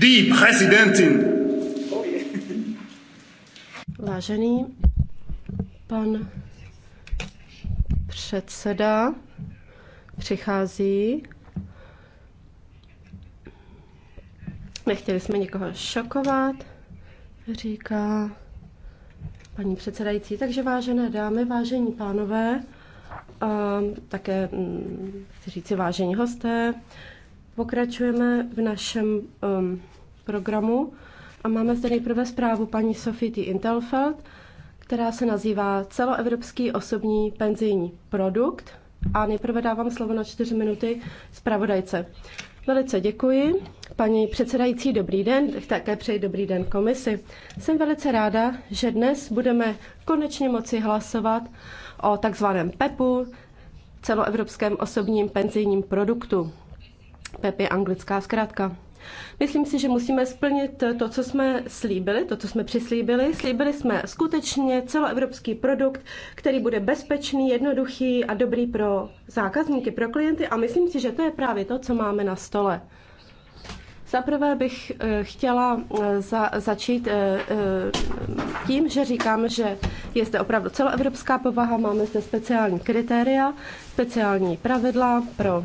die Präsidentin. Vážený pan předseda přichází. Nechtěli jsme nikoho šokovat, říká paní předsedající. Takže vážené dámy, vážení pánové, a eh, také mm, chci říci vážení hosté, Pokračujeme v našem um, programu a máme zde nejprve zprávu paní Sofie T. Intelfeld, která se nazývá Celoevropský osobní penzijní produkt. A nejprve dávám slovo na čtyři minuty zpravodajce. Velice děkuji. Paní předsedající, dobrý den, také přeji dobrý den komisi. Jsem velice ráda, že dnes budeme konečně moci hlasovat o takzvaném PEPu, celoevropském osobním penzijním produktu. PEP je anglická zkrátka. Myslím si, že musíme splnit to, co jsme slíbili, to, co jsme přislíbili. Slíbili jsme skutečně celoevropský produkt, který bude bezpečný, jednoduchý a dobrý pro zákazníky, pro klienty a myslím si, že to je právě to, co máme na stole. Zaprvé bych eh, chtěla eh, za, začít eh, tím, že říkám, že je zde opravdu celoevropská povaha, máme zde speciální kritéria, speciální pravidla pro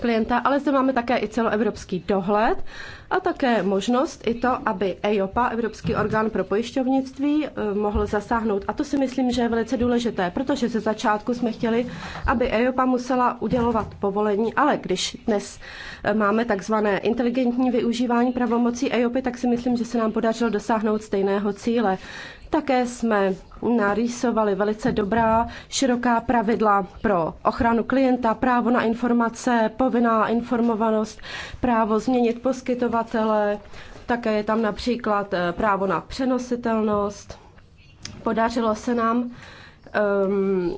klienta, ale zde máme také i celoevropský dohled a také možnost i to, aby EIOPA, Evropský orgán pro pojišťovnictví, eh, mohl zasáhnout. A to si myslím, že je velice důležité, protože ze začátku jsme chtěli, aby EIOPA musela udělovat povolení, ale když dnes eh, máme takzvané inteligentní využívání pravomocí EIOPy, tak si myslím, že se nám podařilo dosáhnout stejného cíle. Také jsme narýsovali velice dobrá, široká pravidla pro ochranu klienta, právo na informace, povinná informovanost, právo změnit poskytovatele, také je tam například eh, právo na přenositelnost. Podařilo se nám um,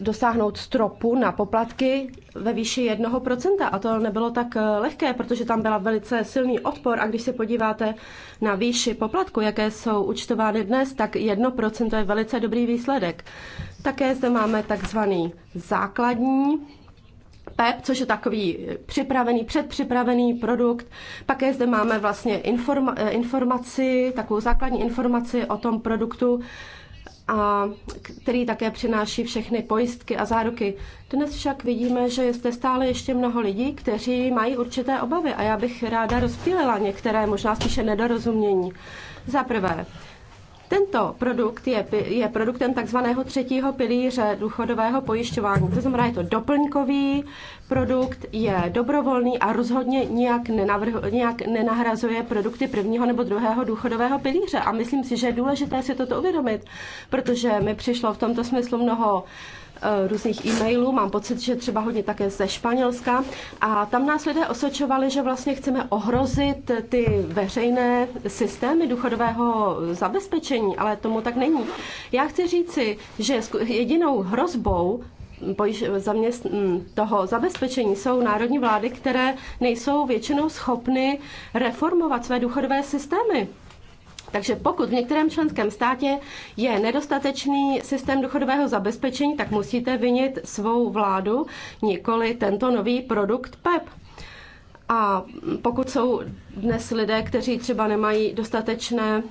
dosáhnout stropu na poplatky ve výši 1%. A to nebylo tak eh, lehké, protože tam byla velice silný odpor. A když se podíváte na výši poplatku, jaké jsou účtovány dnes, tak 1% je velice dobrý výsledek. Také zde máme takzvaný základní PEP, e což je takový připravený, předpřipravený produkt. Pak je zde máme vlastně informa- eh, informaci, takovou základní informaci o tom produktu, a který také přináší všechny pojistky a záruky. Dnes však vidíme, že jste stále ještě mnoho lidí, kteří mají určité obavy a já bych ráda rozptýlila některé možná spíše nedorozumění. Za prvé, tento produkt je, je produktem takzvaného třetího pilíře důchodového pojišťování. To znamená, je to doplňkový produkt, je dobrovolný a rozhodně nijak, nenavrh, nijak nenahrazuje produkty prvního nebo druhého důchodového pilíře. A myslím si, že je důležité si toto uvědomit, protože mi přišlo v tomto smyslu mnoho Eh, různých e-mailů, mám pocit, že třeba hodně také ze Španělska. A tam nás lidé osočovali, že vlastně chceme ohrozit ty veřejné systémy důchodového zabezpečení, ale tomu tak není. Já chci říci, že jedinou hrozbou toho zabezpečení jsou národní vlády, které nejsou většinou schopny reformovat své důchodové systémy. Takže pokud v některém členském státě je nedostatečný systém důchodového zabezpečení, tak musíte vinit svou vládu, nikoli tento nový produkt PEP. E A pokud jsou dnes lidé, kteří třeba nemají dostatečné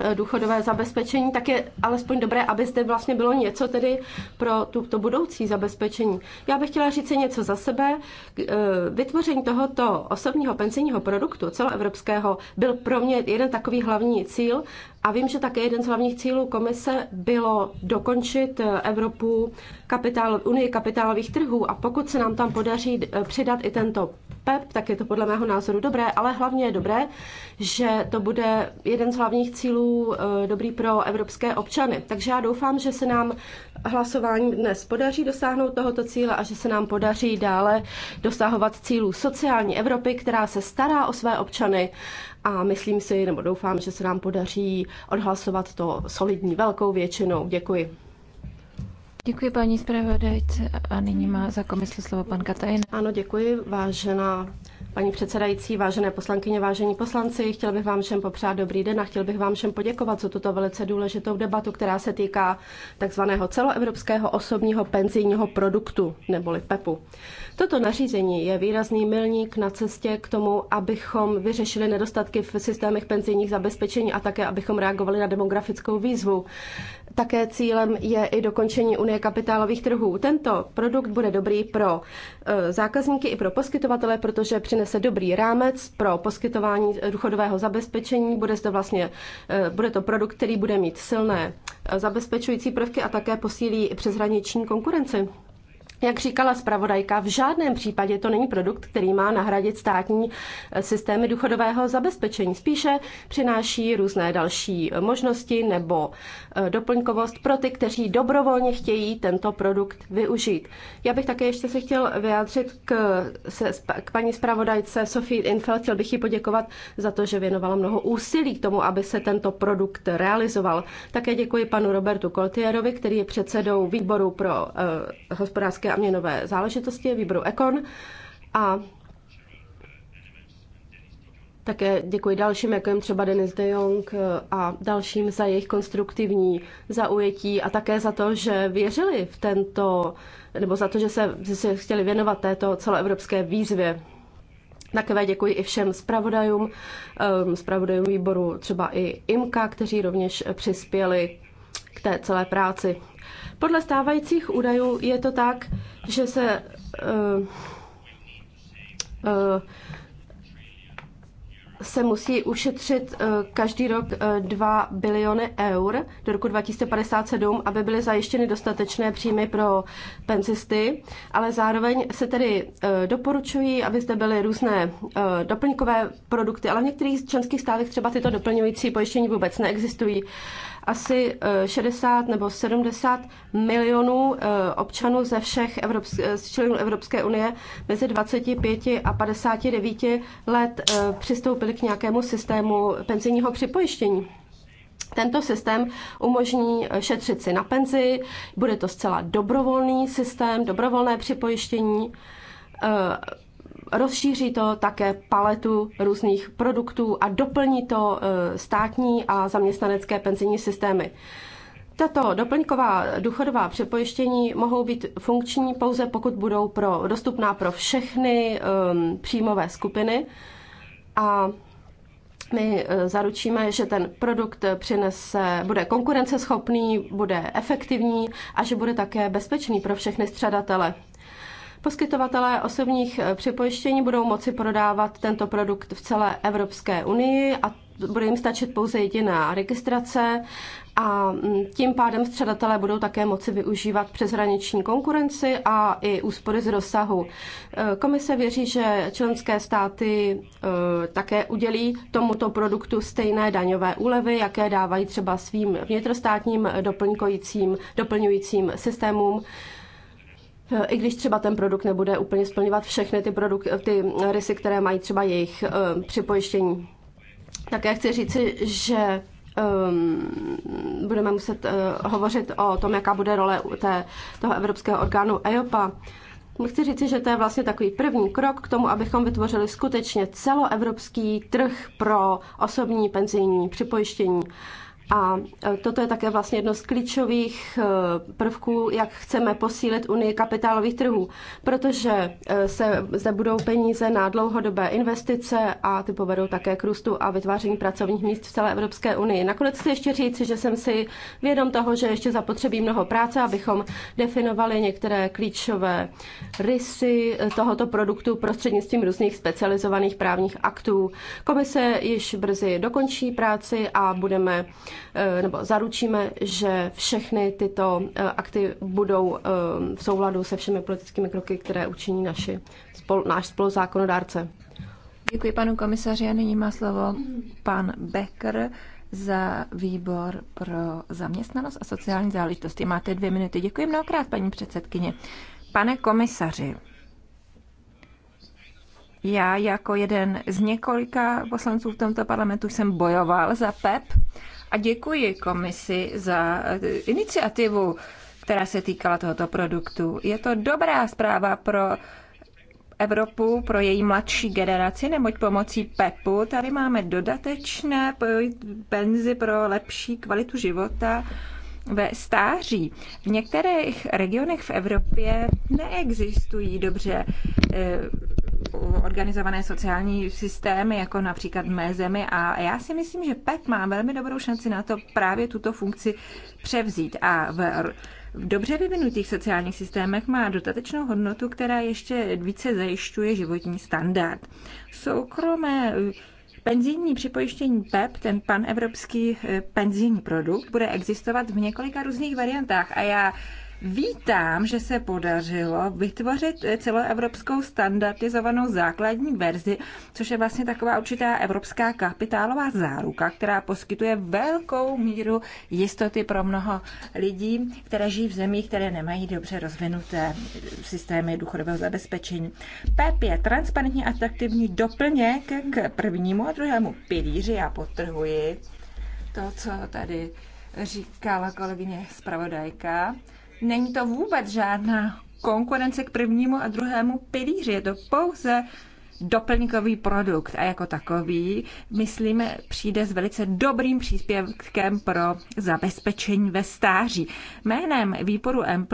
Eh, důchodové zabezpečení, tak je alespoň dobré, aby zde vlastně bylo něco tedy pro tu, to budoucí zabezpečení. Já bych chtěla říct si něco za sebe. Eh, vytvoření tohoto osobního penzijního produktu celoevropského byl pro mě jeden takový hlavní cíl. A vím, že také jeden z hlavních cílů komise bylo dokončit eh, Evropu kapitál, Unii kapitálových trhů a pokud se nám tam podaří eh, přidat i tento PEP, tak je to podle mého názoru dobré, ale hlavně je dobré, že to bude jeden z hlavních cílů eh, dobrý pro evropské občany. Takže já doufám, že se nám hlasování dnes podaří dosáhnout tohoto cíle a že se nám podaří dále dosahovat cílů sociální Evropy, která se stará o své občany, a myslím si, nebo doufám, že se nám podaří odhlasovat to solidní velkou většinou. Děkuji. Děkuji paní zpravodajce a nyní má za komysl slovo pan Katajn. Ano, děkuji, vážená Paní předsedající, vážené poslankyně, vážení poslanci, chtěl bych vám všem popřát dobrý den a chtěl bych vám všem poděkovat za tuto velice důležitou debatu, která se týká takzvaného celoevropského osobního penzijního produktu, neboli PEPu. Toto nařízení je výrazný milník na cestě k tomu, abychom vyřešili nedostatky v systémech penzijních zabezpečení a také abychom reagovali na demografickou výzvu. Také cílem je i dokončení Unie kapitálových trhů. Tento produkt bude dobrý pro e, zákazníky i pro poskytovatele, protože přinese dobrý rámec pro poskytování důchodového zabezpečení. Bude to vlastně e, bude to produkt, který bude mít silné e, zabezpečující prvky a také posílí přeshraniční konkurenci. Jak říkala zpravodajka, v žádném případě to není produkt, který má nahradit státní eh, systémy důchodového zabezpečení. Spíše přináší různé další eh, možnosti nebo eh, doplňkovost pro ty, kteří dobrovolně chtějí tento produkt využít. Já bych také ještě se chtěl vyjádřit k, se, k paní zpravodajce Sofie Infeld. Chtěl bych ji poděkovat za to, že věnovala mnoho úsilí k tomu, aby se tento produkt realizoval. Také děkuji panu Robertu Koltierovi, který je předsedou výboru pro uh, hospodářské hospodářské a měnové záležitosti výboru ECON a také děkuji dalším, jako jim třeba Denis de Jong a dalším za jejich konstruktivní zaujetí a také za to, že věřili v tento, nebo za to, že se, že se chtěli věnovat této celoevropské výzvě. Takové děkuji i všem zpravodajům, ehm, zpravodajům výboru třeba i IMKA, kteří rovněž přispěli k té celé práci. Podle stávajících údajů je to tak, že se uh, uh, se musí ušetřit eh, každý rok 2 biliony eur do roku 2057, aby byly zajištěny dostatečné příjmy pro penzisty, ale zároveň se tedy doporučují, aby zde byly různé doplňkové produkty, ale v některých členských státech třeba tyto doplňující pojištění vůbec neexistují asi 60 eh, nebo 70 milionů eh, občanů ze všech Evropsk- eh, z členů Evropské unie mezi 25 a 59 let přistoupili k nějakému systému penzijního připojištění. Tento systém umožní šetřit si na penzi, bude to zcela dobrovolný systém, dobrovolné připojištění Rozšíří to také paletu různých produktů a doplní to e, státní a zaměstnanecké penzijní systémy. Tato doplňková důchodová přepojištění mohou být funkční pouze pokud budou pro, dostupná pro všechny um, příjmové skupiny a my e, zaručíme, že ten produkt přinese, bude konkurenceschopný, bude efektivní a že bude také bezpečný pro všechny střadatele. Poskytovatelé osobních eh, připojištění budou moci prodávat tento produkt v celé Evropské unii a bude jim stačit pouze jediná registrace a mm, tím pádem středatelé budou také moci využívat přeshraniční konkurenci a i úspory z rozsahu. Eh, komise věří, že členské státy eh, také udělí tomuto produktu stejné daňové úlevy, jaké dávají třeba svým vnitrostátním doplňujícím systémům i když třeba ten produkt nebude úplně splňovat všechny ty, produk- ty rysy, které mají třeba jejich uh, připojištění. Také chci říci, že um, budeme muset uh, hovořit o tom, jaká bude role té, toho evropského orgánu EIOPA. Chci říci, že to je vlastně takový první krok k tomu, abychom vytvořili skutečně celoevropský trh pro osobní penzijní připojištění. Uh, a e, toto je také vlastně jedno z klíčových e, prvků, jak chceme posílit Unii kapitálových trhů, protože e, se zde budou peníze na dlouhodobé investice a ty povedou také k růstu a vytváření pracovních míst v celé Evropské unii. Nakonec chci ještě říct, že jsem si vědom toho, že ještě zapotřebí mnoho práce, abychom definovali některé klíčové rysy tohoto produktu prostřednictvím různých specializovaných právních aktů. Komise již brzy dokončí práci a budeme Eh, nebo zaručíme, že všechny tyto eh, akty budou eh, v souladu se všemi politickými kroky, které učiní naši, spol, náš spoluzákonodárce. Děkuji panu komisaři a nyní má slovo pan Becker za výbor pro zaměstnanost a sociální záležitosti. Máte dvě minuty. Děkuji mnohokrát, paní předsedkyně. Pane komisaři, já jako jeden z několika poslanců v tomto parlamentu jsem bojoval za PEP e a děkuji komisi za eh, iniciativu, která se týkala tohoto produktu. Je to dobrá zpráva pro Evropu pro její mladší generaci, neboť pomocí PEPu tady máme dodatečné penzi pro lepší kvalitu života ve stáří. V některých regionech v Evropě neexistují dobře eh, organizované sociální systémy, jako například v mé zemi. A já si myslím, že PEP e má velmi dobrou šanci na to právě tuto funkci převzít. A v v dobře vyvinutých sociálních systémech má dodatečnou hodnotu, která ještě více zajišťuje životní standard. Soukromé Penzijní připojištění PEP, e ten panevropský eh, penzijní produkt, bude existovat v několika různých variantách a já Vítám, že se podařilo vytvořit celoevropskou standardizovanou základní verzi, což je vlastně taková určitá evropská kapitálová záruka, která poskytuje velkou míru jistoty pro mnoho lidí, které žijí v zemích, které nemají dobře rozvinuté systémy důchodového zabezpečení. PEP je transparentní atraktivní doplněk k prvnímu a druhému pilíři. Já potrhuji to, co tady říkala kolegyně zpravodajka. Není to vůbec žádná konkurence k prvnímu a druhému pilíři. Je to pouze doplňkový produkt a jako takový, myslím, přijde s velice dobrým příspěvkem pro zabezpečení ve stáří. Jménem výboru EMP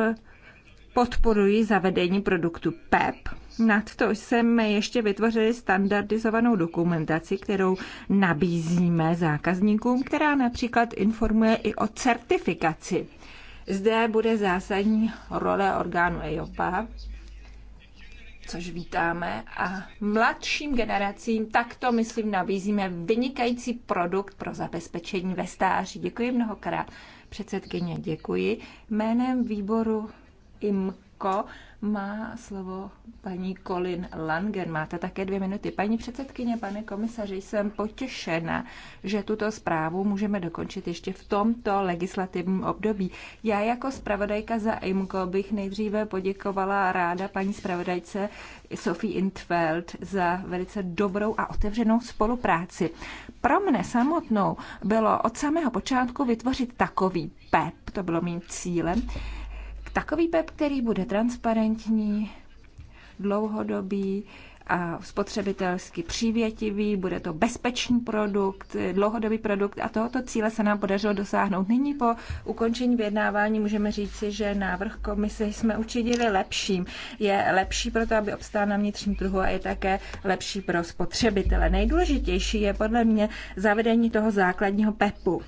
podporuji zavedení produktu PEP. E Nad to jsme ještě vytvořili standardizovanou dokumentaci, kterou nabízíme zákazníkům, která například informuje i o certifikaci. Zde bude zásadní role orgánu EIOPA, což vítáme, a mladším generacím takto, myslím, nabízíme vynikající produkt pro zabezpečení ve stáří. Děkuji mnohokrát. Předsedkyně, děkuji. Jménem výboru IMKO má slovo paní Colin Langen. Máte také dvě minuty. Paní předsedkyně, pane komisaři, jsem potěšena, že tuto zprávu můžeme dokončit ještě v tomto legislativním období. Já jako zpravodajka za IMCO bych nejdříve poděkovala ráda paní zpravodajce Sophie Intfeld za velice dobrou a otevřenou spolupráci. Pro mne samotnou bylo od samého počátku vytvořit takový PEP, e to bylo mým cílem, Takový PEP, který bude transparentní, dlouhodobý a spotřebitelsky přívětivý, bude to bezpečný produkt, dlouhodobý produkt a tohoto cíle se nám podařilo dosáhnout. Nyní po ukončení vyjednávání můžeme říci, že návrh komise jsme učinili lepším. Je lepší pro to, aby obstál na vnitřním trhu a je také lepší pro spotřebitele. Nejdůležitější je podle mě zavedení toho základního PEPu.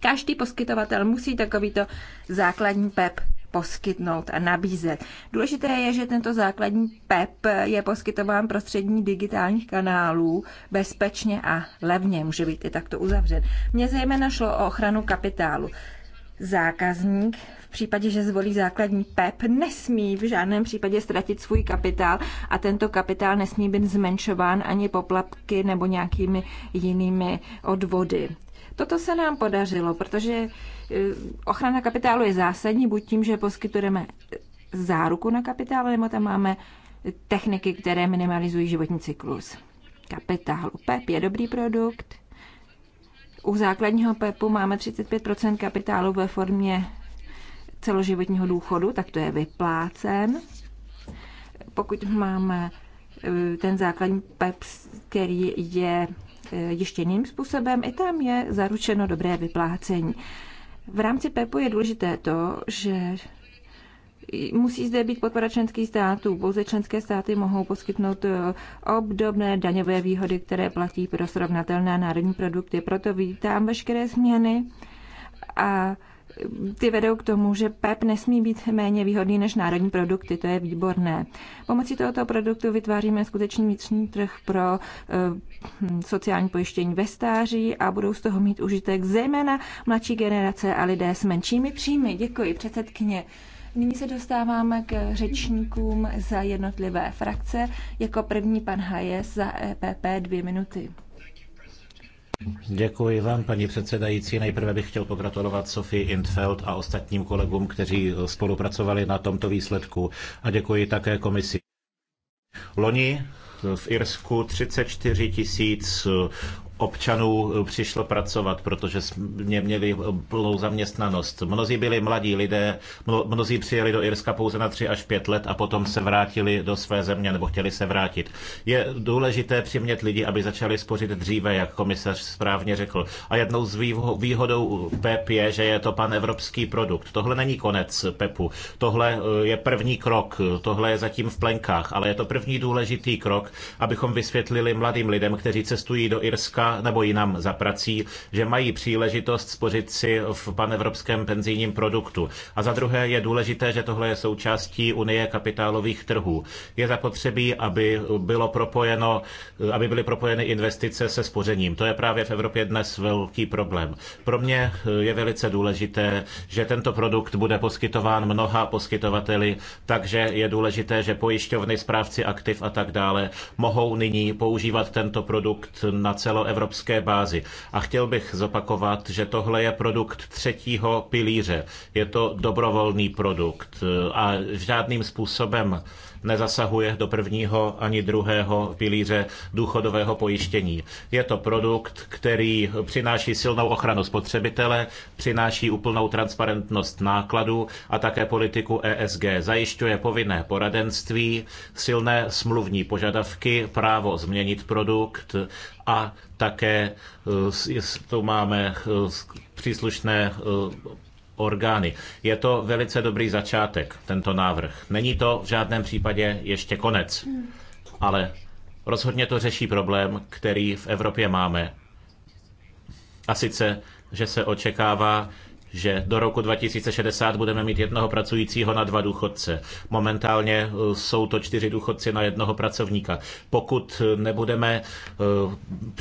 Každý poskytovatel musí takovýto základní PEP poskytnout a nabízet. Důležité je, že tento základní PEP je poskytován prostřední digitálních kanálů bezpečně a levně, může být i takto uzavřen. Mně zejména šlo o ochranu kapitálu. Zákazník v případě, že zvolí základní PEP, nesmí v žádném případě ztratit svůj kapitál a tento kapitál nesmí být zmenšován ani poplatky nebo nějakými jinými odvody. Toto se nám podařilo, protože e, ochrana kapitálu je zásadní, buď tím, že poskytujeme záruku na kapitál, nebo tam máme techniky, které minimalizují životní cyklus. Kapitál PEP e je dobrý produkt. U základního PEPu máme 35 kapitálu ve formě celoživotního důchodu, tak to je vyplácen. Pokud máme e, ten základní PEP, který je Eh, ještě jiným způsobem, i tam je zaručeno dobré vyplácení. V rámci PEPu je důležité to, že musí zde být podpora členských států. Pouze členské státy mohou poskytnout eh, obdobné daňové výhody, které platí pro srovnatelné národní produkty. Proto vítám veškeré změny a ty vedou k tomu, že PEP e nesmí být méně výhodný než národní produkty. To je výborné. Pomocí tohoto produktu vytváříme skutečný vnitřní trh pro uh, sociální pojištění ve stáří a budou z toho mít užitek zejména mladší generace a lidé s menšími příjmy. Děkuji, předsedkyně. Nyní se dostáváme k řečníkům za jednotlivé frakce. Jako první pan Hayes za EPP dvě minuty. Děkuji vám, paní předsedající. Nejprve bych chtěl pogratulovat Sofii Intfeld a ostatním kolegům, kteří spolupracovali na tomto výsledku. A děkuji také komisi. Loni v Irsku 34 tisíc občanů eh, přišlo pracovat, protože mě měli eh, plnou zaměstnanost. Mnozí byli mladí lidé, mnozí přijeli do Irska pouze na 3 až 5 let a potom se vrátili do své země nebo chtěli se vrátit. Je důležité přimět lidi, aby začali spořit dříve, jak komisař správně řekl. A jednou z výhodou PEP je, že je to pan evropský produkt. Tohle není konec PEPu. Tohle eh, je první krok. Tohle je zatím v plenkách, ale je to první důležitý krok, abychom vysvětlili mladým lidem, kteří cestují do Irska, nebo jinam za prací, že mají příležitost spořit si v panevropském penzijním produktu. A za druhé je důležité, že tohle je součástí Unie kapitálových trhů. Je zapotřebí, aby, bylo propojeno, aby byly propojeny investice se spořením. To je právě v Evropě dnes velký problém. Pro mě eh, je velice důležité, že tento produkt bude poskytován mnoha poskytovateli, takže je důležité, že pojišťovny, správci aktiv a tak dále mohou nyní používat tento produkt na celoevropské evropské bázi. A chtěl bych zopakovat, že tohle je produkt třetího pilíře. Je to dobrovolný produkt eh, a žádným způsobem nezasahuje do prvního ani druhého pilíře důchodového pojištění. Je to produkt, který přináší silnou ochranu spotřebitele, přináší úplnou transparentnost nákladů a také politiku ESG. Zajišťuje povinné poradenství, silné smluvní požadavky, právo změnit produkt a také eh, tu máme eh, příslušné eh, orgány. Je to velice dobrý začátek, tento návrh. Není to v žádném případě ještě konec, ale rozhodně to řeší problém, který v Evropě máme. A sice, že se očekává, že do roku 2060 budeme mít jednoho pracujícího na dva důchodce. Momentálně eh, jsou to čtyři důchodci na jednoho pracovníka. Pokud nebudeme,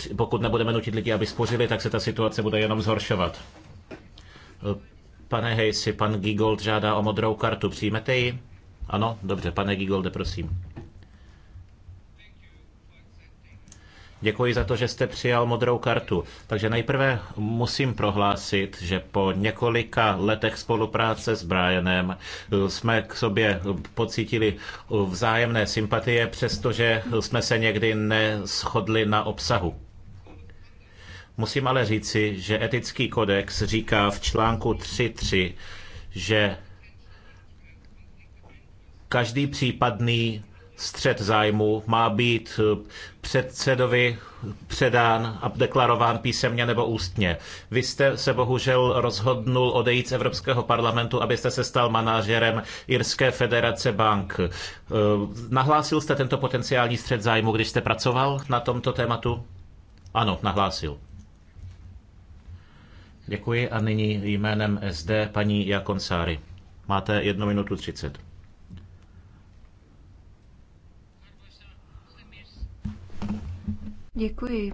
eh, pokud nebudeme nutit lidi, aby spořili, tak se ta situace bude jenom zhoršovat. Eh, Pane Hejsi, pan Gigold žádá o modrou kartu. Přijmete ji? Ano, dobře, pane Gigolde, prosím. Děkuji za to, že jste přijal modrou kartu. Takže nejprve musím prohlásit, že po několika letech spolupráce s Brianem jsme k sobě pocítili vzájemné sympatie, přestože jsme se někdy neschodli na obsahu. Musím ale říci, že etický kodex říká v článku 3.3, že každý případný střed zájmu má být eh, předsedovi předán a deklarován písemně nebo ústně. Vy jste se bohužel rozhodnul odejít z Evropského parlamentu, abyste se stal manažerem Irské federace bank. Eh, nahlásil jste tento potenciální střed zájmu, když jste pracoval na tomto tématu? Ano, nahlásil. Děkuji a nyní jménem SD paní Jakonsáry. Máte jednu minutu třicet. Děkuji.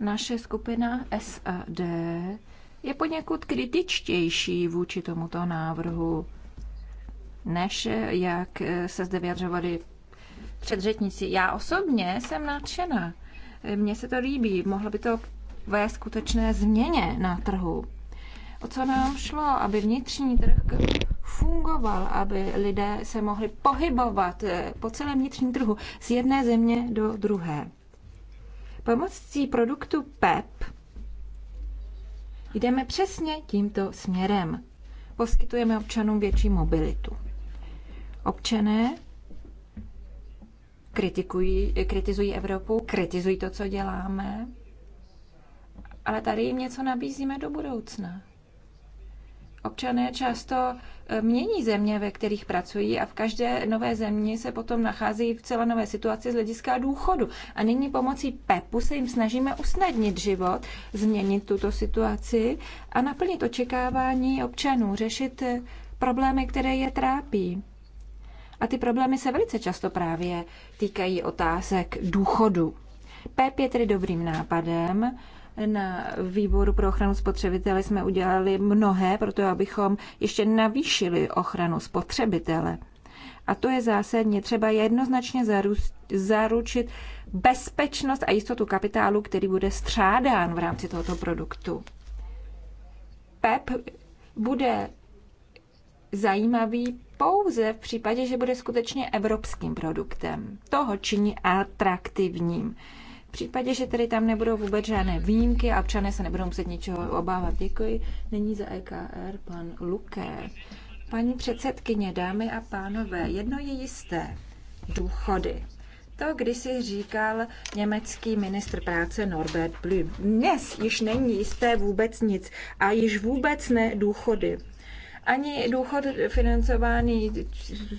Naše skupina SAD je poněkud kritičtější vůči tomuto návrhu, než jak se zde vyjadřovali předřetníci. Já osobně jsem nadšená. Mně se to líbí, mohlo by to vést skutečné změně na trhu. O co nám šlo, aby vnitřní trh fungoval, aby lidé se mohli pohybovat eh, po celém vnitřním trhu z jedné země do druhé. Pomocí produktu PEP e jdeme přesně tímto směrem. Poskytujeme občanům větší mobilitu. Občané kritikují, kritizují Evropu, kritizují to, co děláme, ale tady jim něco nabízíme do budoucna. Občané často eh, mění země, ve kterých pracují a v každé nové zemi se potom nacházejí v celé nové situaci z hlediska důchodu. A nyní pomocí PEPu se jim snažíme usnadnit život, změnit tuto situaci a naplnit očekávání občanů, řešit eh, problémy, které je trápí. A ty problémy se velice často právě týkají otázek důchodu. PEP je tedy dobrým nápadem. Na výboru pro ochranu spotřebitele jsme udělali mnohé, proto abychom ještě navýšili ochranu spotřebitele. A to je zásadně třeba jednoznačně zaručit bezpečnost a jistotu kapitálu, který bude střádán v rámci tohoto produktu. PEP bude zajímavý pouze v případě, že bude skutečně evropským produktem. Toho činí atraktivním. V případě, že tady tam nebudou vůbec žádné výjimky a občané se nebudou muset ničeho obávat. Děkuji. Není za EKR pan Luke. Paní předsedkyně, dámy a pánové, jedno je jisté. Důchody. To, když si říkal německý ministr práce Norbert Blüm. Dnes již není jisté vůbec nic a již vůbec ne důchody. Ani důchod financovaný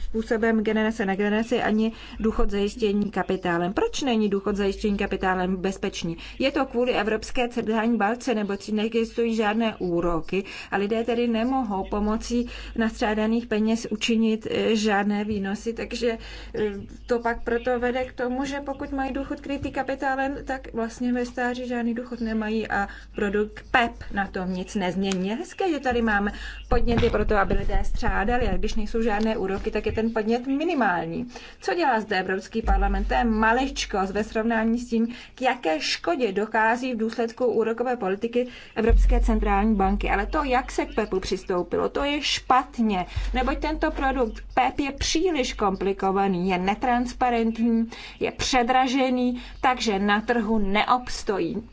způsobem generace na generaci, ani důchod zajištění kapitálem. Proč není důchod zajištění kapitálem bezpečný? Je to kvůli evropské centrální balce, nebo neexistují žádné úroky a lidé tedy nemohou pomocí nastřádaných peněz učinit eh, žádné výnosy, takže eh, to pak proto vede k tomu, že pokud mají důchod krytý kapitálem, tak vlastně ve stáří žádný důchod nemají a produkt PEP e na tom nic nezmění. Hezké, že tady máme podněty pro to, aby lidé střádali. A když nejsou žádné úroky, tak je ten podnět minimální. Co dělá zde Evropský parlament? To je maličkost ve srovnání s tím, k jaké škodě dochází v důsledku úrokové politiky Evropské centrální banky. Ale to, jak se k PEPu přistoupilo, to je špatně. Neboť tento produkt PEP je příliš komplikovaný, je netransparentní, je předražený, takže na trhu neobstojí.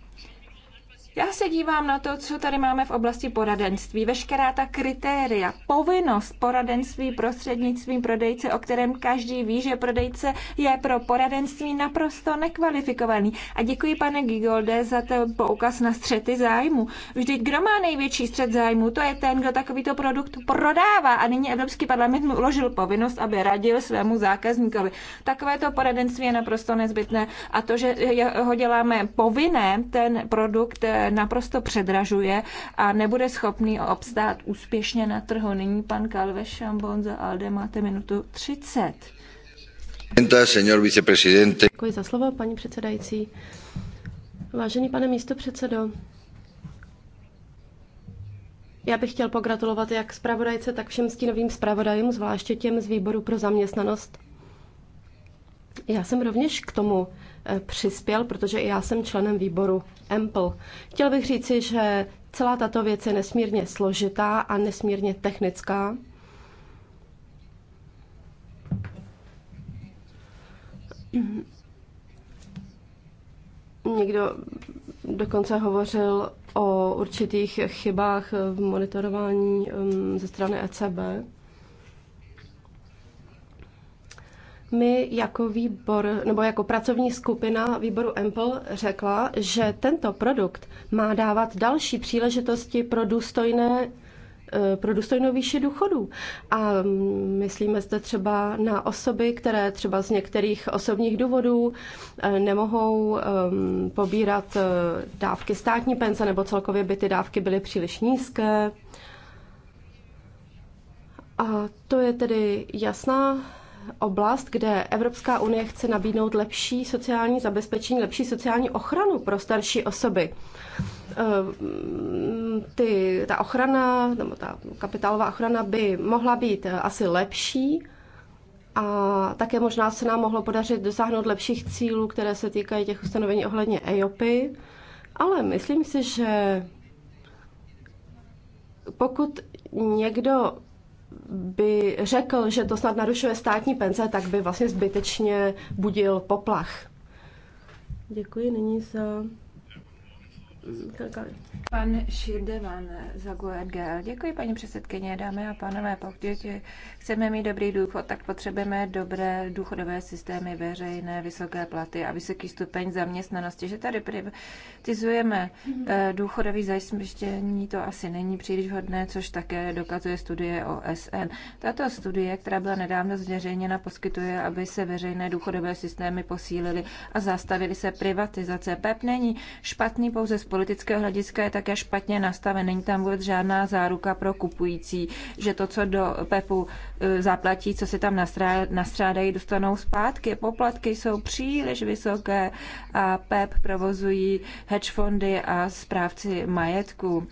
Já se dívám na to, co tady máme v oblasti poradenství. Veškerá ta kritéria, povinnost poradenství prostřednictvím prodejce, o kterém každý ví, že prodejce je pro poradenství naprosto nekvalifikovaný. A děkuji, pane Gigolde, za ten poukaz na střety zájmu. Vždyť kdo má největší střet zájmu, to je ten, kdo takovýto produkt prodává. A nyní Evropský parlament mu uložil povinnost, aby radil svému zákazníkovi. Takovéto poradenství je naprosto nezbytné. A to, že ho děláme povinné, ten produkt naprosto předražuje a nebude schopný obstát úspěšně na trhu. Nyní pan Kalveš Šambon za Alde, máte minutu 30. Děkuji za slovo, paní předsedající. Vážený pane místopředsedo, já bych chtěl pogratulovat jak zpravodajce, tak všem stínovým zpravodajům, zvláště těm z výboru pro zaměstnanost. Já jsem rovněž k tomu Eh, přispěl, protože i já jsem členem výboru EMPL. Chtěl bych říci, že celá tato věc je nesmírně složitá a nesmírně technická. Někdo dokonce hovořil o určitých chybách v monitorování ze strany ECB. mi jako výbor, nebo jako pracovní skupina výboru Empl řekla, že tento produkt má dávat další příležitosti pro důstojné eh, pro důstojnou výši důchodů. A mm, myslíme zde třeba na osoby, které třeba z některých osobních důvodů eh, nemohou ehm, pobírat eh, dávky státní penze, nebo celkově by ty dávky byly příliš nízké. A to je tedy jasná oblast, kde Evropská unie chce nabídnout lepší sociální zabezpečení, lepší sociální ochranu pro starší osoby. Ehm, ty, ta ochrana, nebo ta kapitálová ochrana by mohla být eh, asi lepší a také možná se nám mohlo podařit dosáhnout lepších cílů, které se týkají těch ustanovení ohledně EIOPy, ale myslím si, že pokud někdo by řekl, že to snad narušuje státní penze, tak by vlastně zbytečně budil poplach. Děkuji nyní za Pan Širdevan za GUNGL. Děkuji, paní předsedkyně, dámy a pánové. Pokud chceme mít dobrý důchod, tak potřebujeme dobré důchodové systémy, veřejné, vysoké platy a vysoký stupeň zaměstnanosti. Že tady privatizujeme eh, důchodový zajištění, to asi není příliš hodné, což také dokazuje studie OSN. Tato studie, která byla nedávno zveřejněna, poskytuje, aby se veřejné důchodové systémy posílily a zastavily se privatizace. PEP není špatný pouze z politického hlediska je také špatně nastaven. Není tam vůbec žádná záruka pro kupující, že to, co do PEPu e, zaplatí, co si tam nastrádají, dostanou zpátky. Poplatky jsou příliš vysoké a PEP provozují hedge fondy a správci majetku.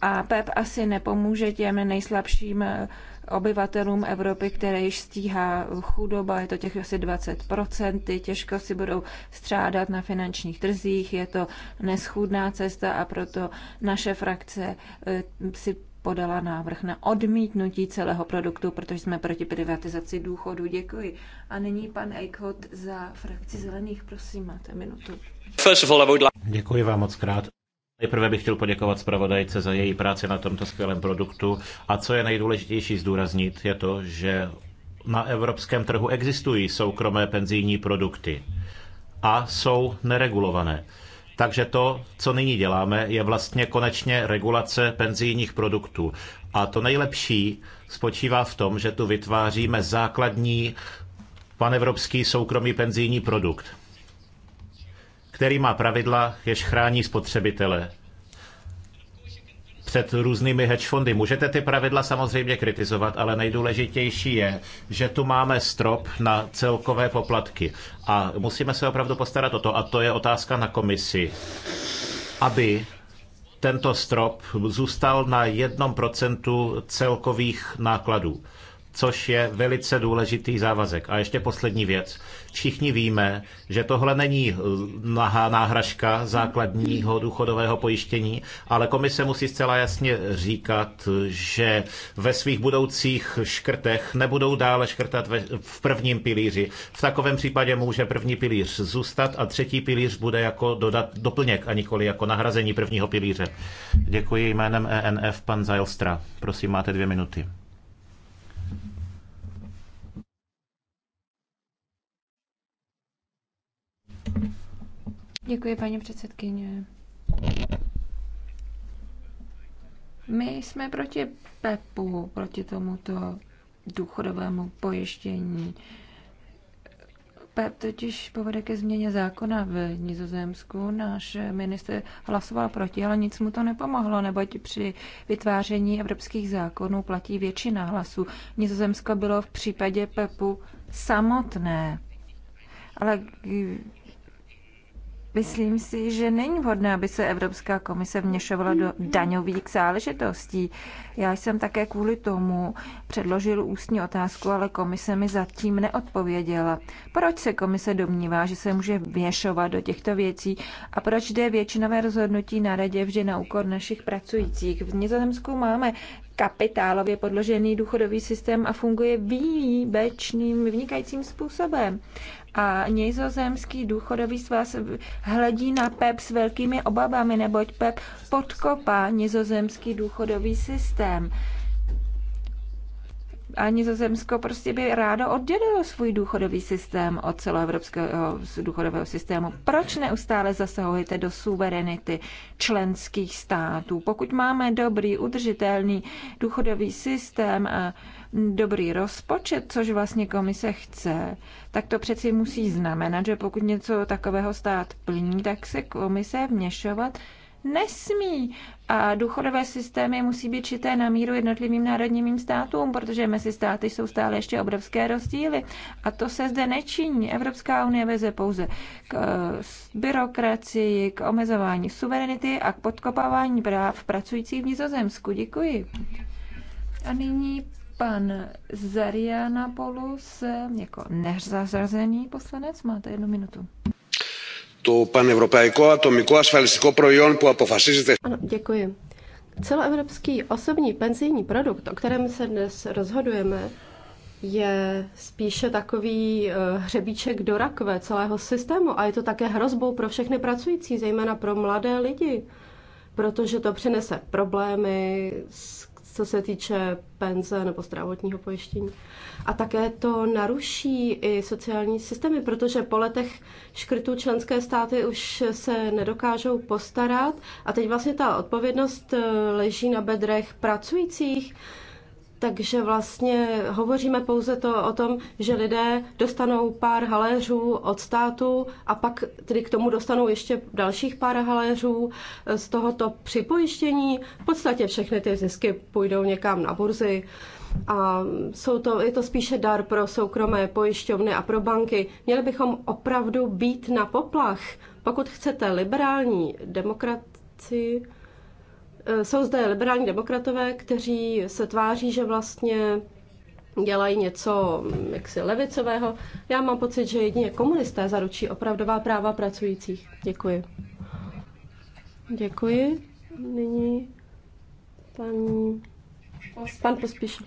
A PEP asi nepomůže těm nejslabším e, obyvatelům Evropy, které již stíhá chudoba, je to těch asi 20%, ty těžko si budou střádat na finančních trzích, je to neschůdná cesta a proto naše frakce eh, si podala návrh na odmítnutí celého produktu, protože jsme proti privatizaci důchodu. Děkuji. A nyní pan Eichhout za frakci zelených. Prosím, máte minutu. Děkuji vám moc krát. Nejprve bych chtěl poděkovat zpravodajce za její práci na tomto skvělém produktu a co je nejdůležitější zdůraznit, je to, že na evropském trhu existují soukromé penzijní produkty a jsou neregulované. Takže to, co nyní děláme, je vlastně konečně regulace penzijních produktů. A to nejlepší spočívá v tom, že tu vytváříme základní panevropský soukromý penzijní produkt který má pravidla, jež chrání spotřebitele před různými hedge fondy. Můžete ty pravidla samozřejmě kritizovat, ale nejdůležitější je, že tu máme strop na celkové poplatky. A musíme se opravdu postarat o to, a to je otázka na komisi, aby tento strop zůstal na jednom procentu celkových nákladů což je velice důležitý závazek. A ještě poslední věc. Všichni víme, že tohle není eh, nahá náhražka základního důchodového pojištění, ale komise musí zcela jasně říkat, že ve svých budoucích škrtech nebudou dále škrtat ve, v prvním pilíři. V takovém případě může první pilíř zůstat a třetí pilíř bude jako dodat doplněk a nikoli jako nahrazení prvního pilíře. Děkuji jménem ENF pan Zajlstra. Prosím, máte dvě minuty. Děkuji, paní předsedkyně. My jsme proti PEPu, proti tomuto důchodovému pojištění. PEP totiž povede ke změně zákona v Nizozemsku. Náš minister hlasoval proti, ale nic mu to nepomohlo, neboť při vytváření evropských zákonů platí většina hlasů. Nizozemsko bylo v případě PEPu samotné. Ale Myslím si, že není vhodné, aby se Evropská komise vněšovala do daňových záležitostí. Já jsem také kvůli tomu předložil ústní otázku, ale komise mi zatím neodpověděla. Proč se komise domnívá, že se může vněšovat do těchto věcí a proč jde většinové rozhodnutí na radě vždy na úkor našich pracujících? V Nizozemsku máme kapitálově podložený důchodový systém a funguje výjimečným, vynikajícím způsobem. A nizozemský důchodový svaz hledí na PEP s velkými obavami, neboť PEP podkopá nizozemský důchodový systém a Nizozemsko prostě by rádo oddělilo svůj důchodový systém od celoevropského důchodového systému. Proč neustále zasahujete do suverenity členských států? Pokud máme dobrý, udržitelný důchodový systém a dobrý rozpočet, což vlastně komise chce, tak to přeci musí znamenat, že pokud něco takového stát plní, tak se komise vměšovat nesmí. A důchodové systémy musí být čité na míru jednotlivým národním státům, protože mezi státy jsou stále ještě obrovské rozdíly. A to se zde nečiní. Evropská unie veze pouze k eh, byrokracii, k omezování suverenity a k podkopávání práv pracujících v Nizozemsku. Děkuji. A nyní pan Zarianapolus, eh, jako nezařazený poslanec. Máte jednu minutu to atomiko asfalistiko Ano, děkuji. Celoevropský osobní penzijní produkt, o kterém se dnes rozhodujeme, je spíše takový eh, hřebíček do rakve celého systému a je to také hrozbou pro všechny pracující, zejména pro mladé lidi, protože to přinese problémy s co se týče penze nebo zdravotního pojištění. A také to naruší i sociální systémy, protože po letech škrtů členské státy už se nedokážou postarat a teď vlastně ta odpovědnost eh, leží na bedrech pracujících. Takže vlastně hovoříme pouze to o tom, že lidé dostanou pár haléřů od státu a pak tedy k tomu dostanou ještě dalších pár haléřů eh, z tohoto připojištění. V podstatě všechny ty zisky půjdou někam na burzy a jsou to, je to spíše dar pro soukromé pojišťovny a pro banky. Měli bychom opravdu být na poplach. Pokud chcete liberální demokracii, Eh, jsou zde liberální demokratové, kteří se tváří, že vlastně dělají něco mm, jaksi levicového. Já mám pocit, že jedině komunisté zaručí opravdová práva pracujících. Děkuji. Děkuji. Nyní paní, pan Pospíšil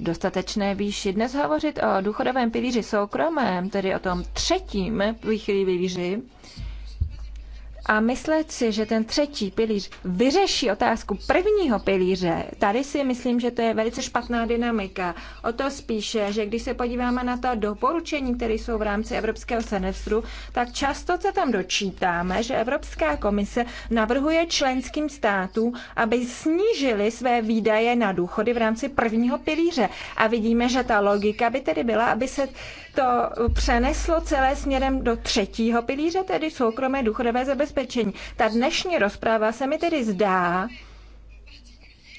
dostatečné výši. Dnes hovořit o důchodovém pilíři soukromém, tedy o tom třetím pilíři, a myslet si, že ten třetí pilíř vyřeší otázku prvního pilíře, tady si myslím, že to je velice špatná dynamika. O to spíše, že když se podíváme na ta doporučení, které jsou v rámci Evropského semestru, tak často se tam dočítáme, že Evropská komise navrhuje členským státům, aby snížili své výdaje na důchody v rámci prvního pilíře. A vidíme, že ta logika by tedy byla, aby se to přeneslo celé směrem do třetího pilíře, tedy soukromé důchodové zabezpečení zabezpečení. Ta dnešní rozpráva se mi tedy zdá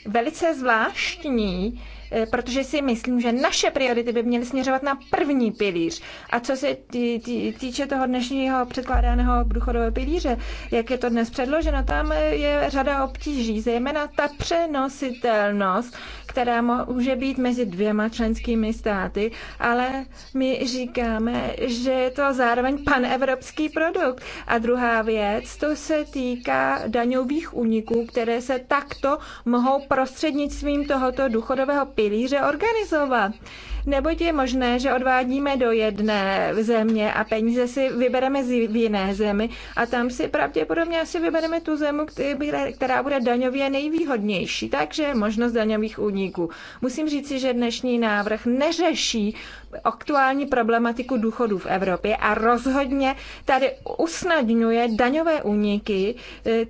velice zvláštní, eh, protože si myslím, že naše priority by měly směřovat na první pilíř. A co se tý, tý, týče toho dnešního předkládaného důchodového pilíře, jak je to dnes předloženo, tam je řada obtíží, zejména ta přenositelnost, která může být mezi dvěma členskými státy, ale my říkáme, že je to zároveň panevropský produkt. A druhá věc, to se týká daňových úniků, které se takto mohou prostřednictvím tohoto důchodového pilíře organizovat neboť je možné, že odvádíme do jedné země a peníze si vybereme z jiné zemi a tam si pravděpodobně asi vybereme tu zemu, která bude daňově nejvýhodnější. Takže možnost daňových úniků. Musím říci, že dnešní návrh neřeší aktuální problematiku důchodů v Evropě a rozhodně tady usnadňuje daňové úniky eh,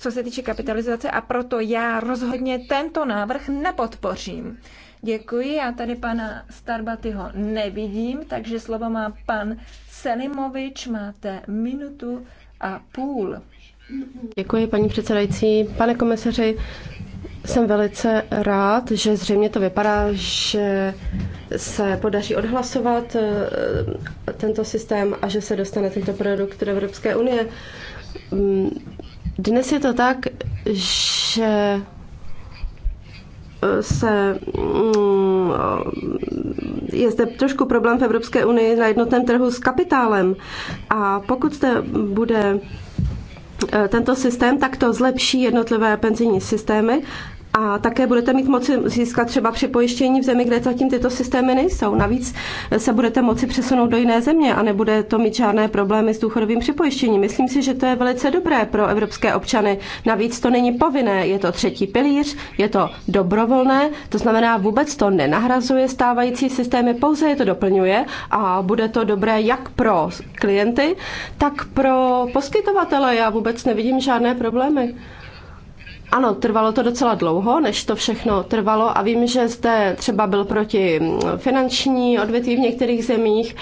co se týče kapitalizace a proto já rozhodně tento návrh nepodpořím. Děkuji, já tady pana Starbatyho nevidím, takže slovo má pan Selimovič, máte minutu a půl. Děkuji, paní předsedající. Pane komisaři, jsem velice rád, že zřejmě to vypadá, že se podaří odhlasovat eh, tento systém a že se dostane tento produkt do Evropské unie. Mm, dnes je to tak, že se mm, je zde trošku problém v Evropské unii na jednotném trhu s kapitálem. A pokud zde bude eh, tento systém, tak to zlepší jednotlivé penzijní systémy a také budete mít moci získat třeba připojištění v zemi, kde zatím tyto systémy nejsou. Navíc se budete moci přesunout do jiné země a nebude to mít žádné problémy s důchodovým připojištěním. Myslím si, že to je velice dobré pro evropské občany. Navíc to není povinné, je to třetí pilíř, je to dobrovolné, to znamená vůbec to nenahrazuje stávající systémy, pouze je to doplňuje a bude to dobré jak pro klienty, tak pro poskytovatele. Já vůbec nevidím žádné problémy. Ano, trvalo to docela dlouho, než to všechno trvalo a vím, že zde třeba byl proti mm, finanční odvětví v některých zemích,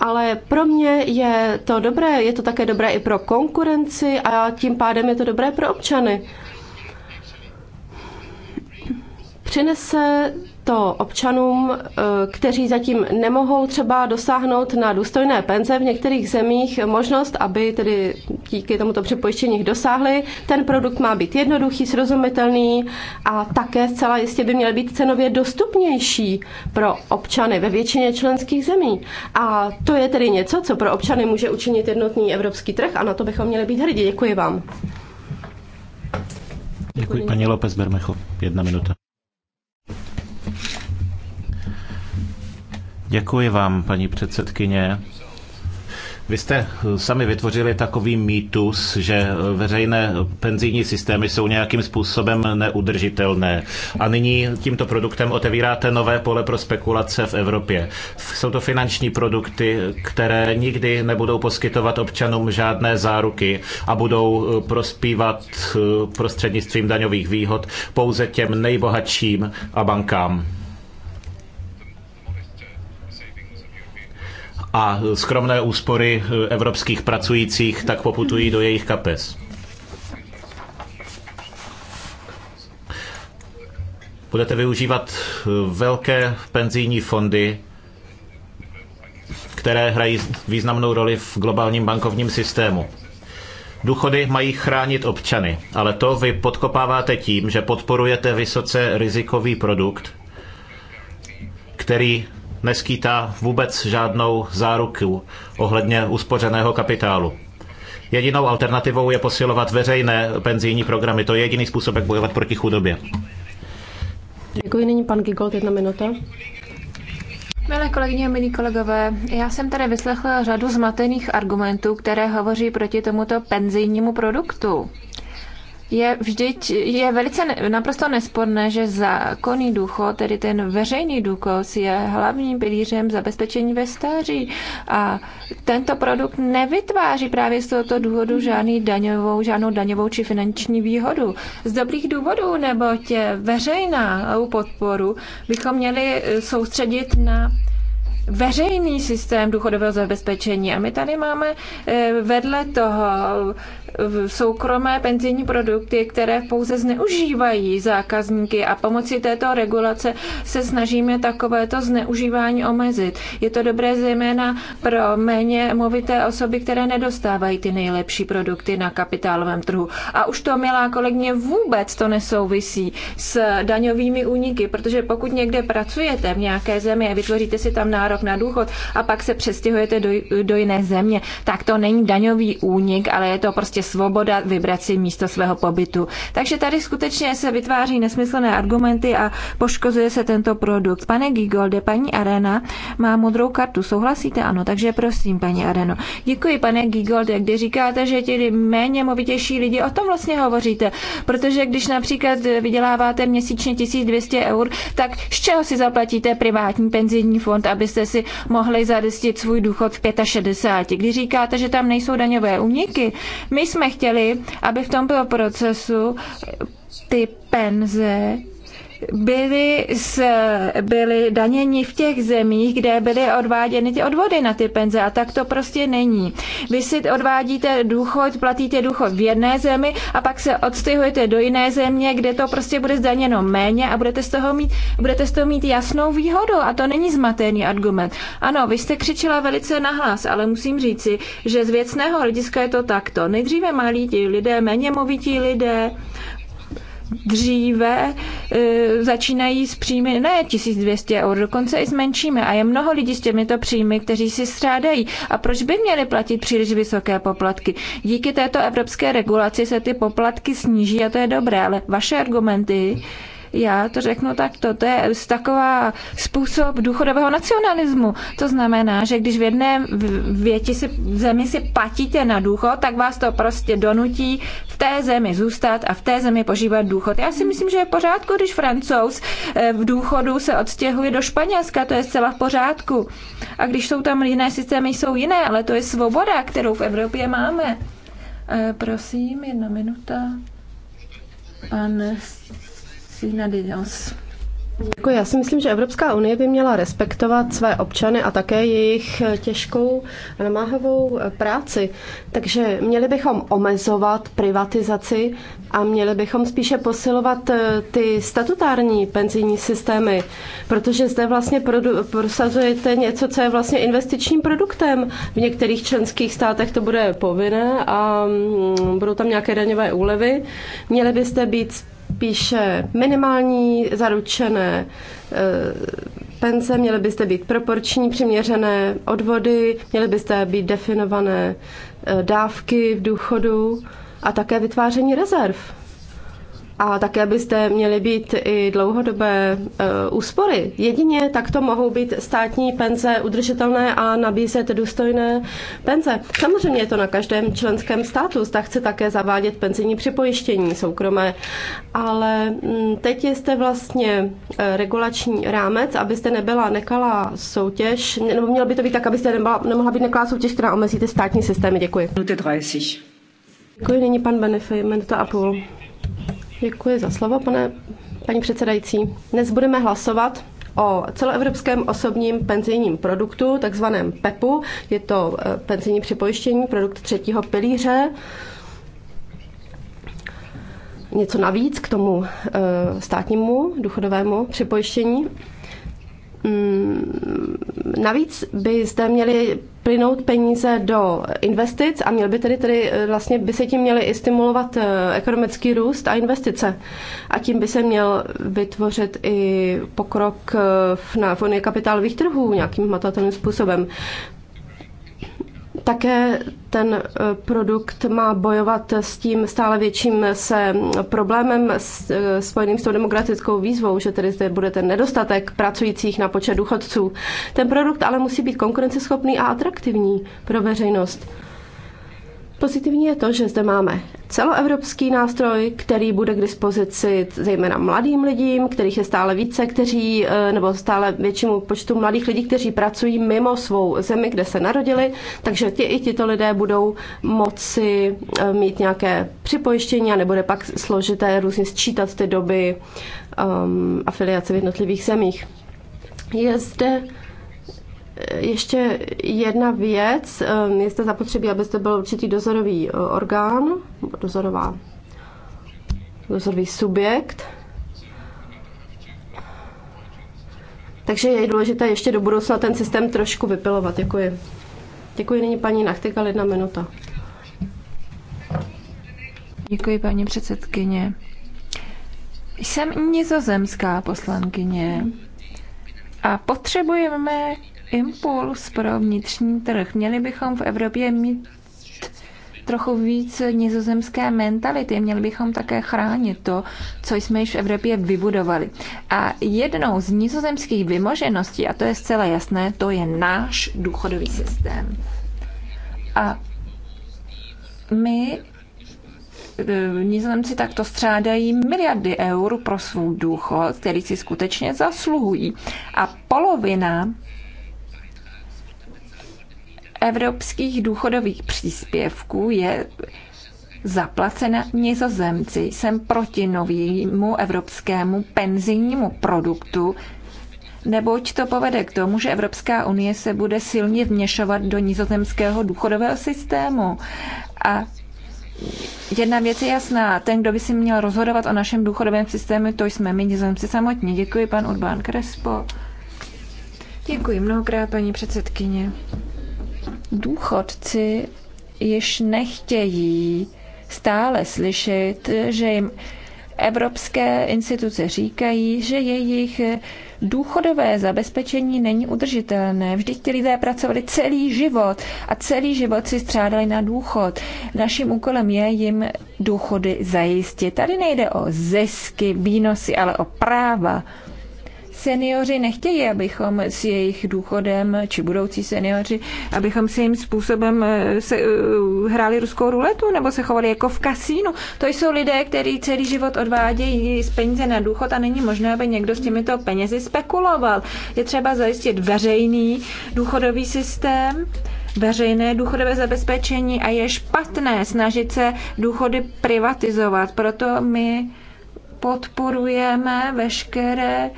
ale pro mě je to dobré, je to také dobré i pro konkurenci a tím pádem je to dobré pro občany. Přinese to občanům, eh, kteří zatím nemohou třeba dosáhnout na důstojné penze v některých zemích možnost, aby tedy díky tomuto připojištění dosáhli. Ten produkt má být jednoduchý, srozumitelný a také zcela jistě by měl být cenově dostupnější pro občany ve většině členských zemí. A to je tedy něco, co pro občany může učinit jednotný evropský trh a na to bychom měli být hrdí. Děkuji vám. Děkuji, paní López Bermecho. Jedna minuta. Děkuji vám, paní předsedkyně. Vy jste eh, sami vytvořili takový mýtus, že eh, veřejné penzijní systémy jsou nějakým způsobem neudržitelné. A nyní tímto produktem otevíráte nové pole pro spekulace v Evropě. Jsou to finanční produkty, které nikdy nebudou poskytovat občanům žádné záruky a budou eh, prospívat prostřednictvím daňových výhod pouze těm nejbohatším a bankám. a skromné úspory eh, evropských pracujících tak poputují do jejich kapes. Budete využívat eh, velké penzijní fondy, které hrají významnou roli v globálním bankovním systému. Důchody mají chránit občany, ale to vy podkopáváte tím, že podporujete vysoce rizikový produkt, který neskýtá vůbec žádnou záruku ohledně uspořeného kapitálu. Jedinou alternativou je posilovat veřejné penzijní programy. To je jediný způsob, jak bojovat proti chudobě. Děkuji, nyní pan Gigold, jedna minuta. Milé kolegyně, milí kolegové, já jsem tady vyslechla řadu zmatených argumentů, které hovoří proti tomuto penzijnímu produktu je vždyť, je velice ne, naprosto nesporné, že zákonný důchod, tedy ten veřejný důchod, je hlavním pilířem zabezpečení ve stáří a tento produkt nevytváří právě z tohoto důvodu žádný daňovou, žádnou daňovou či finanční výhodu. Z dobrých důvodů, nebo tě veřejná podporu bychom měli soustředit na veřejný systém důchodového zabezpečení. A my tady máme eh, vedle toho soukromé penzijní produkty, které pouze zneužívají zákazníky a pomocí této regulace se snažíme takovéto zneužívání omezit. Je to dobré zejména pro méně movité osoby, které nedostávají ty nejlepší produkty na kapitálovém trhu. A už to, milá kolegyně, vůbec to nesouvisí s daňovými úniky, protože pokud někde pracujete v nějaké zemi a vytvoříte si tam nárok na důchod a pak se přestěhujete do, do jiné země, tak to není daňový únik, ale je to prostě svoboda vybrat si místo svého pobytu. Takže tady skutečně se vytváří nesmyslné argumenty a poškozuje se tento produkt. Pane Gigolde, paní Arena má modrou kartu. Souhlasíte? Ano, takže prosím, paní Areno. Děkuji, pane Gigolde, kdy říkáte, že ti méně movitější lidi, o tom vlastně hovoříte. Protože když například vyděláváte měsíčně 1200 eur, tak z čeho si zaplatíte privátní penzijní fond, abyste si mohli zadistit svůj důchod v 65? Když říkáte, že tam nejsou daňové úniky, my bychom chtěli, aby v tomto procesu ty penze byli, s, byli daněni v těch zemích, kde byly odváděny ty odvody na ty penze a tak to prostě není. Vy si odvádíte důchod, platíte důchod v jedné zemi a pak se odstěhujete do jiné země, kde to prostě bude zdaněno méně a budete z toho mít, budete z toho mít jasnou výhodu a to není zmatený argument. Ano, vy jste křičela velice nahlas, ale musím říci, že z věcného hlediska je to takto. Nejdříve malí ti lidé, méně movití lidé, dříve e, začínají s příjmy ne 1200 eur, dokonce i s menšími. A je mnoho lidí s těmito příjmy, kteří si strádají. A proč by měli platit příliš vysoké poplatky? Díky této evropské regulaci se ty poplatky sníží a to je dobré, ale vaše argumenty já to řeknu takto, to je taková způsob důchodového nacionalismu. To znamená, že když v jedné věti si, zemi si patíte na důchod, tak vás to prostě donutí v té zemi zůstat a v té zemi požívat důchod. Já si myslím, že je pořádku, když francouz eh, v důchodu se odstěhuje do Španělska, to je zcela v pořádku. A když jsou tam jiné systémy, jsou jiné, ale to je svoboda, kterou v Evropě máme. E, prosím, jedna minuta. Pan Signalidos. Děkuji. Já si myslím, že Evropská unie by měla respektovat své občany a také jejich těžkou a namáhavou práci. Takže měli bychom omezovat privatizaci a měli bychom spíše posilovat eh, ty statutární penzijní systémy, protože zde vlastně produ- prosazujete něco, co je vlastně investičním produktem. V některých členských státech to bude povinné a mm, budou tam nějaké daňové úlevy. Měli byste být spíše minimální zaručené eh, penze, měly byste být proporční, přiměřené odvody, měly byste být definované eh, dávky v důchodu a také vytváření rezerv. A také byste měli být i dlouhodobé e, úspory. Jedině takto mohou být státní penze udržitelné a nabízet důstojné penze. Samozřejmě je to na každém členském státu, zda chce také zavádět penzijní připojištění soukromé. Ale mm, teď jste vlastně e, regulační rámec, abyste nebyla nekalá soutěž, nebo mělo by to být tak, abyste nebyla, nemohla být nekalá soutěž, která omezí ty státní systémy. Děkuji. Děkuji, nyní pan Benefej, to a půl. Děkuji za slovo, pane, paní předsedající. Dnes budeme hlasovat o celoevropském osobním penzijním produktu, takzvaném PEPu. Je to e, penzijní připojištění, produkt třetího pilíře. Něco navíc k tomu e, státnímu důchodovému připojištění. Mm, navíc by zde měli plynout peníze do investic a měl by tedy, tedy eh, vlastně by se tím měly i stimulovat eh, ekonomický růst a investice. A tím by se měl vytvořit i pokrok eh, v na v kapitálových trhů nějakým matatelným způsobem. Také ten eh, produkt má bojovat s tím stále větším se problémem eh, spojeným s tou demokratickou výzvou, že tedy zde bude ten nedostatek pracujících na počet důchodců. Ten produkt ale musí být konkurenceschopný a atraktivní pro veřejnost. Pozitivní je to, že zde máme celoevropský nástroj, který bude k dispozici zejména mladým lidím, kterých je stále více, kteří, eh, nebo stále většímu počtu mladých lidí, kteří pracují mimo svou zemi, kde se narodili, takže ti i tito lidé budou moci eh, mít nějaké připojištění a nebude pak složité různě sčítat ty doby um, afiliace v jednotlivých zemích. Je zde ještě jedna věc, ehm, je zde zapotřebí, to byl určitý dozorový e, orgán, dozorová, dozorový subjekt. Takže je důležité ještě do budoucna ten systém trošku vypilovat. Děkuji. Děkuji nyní paní Nachtikal, jedna minuta. Děkuji, paní předsedkyně. Jsem nizozemská poslankyně a potřebujeme impuls pro vnitřní trh. Měli bychom v Evropě mít trochu víc nizozemské mentality. Měli bychom také chránit to, co jsme již v Evropě vybudovali. A jednou z nizozemských vymožeností, a to je zcela jasné, to je náš důchodový systém. A my e, Nizozemci takto střádají miliardy eur pro svůj důchod, který si skutečně zasluhují. A polovina evropských důchodových příspěvků je zaplacena nizozemci. Jsem proti novému evropskému penzijnímu produktu, neboť to povede k tomu, že Evropská unie se bude silně vměšovat do nizozemského důchodového systému. A jedna věc je jasná, ten, kdo by si měl rozhodovat o našem důchodovém systému, to jsme my nizozemci samotní. Děkuji, pan Urbán Krespo. Děkuji mnohokrát, paní předsedkyně. Důchodci již nechtějí stále slyšet, že jim evropské instituce říkají, že jejich důchodové zabezpečení není udržitelné. Vždyť ti lidé pracovali celý život a celý život si střádali na důchod. Naším úkolem je jim důchody zajistit. Tady nejde o zisky, výnosy, ale o práva. Seniori nechtějí, abychom s jejich důchodem, či budoucí seniori, abychom si jim způsobem eh, se, uh, hráli ruskou ruletu nebo se chovali jako v kasínu. To jsou lidé, kteří celý život odvádějí z peníze na důchod a není možné, aby někdo s těmito penězi spekuloval. Je třeba zajistit veřejný důchodový systém, veřejné důchodové zabezpečení a je špatné snažit se důchody privatizovat. Proto my podporujeme veškeré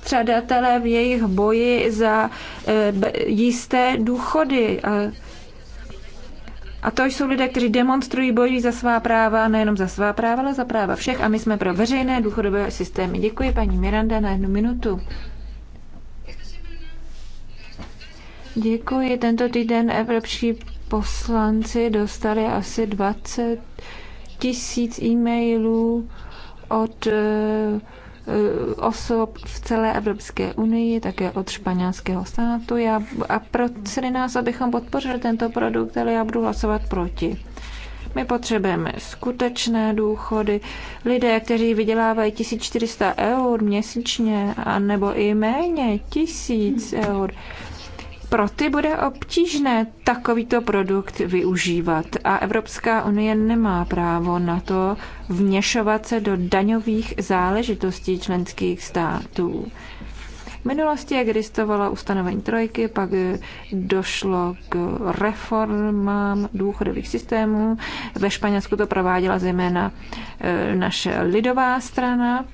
střadatelé v jejich boji za eh, jisté důchody. A to jsou lidé, kteří demonstrují, bojují za svá práva, nejenom za svá práva, ale za práva všech. A my jsme pro veřejné důchodové systémy. Děkuji, paní Miranda, na jednu minutu. Děkuji. Tento týden evropští poslanci dostali asi 20 tisíc e-mailů od eh, Eh, osob v celé Evropské unii, také od španělského státu. Já, a prosili nás, abychom podpořili tento produkt, ale já budu hlasovat proti. My potřebujeme skutečné důchody. Lidé, kteří vydělávají 1400 eur měsíčně, nebo i méně, 1000 eur, pro ty bude obtížné takovýto produkt využívat a Evropská unie nemá právo na to vněšovat se do daňových záležitostí členských států. V minulosti existovalo ustanovení trojky, pak došlo k reformám důchodových systémů. Ve Španělsku to prováděla zejména e, naše lidová strana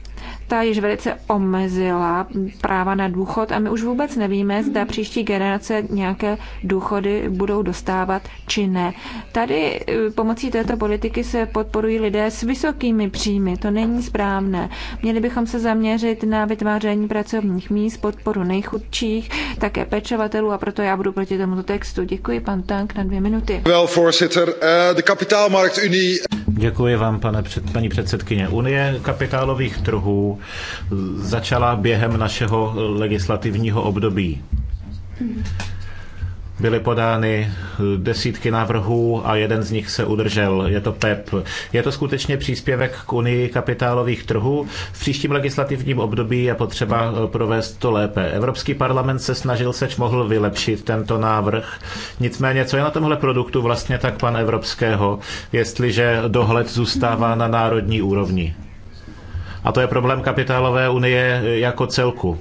ta již velice omezila práva na důchod a my už vůbec nevíme, zda příští generace nějaké důchody budou dostávat či ne. Tady eh, pomocí této politiky se podporují lidé s vysokými příjmy. To není správné. Měli bychom se zaměřit na vytváření pracovních míst, podporu nejchudších, také pečovatelů a proto já budu proti tomuto textu. Děkuji, pan Tank, na dvě minuty. Eh, Děkuji vám, pane před, paní předsedkyně Unie kapitálových trhů začala během našeho legislativního období. Byly podány desítky návrhů a jeden z nich se udržel. Je to PEP. Je to skutečně příspěvek k Unii kapitálových trhů. V příštím legislativním období je potřeba eh, provést to lépe. Evropský parlament se snažil seč mohl vylepšit tento návrh. Nicméně, co je na tomhle produktu vlastně tak pan evropského, jestliže dohled zůstává na národní úrovni? A to je problém kapitálové unie eh, jako celku.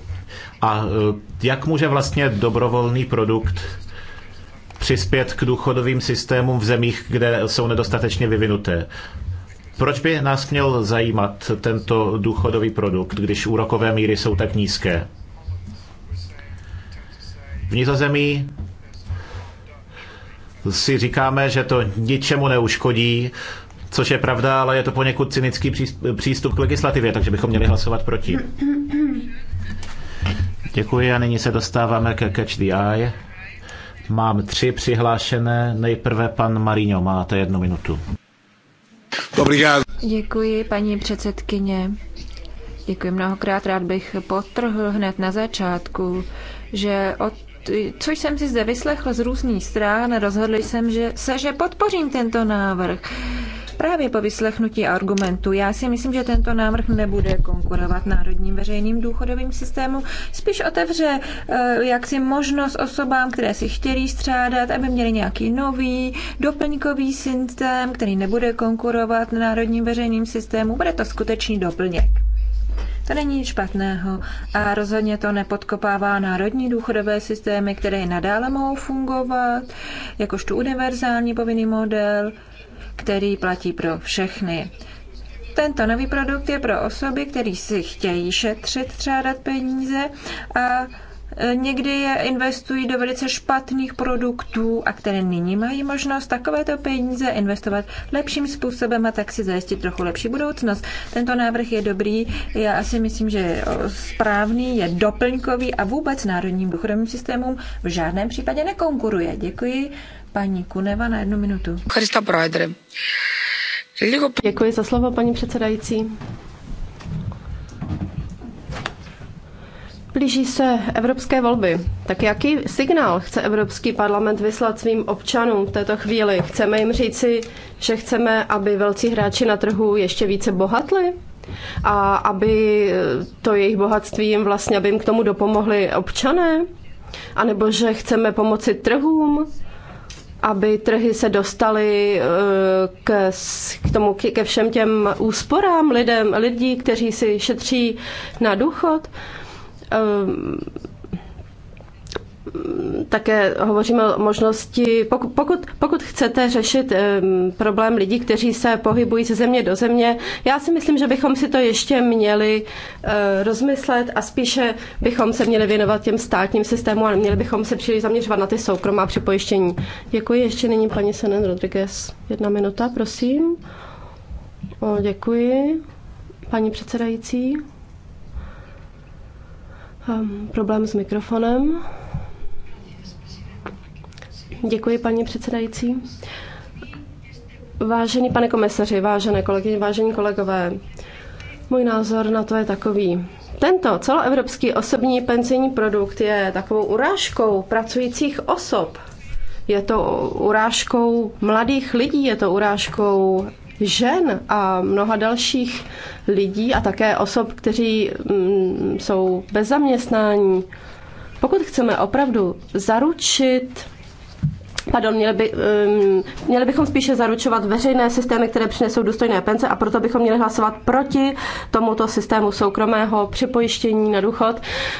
A eh, jak může vlastně dobrovolný produkt přispět k důchodovým systémům v zemích, kde jsou nedostatečně vyvinuté? Proč by nás měl zajímat tento důchodový produkt, když úrokové míry jsou tak nízké? V Nizozemí si říkáme, že to ničemu neuškodí, což je pravda, ale je to poněkud cynický přístup k legislativě, takže bychom měli hlasovat proti. Děkuji a nyní se dostáváme ke Catch the Eye. Mám tři přihlášené. Nejprve pan Marino, máte jednu minutu. Dobrý Děkuji, paní předsedkyně. Děkuji mnohokrát. Rád bych potrhl hned na začátku, že od co jsem si zde vyslechl z různých strán, rozhodl jsem že se, že podpořím tento návrh. Právě po vyslechnutí argumentu já si myslím, že tento návrh nebude konkurovat národním veřejným důchodovým systému, spíš otevře eh, jaksi možnost osobám, které si chtějí střádat, aby měli nějaký nový doplňkový systém, který nebude konkurovat národním veřejným systému. Bude to skutečný doplněk. To není nic špatného a rozhodně to nepodkopává národní důchodové systémy, které nadále mohou fungovat, jakožto univerzální povinný model, který platí pro všechny. Tento nový produkt je pro osoby, které si chtějí šetřit, dát peníze a e, někdy je investují do velice špatných produktů a které nyní mají možnost takovéto peníze investovat lepším způsobem a tak si zajistit trochu lepší budoucnost. Tento návrh je dobrý, já asi myslím, že je správný, je doplňkový a vůbec národním důchodovým systémům v žádném případě nekonkuruje. Děkuji Paní Kuneva na jednu minutu. Krista Projdry. Děkuji za slovo, paní předsedající. Blíží se evropské volby. Tak jaký signál chce Evropský parlament vyslat svým občanům v této chvíli? Chceme jim říci, že chceme, aby velcí hráči na trhu ještě více bohatli? A aby to jejich bohatství jim vlastně, aby jim k tomu dopomohli občané? A nebo že chceme pomoci trhům? aby trhy se dostaly eh, k, k tomu, ke všem těm úsporám lidem, lidí, kteří si šetří na důchod. Ehm, také hovoříme o možnosti, pokud, pokud chcete řešit problém lidí, kteří se pohybují ze země do země, já si myslím, že bychom si to ještě měli eh, rozmyslet a spíše bychom se měli věnovat těm státním systému a měli bychom se příliš zaměřovat na ty soukromá připojištění. Děkuji, ještě nyní paní Senen Rodriguez. Jedna minuta, prosím. O, děkuji, paní předsedající. Um, problém s mikrofonem. Děkuji, paní předsedající. Vážený pane komisaři, vážené kolegyně, vážení kolegové, můj názor na to je takový. Tento celoevropský osobní penzijní produkt je takovou urážkou pracujících osob. Je to urážkou mladých lidí, je to urážkou žen a mnoha dalších lidí a také osob, kteří mm, jsou bez zaměstnání. Pokud chceme opravdu zaručit pardon, měli, by, ehm, měli bychom spíše zaručovat veřejné systémy, které přinesou důstojné pence a proto bychom měli hlasovat proti tomuto systému soukromého připojištění na důchod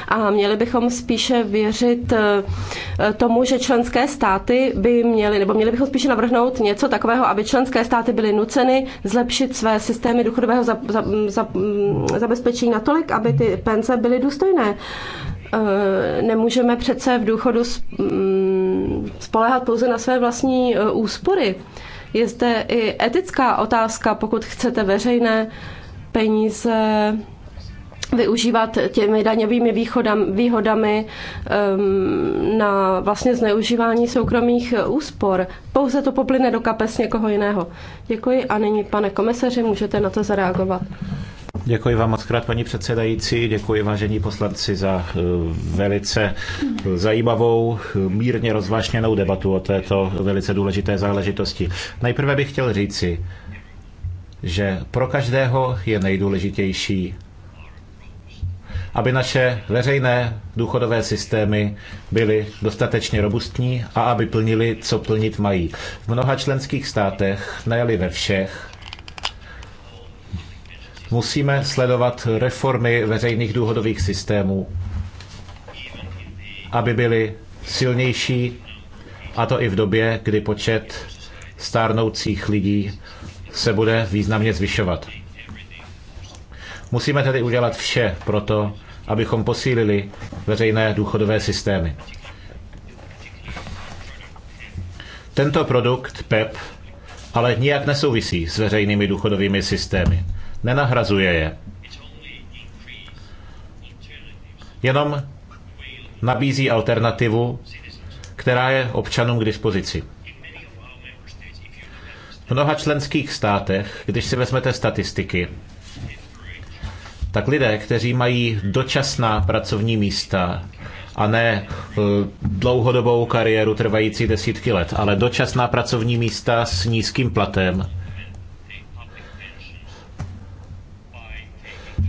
a měli bychom spíše věřit eh, tomu, že členské státy by měly, nebo měli bychom spíše navrhnout něco takového, aby členské státy byly nuceny zlepšit své systémy důchodového za, za, za, mm, zabezpečení natolik, aby ty pence byly důstojné. Eh, nemůžeme přece v důchodu mm, Spolehat pouze na své vlastní e, úspory. Je zde i etická otázka, pokud chcete veřejné peníze využívat těmi daňovými východam, výhodami um, na vlastně zneužívání soukromých úspor. Pouze to poplyne do kapes někoho jiného. Děkuji a nyní, pane komisaři, můžete na to zareagovat. Děkuji vám moc krát, paní předsedající. Děkuji vážení poslanci za eh, velice zajímavou, mírně rozvášněnou debatu o této velice důležité záležitosti. Nejprve bych chtěl říci, že pro každého je nejdůležitější, aby naše veřejné důchodové systémy byly dostatečně robustní a aby plnili, co plnit mají. V mnoha členských státech, nejeli ve všech, Musíme sledovat reformy veřejných důchodových systémů, aby byly silnější, a to i v době, kdy počet stárnoucích lidí se bude významně zvyšovat. Musíme tedy udělat vše pro to, abychom posílili veřejné důchodové systémy. Tento produkt PEP e ale nijak nesouvisí s veřejnými důchodovými systémy nenahrazuje je. Jenom nabízí alternativu, která je občanům k dispozici. V mnoha členských státech, když si vezmete statistiky, tak lidé, kteří mají dočasná pracovní místa a ne eh, dlouhodobou kariéru trvající desítky let, ale dočasná pracovní místa s nízkým platem,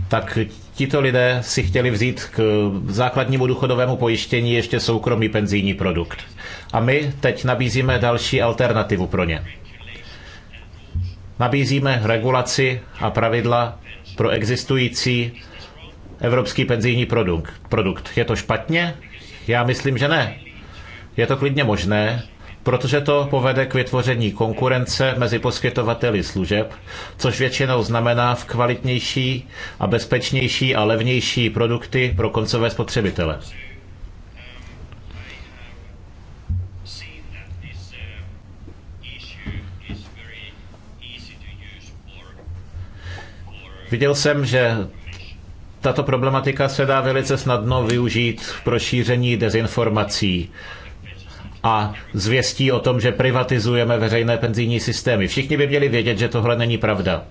tak tito lidé si chtěli vzít k základnímu důchodovému pojištění ještě soukromý penzijní produkt. A my teď nabízíme další alternativu pro ně. Nabízíme regulaci a pravidla pro existující evropský penzijní produkt. Je to špatně? Já myslím, že ne. Je to klidně možné, protože to povede k vytvoření konkurence mezi poskytovateli služeb, což většinou znamená v kvalitnější a bezpečnější a levnější produkty pro koncové spotřebitele. Viděl jsem, že tato problematika se dá velice snadno využít pro šíření dezinformací a zvěstí o tom, že privatizujeme veřejné penzijní systémy. Všichni by měli vědět, že tohle není pravda.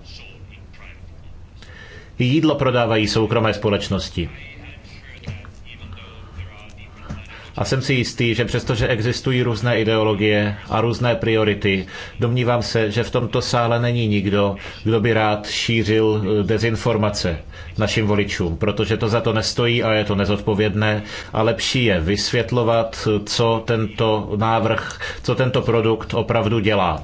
Jídlo prodávají soukromé společnosti. A jsem si jistý, že přestože existují různé ideologie a různé priority, domnívám se, že v tomto sále není nikdo, kdo by rád šířil eh, dezinformace našim voličům, protože to za to nestojí a je to nezodpovědné a lepší je vysvětlovat, co tento návrh, co tento produkt opravdu dělá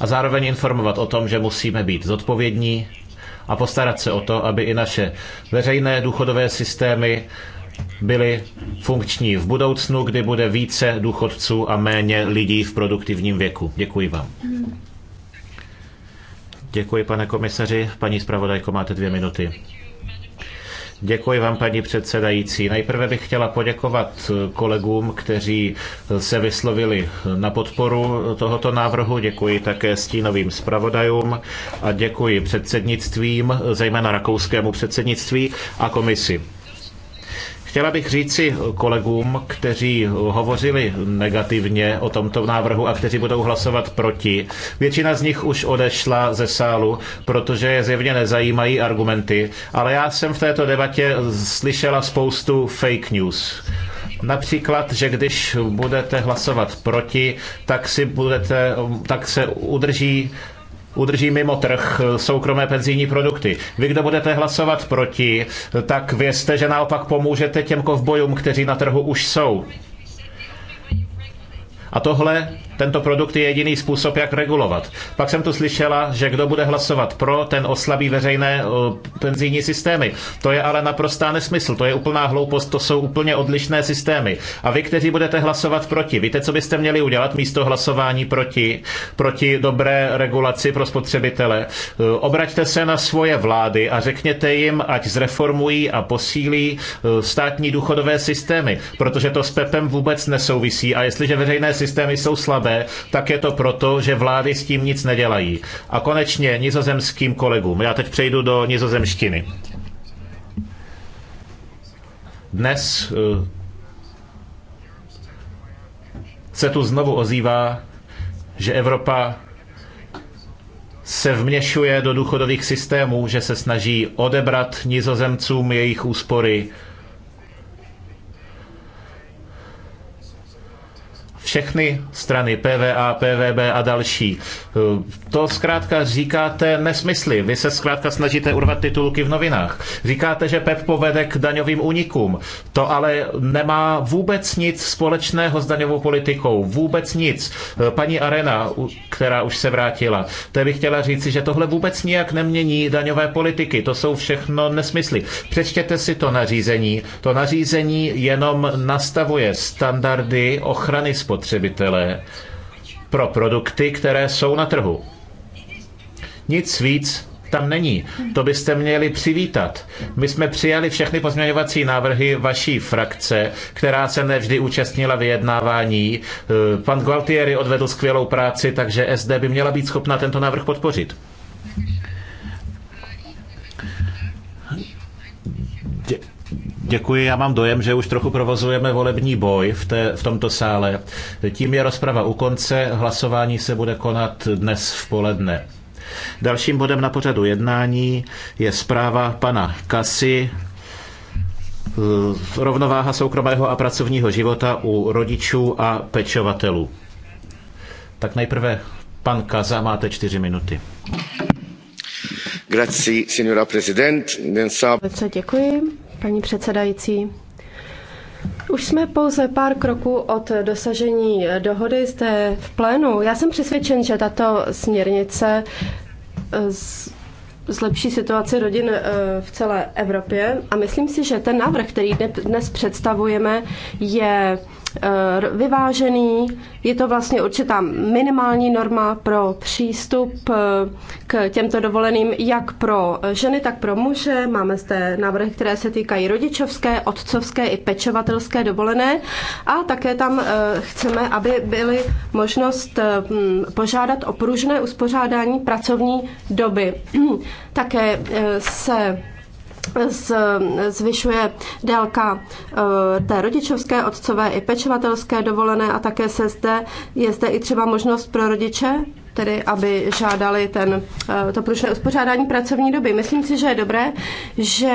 a zároveň informovat o tom, že musíme být zodpovědní a postarat se o to, aby i naše veřejné důchodové systémy byly funkční v budoucnu, kdy bude více důchodců a méně lidí v produktivním věku. Děkuji vám. Hmm. Děkuji, pane komisaři. Paní zpravodajko, máte dvě minuty. Děkuji vám, paní předsedající. Nejprve bych chtěla poděkovat eh, kolegům, kteří eh, se vyslovili eh, na podporu tohoto návrhu. Děkuji také stínovým zpravodajům a děkuji předsednictvím, zejména rakouskému předsednictví a komisi. Chtěla bych říci kolegům, kteří hovořili negativně o tomto návrhu a kteří budou hlasovat proti. Většina z nich už odešla ze sálu, protože je zjevně nezajímají argumenty, ale já jsem v této debatě slyšela spoustu fake news. Například, že když budete hlasovat proti, tak, si budete, tak se udrží udrží mimo trh soukromé penzijní produkty. Vy, kdo budete hlasovat proti, tak vězte, že naopak pomůžete těm kovbojům, kteří na trhu už jsou. A tohle tento produkt je jediný způsob, jak regulovat. Pak jsem tu slyšela, že kdo bude hlasovat pro, ten oslabí veřejné eh, penzijní systémy. To je ale naprostá nesmysl, to je úplná hloupost, to jsou úplně odlišné systémy. A vy, kteří budete hlasovat proti, víte, co byste měli udělat místo hlasování proti, proti dobré regulaci pro spotřebitele? Eh, obraťte se na svoje vlády a řekněte jim, ať zreformují a posílí eh, státní důchodové systémy, protože to s PEPem vůbec nesouvisí. A jestliže veřejné systémy jsou slabé, slabé, tak je to proto, že vlády s tím nic nedělají. A konečně nizozemským kolegům. Já teď přejdu do nizozemštiny. Dnes eh, se tu znovu ozývá, že Evropa se vměšuje do důchodových systémů, že se snaží odebrat nizozemcům jejich úspory všechny strany, PVA, PVB a další. Eh, to zkrátka říkáte nesmysly. Vy se zkrátka snažíte urvat titulky v novinách. Říkáte, že PEP povede k daňovým únikům. To ale nemá vůbec nic společného s daňovou politikou. Vůbec nic. Eh, paní Arena, která už se vrátila, té bych chtěla říci, že tohle vůbec nijak nemění daňové politiky. To jsou všechno nesmysly. Přečtěte si to nařízení. To nařízení jenom nastavuje standardy ochrany spotřebitelů spotřebitele pro produkty, které jsou na trhu. Nic víc tam není. To byste měli přivítat. My jsme přijali všechny pozměňovací návrhy vaší frakce, která se nevždy účastnila vyjednávání. Eh, pan Gualtieri odvedl skvělou práci, takže SD by měla být schopna tento návrh podpořit. Dě- Děkuji, já mám dojem, že už trochu provozujeme volební boj v, té, v tomto sále. Tím je rozprava u konce, hlasování se bude konat dnes v poledne. Dalším bodem na pořadu jednání je zpráva pana Kasy, rovnováha soukromého a pracovního života u rodičů a pečovatelů. Tak nejprve pan Kaza, máte čtyři minuty děkuji, paní předsedající. Už jsme pouze pár kroků od dosažení dohody zde v plénu. Já jsem přesvědčen, že tato směrnice eh, zlepší situaci rodin eh, v celé Evropě a myslím si, že ten návrh, který dnes představujeme, je Eh, vyvážený. Je to vlastně určitá minimální norma pro přístup eh, k těmto dovoleným jak pro eh, ženy, tak pro muže. Máme zde návrhy, které se týkají rodičovské, otcovské i pečovatelské dovolené a také tam chceme, aby byly možnost požádat o pružné uspořádání pracovní doby. Také se zvyšuje délka eh, té rodičovské, otcové i pečovatelské dovolené a také se zde, je zde i třeba možnost pro rodiče tedy aby žádali ten, eh, to prošlé uspořádání pracovní doby. Myslím si, že je dobré, že,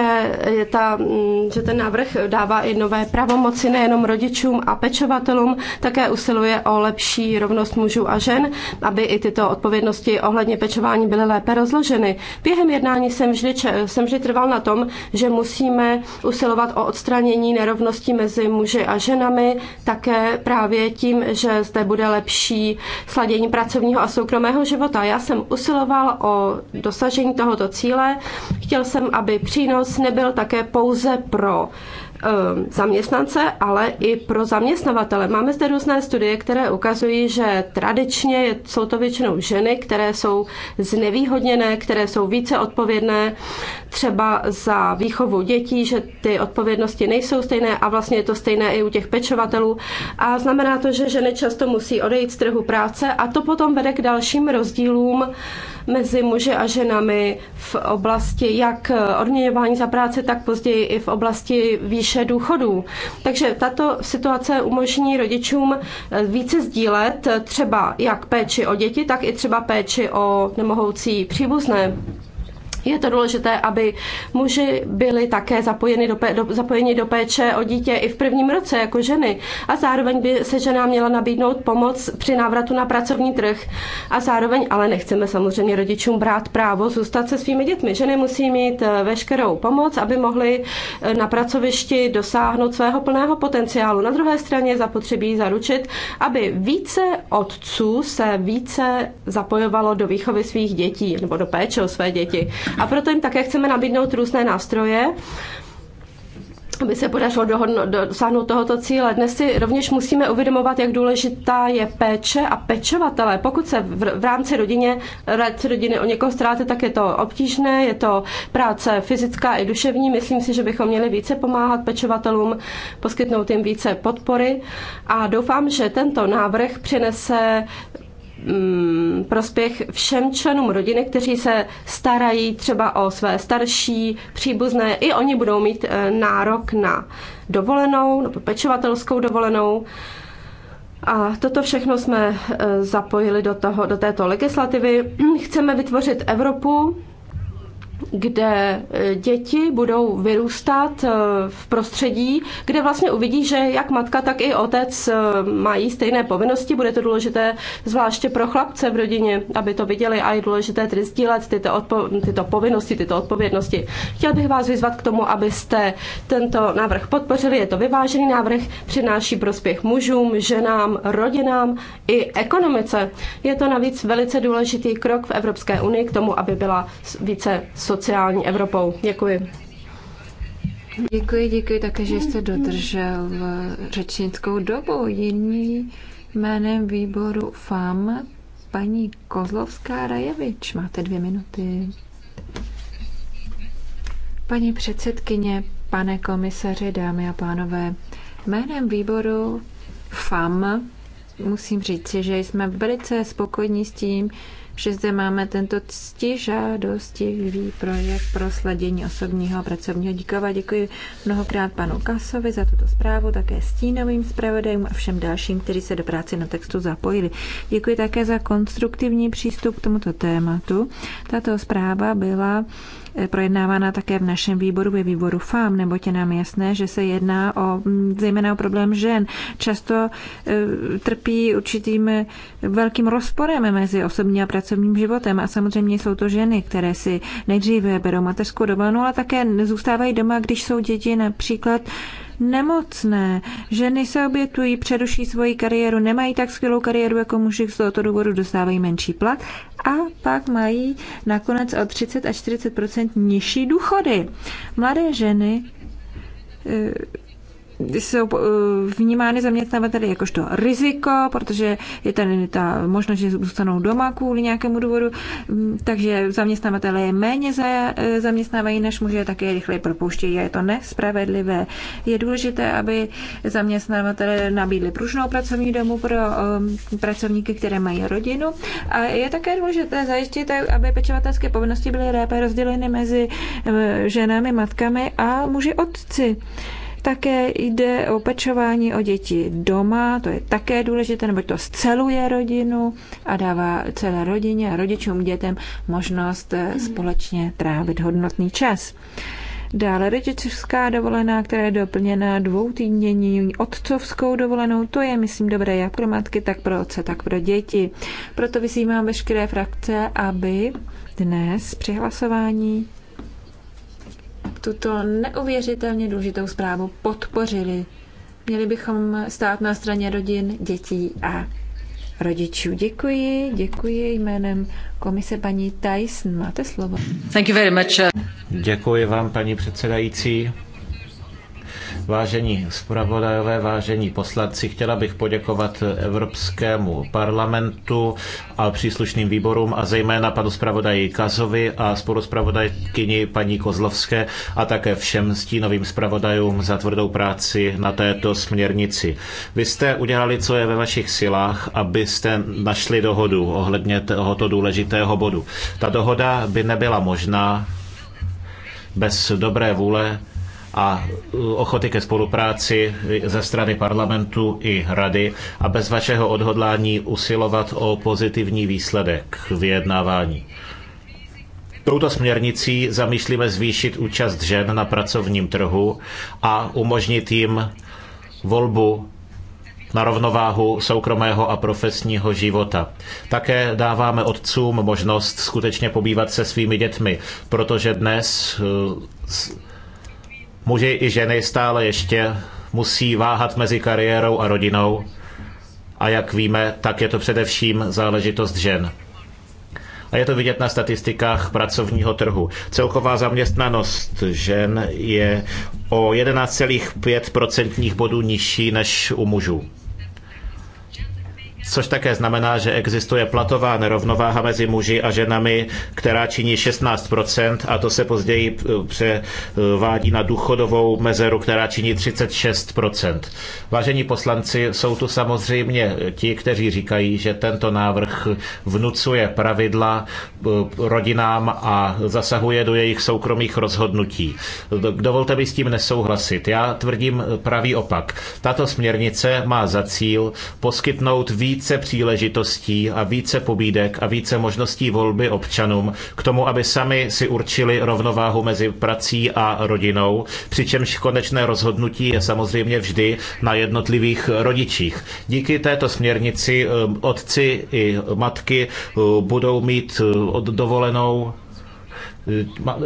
je ta, mm, že ten návrh dává i nové pravomoci nejenom rodičům a pečovatelům, také usiluje o lepší rovnost mužů a žen, aby i tyto odpovědnosti ohledně pečování byly lépe rozloženy. Během jednání jsem vždy, jsem vždy trval na tom, že musíme usilovat o odstranění nerovností mezi muži a ženami, také právě tím, že zde bude lepší sladění pracovního a soukromého soukromého života. Já jsem usiloval o dosažení tohoto cíle. Chtěl jsem, aby přínos nebyl také pouze pro Ehm, zaměstnance, ale i pro zaměstnavatele. Máme zde různé studie, které ukazují, že tradičně jsou to většinou ženy, které jsou znevýhodněné, které jsou více odpovědné třeba za výchovu dětí, že ty odpovědnosti nejsou stejné a vlastně je to stejné i u těch pečovatelů. A znamená to, že ženy často musí odejít z trhu práce a to potom vede k dalším rozdílům mezi muži a ženami v oblasti jak eh, odměňování za práci, tak později i v oblasti výše důchodů. Takže tato situace umožní rodičům eh, více sdílet eh, třeba jak péči o děti, tak i třeba péči o nemohoucí příbuzné. Je to důležité, aby muži byli také zapojeni do, do, zapojeni do péče o dítě i v prvním roce jako ženy a zároveň by se žena měla nabídnout pomoc při návratu na pracovní trh a zároveň, ale nechceme samozřejmě rodičům brát právo zůstat se svými dětmi. Ženy musí mít eh, veškerou pomoc, aby mohly eh, na pracovišti dosáhnout svého plného potenciálu. Na druhé straně zapotřebí zaručit, aby více otců se více zapojovalo do výchovy svých dětí nebo do péče o své děti. A proto jim také chceme nabídnout různé nástroje, aby se podařilo dohodno, dosáhnout tohoto cíle. Dnes si rovněž musíme uvědomovat, jak důležitá je péče a pečovatele. Pokud se v, v rámci rodině, rodiny o někoho ztráte, tak je to obtížné, je to práce fyzická i duševní. Myslím si, že bychom měli více pomáhat pečovatelům, poskytnout jim více podpory a doufám, že tento návrh přinese Mm, prospěch všem členům rodiny, kteří se starají třeba o své starší příbuzné. I oni budou mít eh, nárok na dovolenou nebo pečovatelskou dovolenou. A toto všechno jsme eh, zapojili do, toho, do této legislativy. Chceme vytvořit Evropu, kde e, děti budou vyrůstat e, v prostředí, kde vlastně uvidí, že jak matka, tak i otec e, mají stejné povinnosti. Bude to důležité zvláště pro chlapce v rodině, aby to viděli a je důležité tedy sdílet tyto, odpo- tyto povinnosti, tyto odpovědnosti. Chtěl bych vás vyzvat k tomu, abyste tento návrh podpořili. Je to vyvážený návrh, přináší prospěch mužům, ženám, rodinám i ekonomice. Je to navíc velice důležitý krok v Evropské unii k tomu, aby byla více sociální Evropou. Děkuji. Děkuji, děkuji také, že jste dodržel řečnickou dobu. Jiný jménem výboru FAM paní Kozlovská Rajevič. Máte dvě minuty. Paní předsedkyně, pane komisaři, dámy a pánové, jménem výboru FAM musím říci, že jsme velice spokojní s tím, že zde máme tento ctižádostivý projekt pro sladění osobního a pracovního díkova. Děkuji mnohokrát panu Kasovi za tuto zprávu, také stínovým zpravodajům a všem dalším, kteří se do práce na textu zapojili. Děkuji také za konstruktivní přístup k tomuto tématu. Tato zpráva byla Eh, projednávána také v našem výboru, ve výboru FAM, nebo tě nám jasné, že se jedná o mm, zejména o problém žen. Často eh, trpí určitým eh, velkým rozporem mezi osobním a pracovním životem a samozřejmě jsou to ženy, které si nejdříve berou mateřskou dovolenou, ale také zůstávají doma, když jsou děti například nemocné. Ženy se obětují, přeruší svoji kariéru, nemají tak skvělou kariéru jako muži, z tohoto důvodu dostávají menší plat a pak mají nakonec o 30 až 40 nižší důchody. Mladé ženy eh, jsou eh, vnímány zaměstnavateli jakožto riziko, protože je tady ta možnost, že zůstanou doma kvůli nějakému důvodu, mm, takže zaměstnavatele je méně eh, zaměstnávají, než muže také rychleji propouštějí a je to nespravedlivé. Je důležité, aby zaměstnavatele nabídli pružnou pracovní domu pro eh, pracovníky, které mají rodinu a je také důležité zajistit, aby pečovatelské povinnosti byly lépe rozděleny mezi ženami, matkami a muži otci. Také jde o pečování o děti doma, to je také důležité, nebo to zceluje rodinu a dává celé rodině a rodičům, dětem možnost eh, společně trávit hodnotný čas. Dále rodičovská dovolená, která je doplněna týdnění otcovskou dovolenou, to je, myslím, dobré jak pro matky, tak pro otce, tak pro děti. Proto vyzývám veškeré frakce, aby dnes při hlasování tuto neuvěřitelně důležitou zprávu podpořili. Měli bychom stát na straně rodin, dětí a rodičů. Děkuji, děkuji jménem komise paní Tyson. Máte slovo. Thank you very much. Uh, děkuji vám, paní předsedající. Vážení zpravodajové, vážení poslanci, chtěla bych poděkovat Evropskému parlamentu a příslušným výborům a zejména panu zpravodaji Kazovi a spolu zpravodajkyni paní Kozlovské a také všem stínovým zpravodajům za tvrdou práci na této směrnici. Vy jste udělali, co je ve vašich silách, abyste našli dohodu ohledně tohoto důležitého bodu. Ta dohoda by nebyla možná bez dobré vůle a ochoty ke spolupráci ze strany parlamentu i rady a bez vašeho odhodlání usilovat o pozitivní výsledek vyjednávání. Touto směrnicí zamýšlíme zvýšit účast žen na pracovním trhu a umožnit jim volbu na rovnováhu soukromého a profesního života. Také dáváme otcům možnost skutečně pobývat se svými dětmi, protože dnes eh, Muži i ženy stále ještě musí váhat mezi kariérou a rodinou a jak víme, tak je to především záležitost žen a je to vidět na statistikách pracovního trhu. Celková zaměstnanost žen je o 11,5% bodů nižší než u mužů což také znamená, že existuje platová nerovnováha mezi muži a ženami, která činí 16% a to se později eh, převádí na důchodovou mezeru, která činí 36%. Vážení poslanci, jsou tu samozřejmě ti, kteří říkají, že tento návrh vnucuje pravidla eh, rodinám a zasahuje do jejich soukromých rozhodnutí. Dovolte mi s tím nesouhlasit. Já tvrdím pravý opak. Tato směrnice má za cíl poskytnout výjimku více příležitostí a více pobídek a více možností volby občanům k tomu, aby sami si určili rovnováhu mezi prací a rodinou, přičemž konečné rozhodnutí je samozřejmě vždy na jednotlivých rodičích. Díky této směrnici eh, otci i matky eh, budou mít eh, dovolenou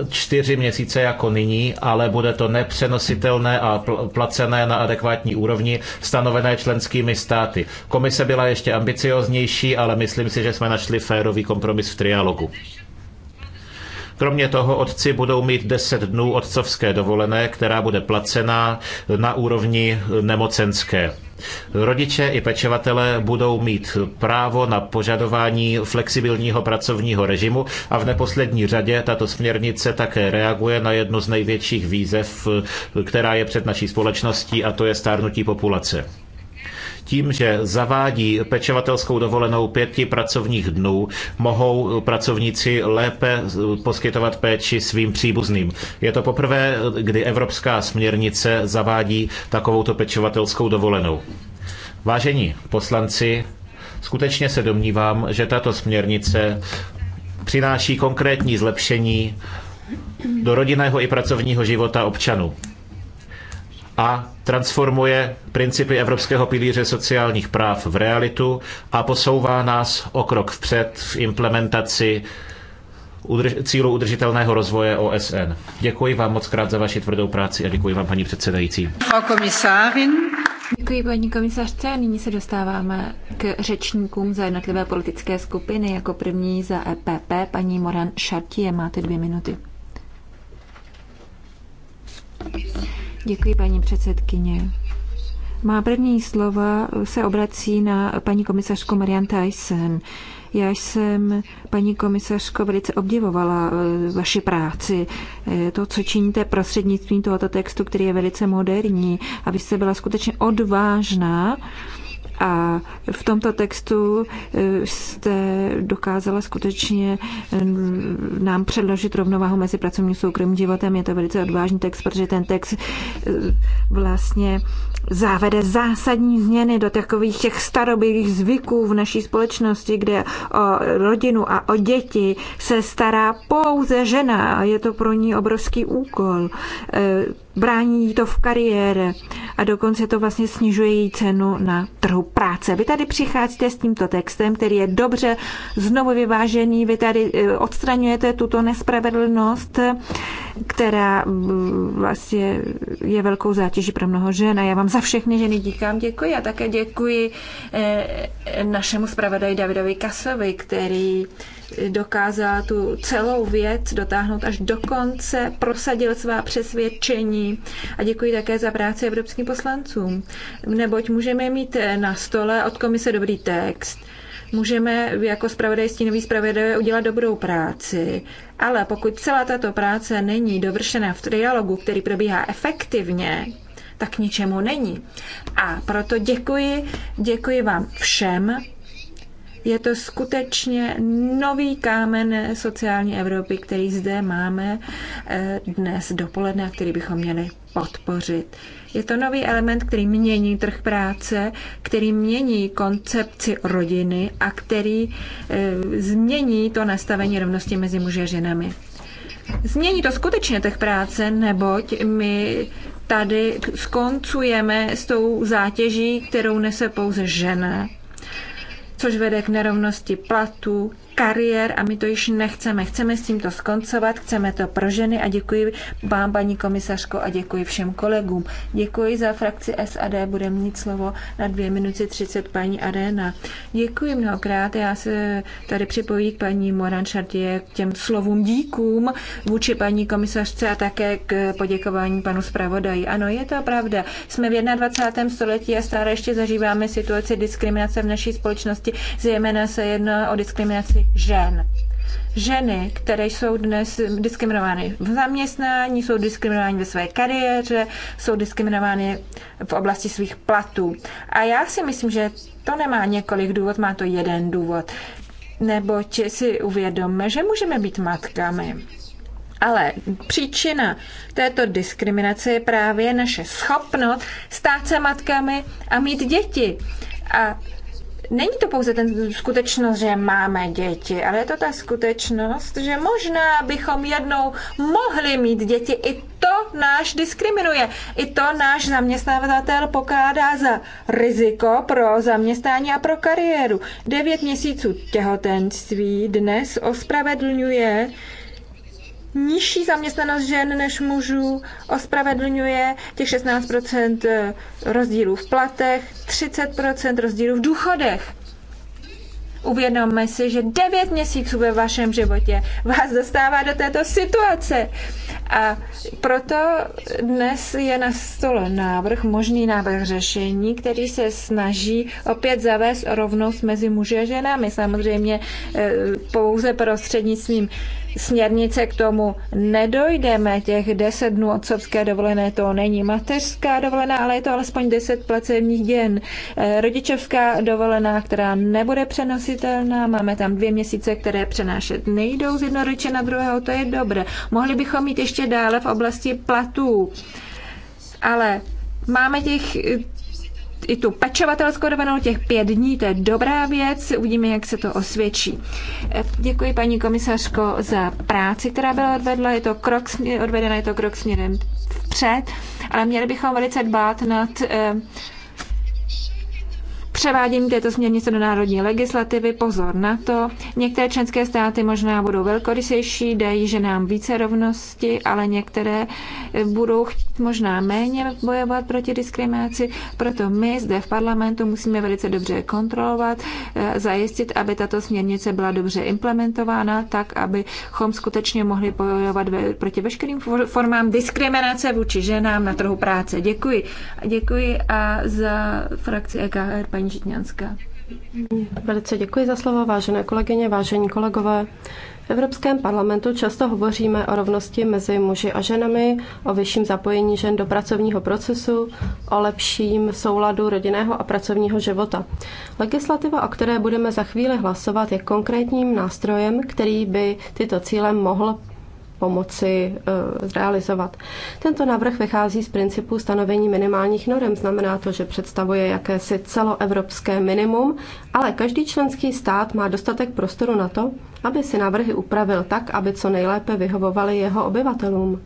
čtyři měsíce jako nyní, ale bude to nepřenositelné a placené na adekvátní úrovni stanovené členskými státy. Komise byla ještě ambicioznější, ale myslím si, že jsme našli férový kompromis v trialogu. Kromě toho otci budou mít 10 dnů otcovské dovolené, která bude placená na úrovni nemocenské. Rodiče i pečovatelé budou mít právo na požadování flexibilního pracovního režimu a v neposlední řadě tato směrnice také reaguje na jednu z největších výzev, která je před naší společností a to je stárnutí populace tím, že zavádí pečovatelskou dovolenou pěti pracovních dnů, mohou pracovníci lépe poskytovat péči svým příbuzným. Je to poprvé, kdy evropská směrnice zavádí takovouto pečovatelskou dovolenou. Vážení poslanci, skutečně se domnívám, že tato směrnice přináší konkrétní zlepšení do rodinného i pracovního života občanů a transformuje principy Evropského pilíře sociálních práv v realitu a posouvá nás o krok vpřed v implementaci cílu udržitelného rozvoje OSN. Děkuji vám moc krát za vaši tvrdou práci a děkuji vám, paní předsedající. Děkuji, paní komisařce. A nyní se dostáváme k řečníkům za jednotlivé politické skupiny. Jako první za EPP paní Moran Šartie. Máte dvě minuty. Děkuji, paní předsedkyně. Má první slova se obrací na paní komisařku Marian Tyson. Já jsem, paní komisařko, velice obdivovala eh, vaši práci, eh, to, co činíte prostřednictvím tohoto textu, který je velice moderní a byla skutečně odvážná a v tomto textu eh, jste dokázala skutečně eh, nám předložit rovnováhu mezi pracovním soukromým životem. Je to velice odvážný text, protože ten text eh, vlastně závede zásadní změny do takových těch starobylých zvyků v naší společnosti, kde o rodinu a o děti se stará pouze žena a je to pro ní obrovský úkol brání jí to v kariéře a dokonce to vlastně snižuje její cenu na trhu práce. Vy tady přicházíte s tímto textem, který je dobře znovu vyvážený, vy tady eh, odstraňujete tuto nespravedlnost, která eh, vlastně je velkou zátěží pro mnoho žen a já vám za všechny ženy díkám, děkuji a také děkuji eh, našemu zpravodaji Davidovi Kasovi, který dokázal tu celou věc dotáhnout až do konce, prosadil svá přesvědčení a děkuji také za práci evropským poslancům, neboť můžeme mít na stole od komise dobrý text, můžeme jako zpravodaj stínový zpravodaj udělat dobrou práci, ale pokud celá tato práce není dovršena v trialogu, který probíhá efektivně, tak ničemu není. A proto děkuji, děkuji vám všem, je to skutečně nový kámen sociální Evropy, který zde máme eh, dnes dopoledne a který bychom měli podpořit. Je to nový element, který mění trh práce, který mění koncepci rodiny a který e, změní to nastavení rovnosti mezi muži a ženami. Změní to skutečně trh práce, neboť my tady skoncujeme s tou zátěží, kterou nese pouze žena což vede k nerovnosti platů, kariér a my to již nechceme. Chceme s tímto skoncovat, chceme to pro ženy a děkuji vám, paní komisařko, a děkuji všem kolegům. Děkuji za frakci SAD, bude mít slovo na dvě minuty třicet paní Arena. Děkuji mnohokrát, já se tady připojím k paní Moran Šartě k těm slovům díkům vůči paní komisařce a také k poděkování panu zpravodaji. Ano, je to pravda. Jsme v 21. století a stále ještě zažíváme situaci diskriminace v naší společnosti oblasti. Zejména se jedná o diskriminaci žen. Ženy, které jsou dnes diskriminovány v zaměstnání, jsou diskriminovány ve své kariéře, jsou diskriminovány v oblasti svých platů. A já si myslím, že to nemá několik důvod, má to jeden důvod. Neboť si uvědomme, že můžeme být matkami. Ale příčina této diskriminace je právě naše schopnost stát se matkami a mít děti. A není to pouze ten skutečnost, že máme děti, ale je to ta skutečnost, že možná bychom jednou mohli mít děti. I to náš diskriminuje. I to náš zaměstnavatel pokládá za riziko pro zaměstnání a pro kariéru. Devět měsíců těhotenství dnes ospravedlňuje nižší zaměstnanost žen než mužů, ospravedlňuje těch 16% eh, rozdílů v platech, 30% rozdílů v důchodech. Uvědomme si, že 9 měsíců ve vašem životě vás dostává do této situace. A proto dnes je na stole návrh, možný návrh řešení, který se snaží opět zavést rovnost mezi muži a ženami. Samozřejmě eh, pouze prostřednictvím směrnice k tomu nedojdeme. Těch 10 dnů otcovské dovolené to není mateřská dovolená, ale je to alespoň 10 placebních děn. Eh, rodičovská dovolená, která nebude přenositelná, máme tam dvě měsíce, které přenášet nejdou z jednoho rodiče na druhého, to je dobré. Mohli bychom mít ještě dále v oblasti platů. Ale máme těch i tu pečovatelskou dovolenou, těch pět dní, to je dobrá věc, uvidíme, jak se to osvědčí. E, děkuji paní komisařko za práci, která byla odvedla, je to krok, odvedena je to krok směrem vpřed, ale měli bychom velice dbát nad e, převádění této směrnice do národní legislativy. Pozor na to. Některé členské státy možná budou velkorysější, dají že nám více rovnosti, ale některé eh, budou chtít možná méně bojovat proti diskriminaci. Proto my zde v parlamentu musíme velice dobře kontrolovat, eh, zajistit, aby tato směrnice byla dobře implementována, tak, abychom skutečně mohli bojovat proti veškerým formám diskriminace vůči ženám na trhu práce. Děkuji. Děkuji a za frakci EKR paní paní Žitňanská. Velice děkuji za slovo, vážené kolegyně, vážení kolegové. V Evropském parlamentu často hovoříme o rovnosti mezi muži a ženami, o vyšším zapojení žen do pracovního procesu, o lepším souladu rodinného a pracovního života. Legislativa, o které budeme za chvíli hlasovat, je konkrétním nástrojem, který by tyto cíle mohl pomoci eh, zrealizovat. Tento návrh vychází z principu stanovení minimálních norm. Znamená to, že představuje jakési celoevropské minimum, ale každý členský stát má dostatek prostoru na to, aby si návrhy upravil tak, aby co nejlépe vyhovovaly jeho obyvatelům.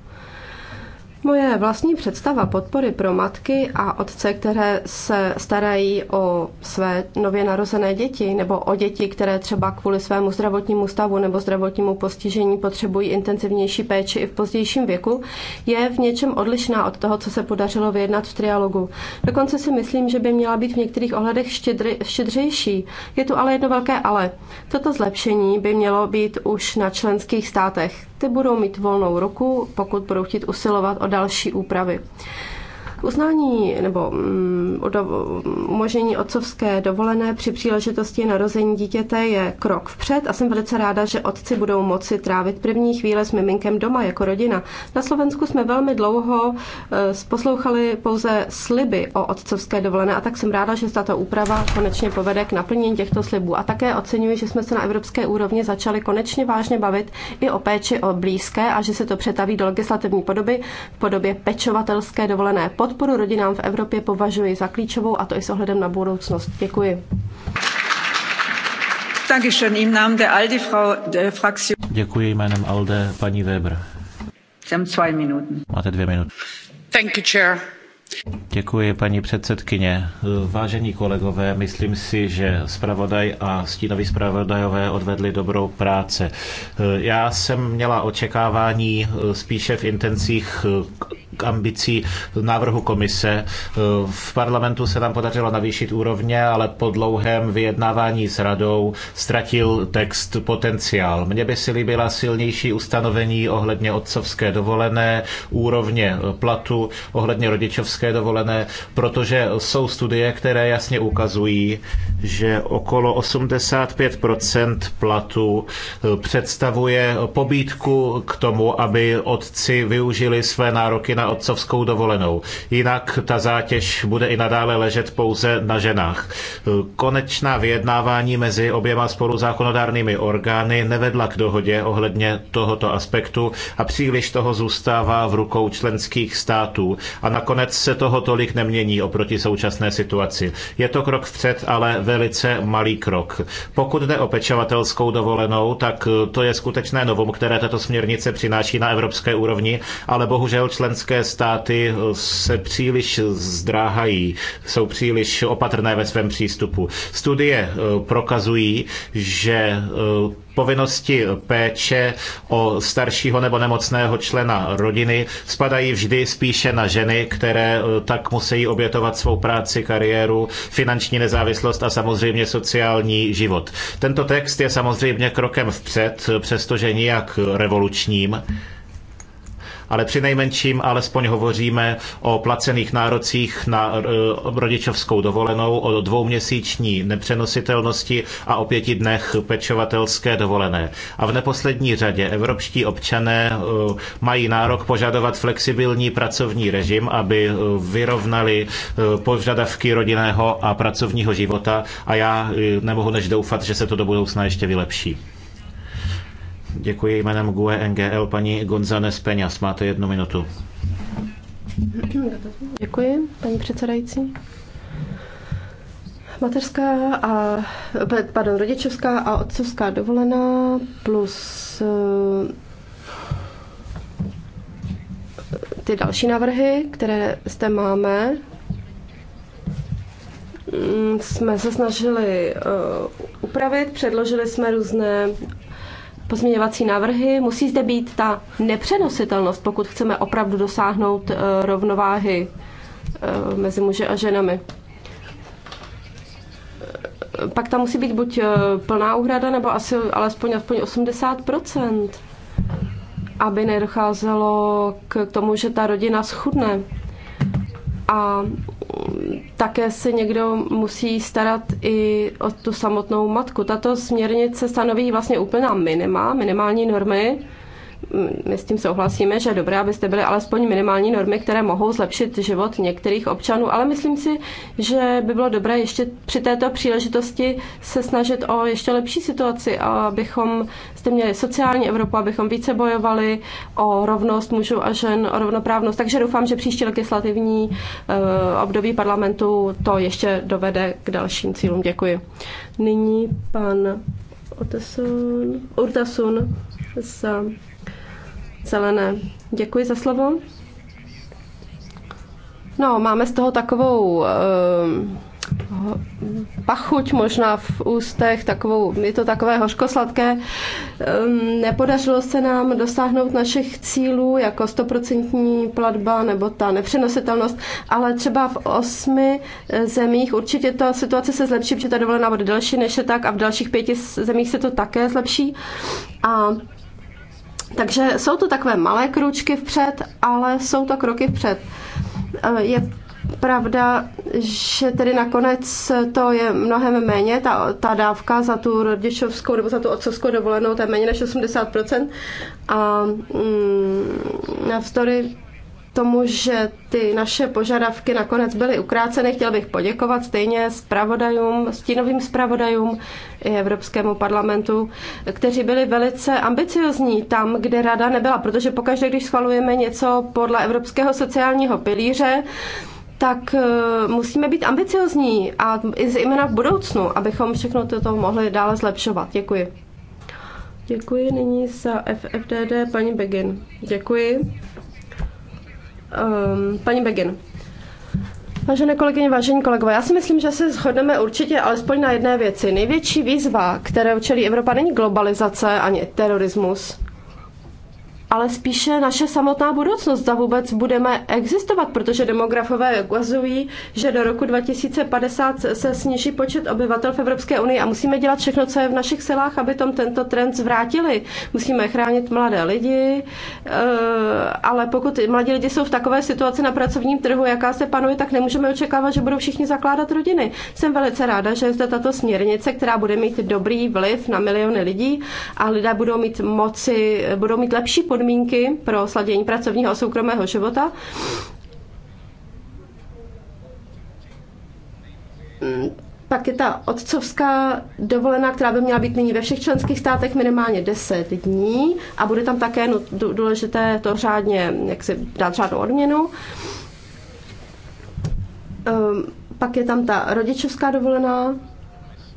Moje vlastní představa podpory pro matky a otce, které se starají o své nově narozené děti nebo o děti, které třeba kvůli svému zdravotnímu stavu nebo zdravotnímu postižení potřebují intenzivnější péči i v pozdějším věku, je v něčem odlišná od toho, co se podařilo vyjednat v trialogu. Dokonce si myslím, že by měla být v některých ohledech štědry, štědřejší. Je tu ale jedno velké ale. Toto zlepšení by mělo být už na členských státech ty budou mít volnou ruku, pokud budou chtít usilovat o další úpravy uznání nebo mm, umožnění otcovské dovolené při příležitosti narození dítěte je krok vpřed a jsem velice ráda, že otci budou moci trávit první chvíle s miminkem doma jako rodina. Na Slovensku jsme velmi dlouho eh, poslouchali pouze sliby o otcovské dovolené a tak jsem ráda, že tato úprava konečně povede k naplnění těchto slibů. A také oceňuji, že jsme se na evropské úrovni začali konečně vážně bavit i o péči o blízké a že se to přetaví do legislativní podoby v podobě pečovatelské dovolené. Pod podporu rodinám v Evropě považuji za klíčovou a to i s ohledem na budoucnost. Děkuji. Děkuji jménem ALDE paní Weber. Máte dvě minuty. Thank you, Chair. Děkuji, paní předsedkyně. Vážení kolegové, myslím si, že zpravodaj a stínoví zpravodajové odvedli dobrou práci. Já jsem měla očekávání eh, spíše v intencích eh, k ambicí návrhu komise. Eh, v parlamentu se nám podařilo navýšit úrovně, ale po dlouhém vyjednávání s radou ztratil text potenciál. Mně by si líbila silnější ustanovení ohledně otcovské dovolené, úrovně platu, ohledně rodičovské mateřské dovolené, protože jsou studie, které jasně ukazují, že okolo 85% platu eh, představuje pobídku k tomu, aby otci využili své nároky na otcovskou dovolenou. Jinak ta zátěž bude i nadále ležet pouze na ženách. Eh, konečná vyjednávání mezi oběma spoluzákonodárnými orgány nevedla k dohodě ohledně tohoto aspektu a příliš toho zůstává v rukou členských států. A nakonec se toho tolik nemění oproti současné situaci. Je to krok vpřed, ale velice malý krok. Pokud jde o pečovatelskou dovolenou, tak eh, to je skutečné novum, které tato směrnice přináší na evropské úrovni, ale bohužel členské státy eh, se příliš zdráhají, jsou příliš opatrné ve svém přístupu. Studie eh, prokazují, že povinnosti péče o staršího nebo nemocného člena rodiny spadají vždy spíše na ženy, které eh, tak musí obětovat svou práci, kariéru, finanční nezávislost a samozřejmě sociální život. Tento text je samozřejmě krokem vpřed, eh, přestože nijak revolučním ale při nejmenším alespoň hovoříme o placených nárocích na e, rodičovskou dovolenou, o dvouměsíční nepřenositelnosti a o pěti dnech pečovatelské dovolené. A v neposlední řadě evropští občané e, mají nárok požadovat flexibilní pracovní režim, aby e, vyrovnali požadavky rodinného a pracovního života a já nemohu než doufat, že se to do budoucna ještě vylepší. Děkuji jménem GUE NGL paní González Peňas. Máte jednu minutu. Děkuji, paní předsedající. Mateřská a, pardon, rodičovská a otcovská dovolená plus eh, ty další návrhy, které zde máme, mm, jsme se snažili eh, upravit, předložili jsme různé pozměňovací návrhy. Musí zde být ta nepřenositelnost, pokud chceme opravdu dosáhnout eh, rovnováhy eh, mezi muže a ženami. Eh, pak tam musí být buď plná úhrada, nebo asi alespoň, alespoň 80%, aby nedocházelo k tomu, že ta rodina schudne. A také se někdo musí starat i o tu samotnou matku. Tato směrnice stanoví vlastně úplná minima, minimální normy, my s tím souhlasíme, že dobré, abyste byly alespoň minimální normy, které mohou zlepšit život některých občanů, ale myslím si, že by bylo dobré ještě při této příležitosti se snažit o ještě lepší situaci, abychom jste měli sociální Evropu, abychom více bojovali o rovnost mužů a žen, o rovnoprávnost. Takže doufám, že příští legislativní eh, období parlamentu to ještě dovede k dalším cílům. Děkuji. Nyní pan Otesun, Urtasun za zelené. Děkuji za slovo. No, máme z toho takovou uh, pachuť možná v ústech, takovou, je to takové hořkosladké. Um, nepodařilo se nám dosáhnout našich cílů, jako stoprocentní platba nebo ta nepřenositelnost, ale třeba v osmi eh, zemích určitě ta situace se zlepší, protože ta dovolená bude delší než je tak a v dalších pěti zemích se to také zlepší. A takže jsou to takové malé kručky vpřed, ale jsou to kroky vpřed. E, je pravda, že tedy nakonec to je mnohem méně, ta, ta dávka za tu rodičovskou nebo za tu otcovskou dovolenou, to je méně než 80%. A mm, navzdory tomu, že ty naše požadavky nakonec byly ukráceny. Chtěl bych poděkovat stejně zpravodajům, stínovým zpravodajům i Evropskému parlamentu, kteří byli velice ambiciozní tam, kde rada nebyla, protože pokaždé, když schvalujeme něco podle Evropského sociálního pilíře, tak e, musíme být ambiciozní a i zejména v budoucnu, abychom všechno toto mohli dále zlepšovat. Děkuji. Děkuji nyní za FFDD paní Begin. Děkuji. Um, paní Begin. Vážené kolegyně, vážení kolegové, já si myslím, že se shodneme určitě alespoň na jedné věci. Největší výzva, které čelí Evropa, není globalizace ani terorismus, ale spíše naše samotná budoucnost, za vůbec budeme existovat, protože demografové ukazují, že do roku 2050 se sníží počet obyvatel v Evropské unii a musíme dělat všechno, co je v našich silách, aby tom tento trend zvrátili. Musíme chránit mladé lidi, eh, ale pokud mladí lidi jsou v takové situaci na pracovním trhu, jaká se panuje, tak nemůžeme očekávat, že budou všichni zakládat rodiny. Jsem velice ráda, že je zde tato směrnice, která bude mít dobrý vliv na miliony lidí a lidé budou mít moci, budou mít lepší podmínky podmínky pro sladění pracovního a soukromého života. Mm, pak je ta otcovská dovolená, která by měla být nyní ve všech členských státech minimálně 10 dní a bude tam také no, důležité to řádně, jak si dát řádnou odměnu. Ehm, pak je tam ta rodičovská dovolená.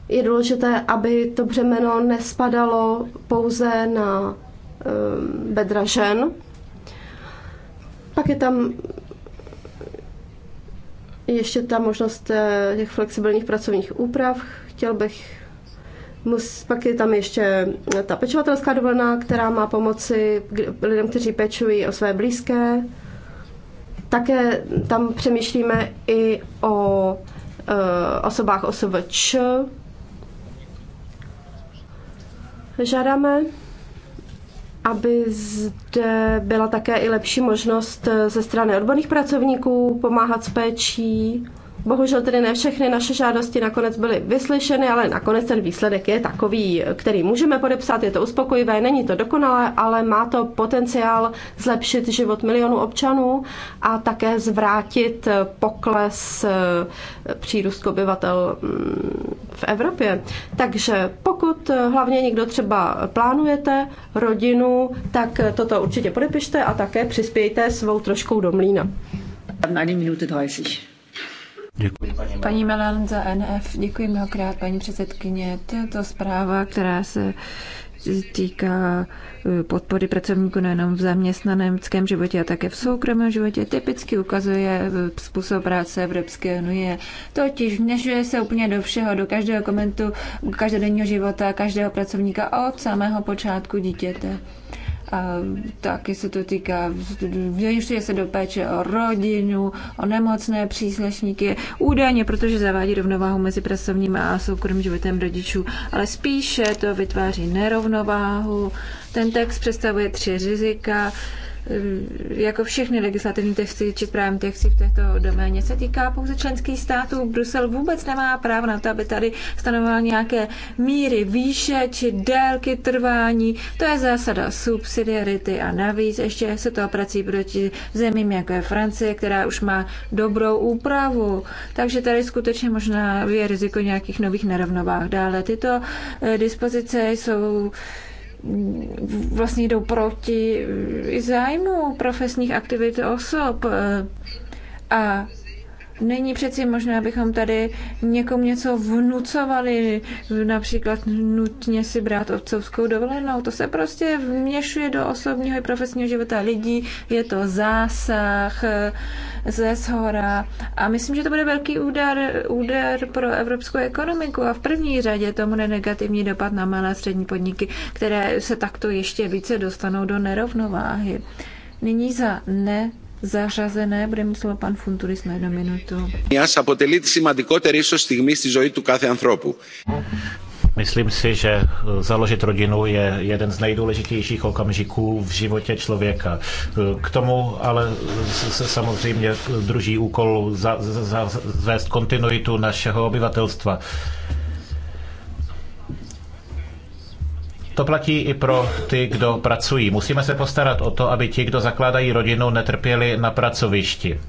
Je důležité, aby to břemeno nespadalo pouze na Eh, bedra žen. Pak je tam ještě ta možnost eh, těch flexibilních pracovních úprav. Chtěl bych Mus, pak je tam ještě ta pečovatelská dovolená, která má pomoci lidem, kteří pečují o své blízké. Také tam přemýšlíme i o e, osobách OSVČ. Žádáme aby zde byla také i lepší možnost ze strany odborných pracovníků pomáhat s péčí Bohužel tedy ne všechny naše žádosti nakonec byly vyslyšeny, ale nakonec ten výsledek je takový, který můžeme podepsat. Je to uspokojivé, není to dokonalé, ale má to potenciál zlepšit život milionů občanů a také zvrátit pokles eh, přírůstku obyvatel mm, v Evropě. Takže pokud eh, hlavně někdo třeba plánujete rodinu, tak eh, toto určitě podepište a také přispějte svou troškou do mlína. Na minuty 20. Děkuji. Paní, Melan za NF, děkuji mnohokrát, paní předsedkyně. Tato zpráva, která se týká eh, podpory pracovníků nejenom v zaměstnaném životě a také v soukromém životě, typicky ukazuje eh, způsob práce Evropské unie. Totiž vněžuje se úplně do všeho, do každého komentu, každodenního života, každého pracovníka od samého počátku dítěte taky se to týká, zajišťuje se do péče o rodinu, o nemocné příslušníky, údajně, protože zavádí rovnováhu mezi pracovním a soukromým životem rodičů, ale spíše to vytváří nerovnováhu. Ten text představuje tři rizika Ehm, jako všechny legislativní texty či právní texty v této doméně se týká pouze členských států. Brusel vůbec nemá právo na to, aby tady stanoval nějaké míry výše či délky trvání. To je zásada subsidiarity a navíc ještě se to prací proti zemím, jako je Francie, která už má dobrou úpravu. Takže tady skutečně možná je riziko nějakých nových nerovnovách. Dále tyto eh, dispozice jsou vlastně jdou proti zájmu profesních aktivit osob. A Není přeci možné, abychom tady někomu něco vnucovali, například nutně si brát otcovskou dovolenou. To se prostě vměšuje do osobního i profesního života lidí, je to zásah eh, ze shora a myslím, že to bude velký úder, úder pro evropskou ekonomiku a v první řadě tomu negativní dopad na malé a střední podniky, které se takto ještě více dostanou do nerovnováhy. Nyní za ne zařazené, bude mít slovo pan Funturis na jednu minutu. αποτελεί τη σημαντικότερη ίσως στιγμή στη ζωή του κάθε ανθρώπου. Myslím si, že založit rodinu je jeden z nejdůležitějších okamžiků v životě člověka. E, k tomu ale se samozřejmě e, druží úkol zavést za, za, kontinuitu našeho obyvatelstva. To platí i pro ty, kdo pracují. Musíme se postarat o to, aby ti, kdo zakládají rodinu, netrpěli na pracovišti.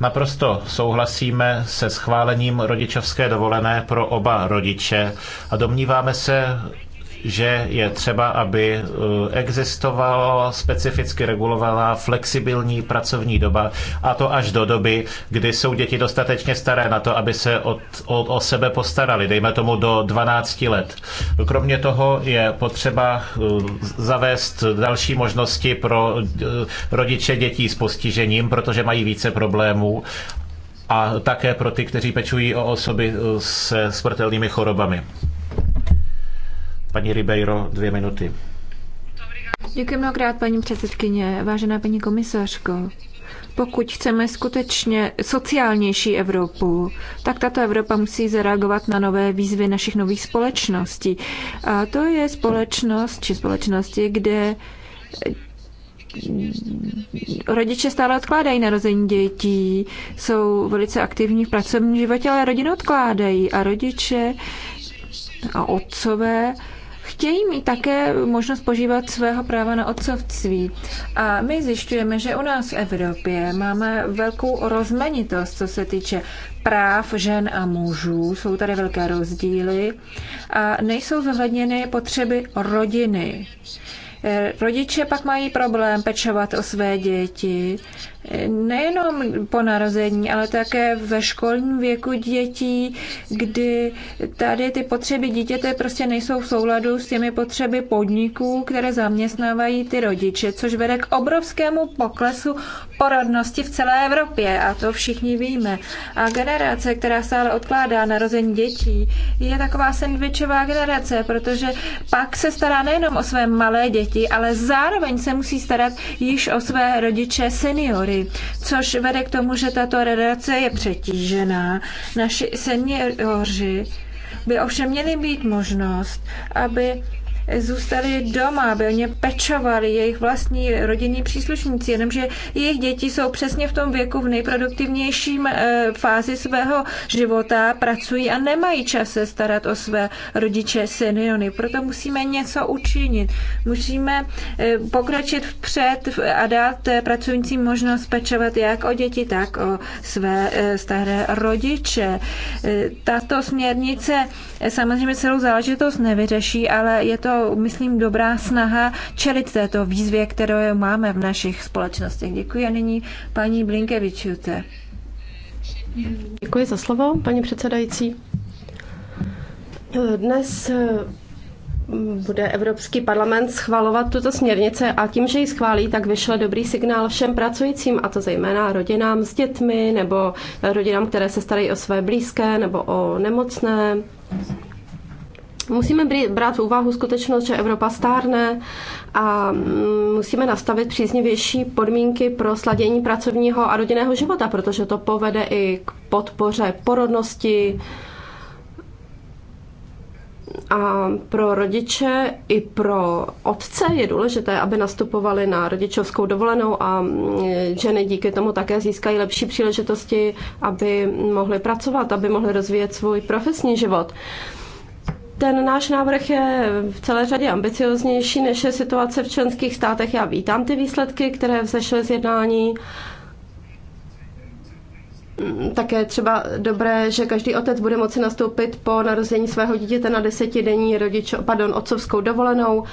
Naprosto souhlasíme se schválením rodičovské dovolené pro oba rodiče a domníváme se, že je třeba, aby eh, existovala specificky regulovaná flexibilní pracovní doba a to až do doby, kdy jsou děti dostatečně staré na to, aby se od, o, o sebe postarali, dejme tomu do 12 let. Kromě toho je potřeba eh, zavést další možnosti pro eh, rodiče dětí s postižením, protože mají více problémů a také pro ty, kteří pečují o osoby se smrtelnými chorobami. Paní Ribeiro, dvě minuty. Děkuji mnohokrát, paní předsedkyně, vážená paní komisařko. Pokud chceme skutečně sociálnější Evropu, tak tato Evropa musí zareagovat na nové výzvy našich nových společností. A to je společnost či společnosti, kde rodiče stále odkládají narození dětí, jsou velice aktivní v pracovním životě, ale rodinu odkládají a rodiče a otcové chtějí mít také možnost požívat svého práva na otcovství. A my zjišťujeme, že u nás v Evropě máme velkou rozmanitost, co se týče práv žen a mužů. Jsou tady velké rozdíly a nejsou zohledněny potřeby rodiny. Eh, rodiče pak mají problém pečovat o své děti, nejenom po narození, ale také ve školním věku dětí, kdy tady ty potřeby dítěte prostě nejsou v souladu s těmi potřeby podniků, které zaměstnávají ty rodiče, což vede k obrovskému poklesu porodnosti v celé Evropě a to všichni víme. A generace, která stále odkládá narození dětí, je taková sendvičová generace, protože pak se stará nejenom o své malé děti, ale zároveň se musí starat již o své rodiče seniory což vede k tomu, že tato redakce je přetížená. Naši seniori by ovšem měli mít možnost, aby zůstali doma, aby o ně pečovali jejich vlastní rodinní příslušníci, jenomže jejich děti jsou přesně v tom věku v nejproduktivnějším eh, fázi svého života, pracují a nemají čas se starat o své rodiče, seniony. Proto musíme něco učinit. Musíme eh, pokročit vpřed a dát eh, pracujícím možnost pečovat jak o děti, tak o své staré rodiče. Tato směrnice samozřejmě celou záležitost nevyřeší, ale je to myslím, dobrá snaha čelit této výzvě, kterou máme v našich společnostech. Děkuji a nyní paní Blinkevičuce. Děkuji za slovo, paní předsedající. Dnes eh, bude Evropský parlament schvalovat tuto směrnice a tím, že ji schválí, tak vyšle dobrý signál všem pracujícím, a to zejména rodinám s dětmi nebo rodinám, které se starají o své blízké nebo o nemocné. Musíme brát v úvahu skutečnost, že Evropa stárne a mm, musíme nastavit příznivější podmínky pro sladění pracovního a rodinného života, protože to povede i k podpoře porodnosti, a pro rodiče i pro otce je důležité, aby nastupovali na rodičovskou dovolenou a mm, ženy díky tomu také získají lepší příležitosti, aby mohly pracovat, aby mohly rozvíjet svůj profesní život. Ten náš návrh je v celé řadě ambicioznější, než je situace v členských státech. Já vítám ty výsledky, které vzešly z jednání. Mm, Také třeba dobré, že každý otec bude moci nastoupit po narození svého dítěte na desetidenní rodič, pardon, otcovskou dovolenou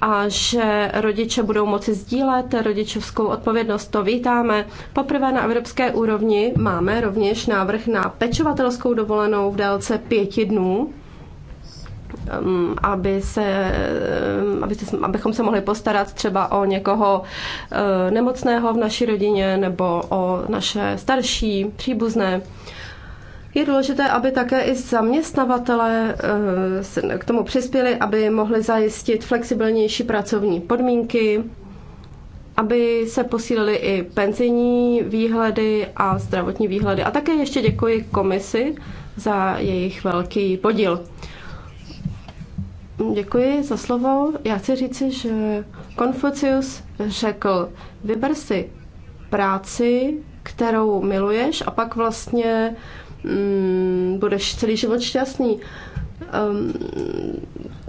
a že rodiče budou moci sdílet rodičovskou odpovědnost. To vítáme. Poprvé na evropské úrovni máme rovněž návrh na pečovatelskou dovolenou v délce pěti dnů. Um, aby se, um, aby se, abychom se mohli postarat třeba o někoho uh, nemocného v naší rodině nebo o naše starší příbuzné. Je důležité, aby také i zaměstnavatele uh, k tomu přispěli, aby mohli zajistit flexibilnější pracovní podmínky, aby se posílily i penzijní výhledy a zdravotní výhledy. A také ještě děkuji komisi za jejich velký podíl. Děkuji za slovo. Já chci říci, že Konfucius řekl, vyber si práci, kterou miluješ a pak vlastně mm, budeš celý život šťastný um,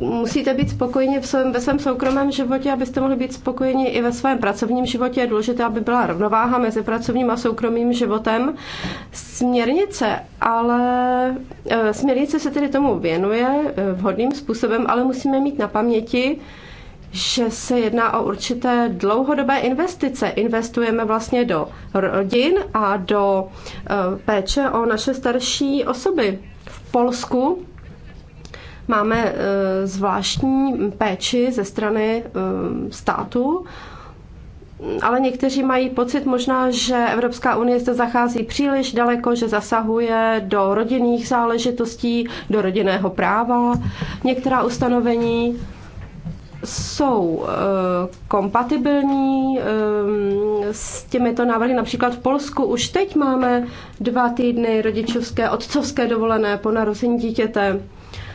musíte být spokojeni v svém, ve svém soukromém životě, abyste mohli být spokojeni i ve svém pracovním životě. Je důležité, aby byla rovnováha mezi pracovním a soukromým životem. Směrnice, ale eh, směrnice se tedy tomu věnuje eh, vhodným způsobem, ale musíme mít na paměti, že se jedná o určité dlouhodobé investice. Investujeme vlastně do rodin a do eh, péče o naše starší osoby. V Polsku Máme eh, zvláštní péči ze strany eh, státu, ale někteří mají pocit možná, že Evropská unie se zachází příliš daleko, že zasahuje do rodinných záležitostí, do rodinného práva. Některá ustanovení jsou eh, kompatibilní s těmito návrhy. Například v Polsku už teď máme dva týdny rodičovské, otcovské dovolené po narození dítěte.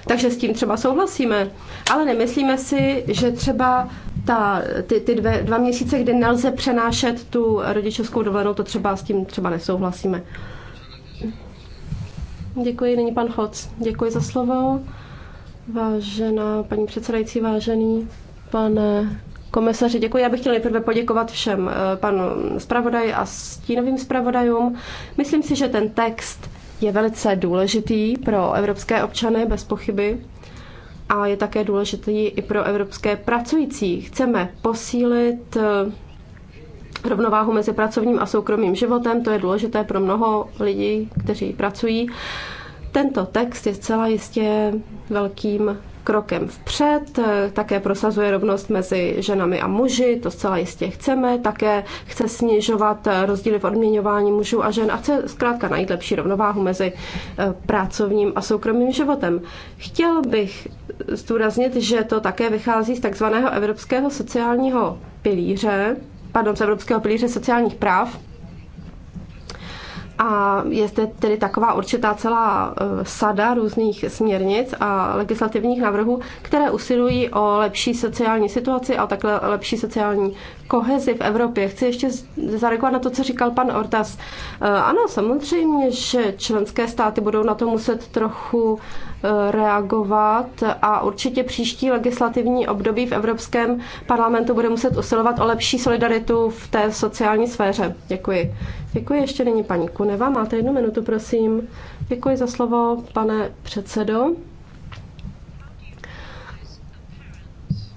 Takže s tím třeba souhlasíme, ale nemyslíme si, že třeba ta, ty, ty dve, dva měsíce, kdy nelze přenášet tu rodičovskou dovolenou, to třeba s tím třeba nesouhlasíme. Děkuji, není pan Choc. Děkuji za slovo. Vážená paní předsedající, vážený pane komisaři, děkuji. Já bych chtěla nejprve poděkovat všem eh, panu zpravodaj a stínovým zpravodajům. Myslím si, že ten text je velice důležitý pro evropské občany, bez pochyby, a je také důležitý i pro evropské pracující. Chceme posílit eh, rovnováhu mezi pracovním a soukromým životem, to je důležité pro mnoho lidí, kteří pracují. Tento text je zcela jistě velkým krokem vpřed, eh, také prosazuje rovnost mezi ženami a muži, to zcela jistě chceme, také chce snižovat eh, rozdíly v odměňování mužů a žen a chce zkrátka najít lepší rovnováhu mezi eh, pracovním a soukromým životem. Chtěl bych zdůraznit, že to také vychází z takzvaného evropského sociálního pilíře, pardon, z evropského pilíře sociálních práv, a je zde tedy taková určitá celá e, sada různých směrnic a legislativních návrhů, které usilují o lepší sociální situaci a takhle lepší sociální kohezi v Evropě. Chci ještě zareagovat na to, co říkal pan Ortas. E, ano, samozřejmě, že členské státy budou na to muset trochu reagovat a určitě příští legislativní období v Evropském parlamentu bude muset usilovat o lepší solidaritu v té sociální sféře. Děkuji. Děkuji ještě nyní paní Kuneva. Máte jednu minutu, prosím. Děkuji za slovo, pane předsedo.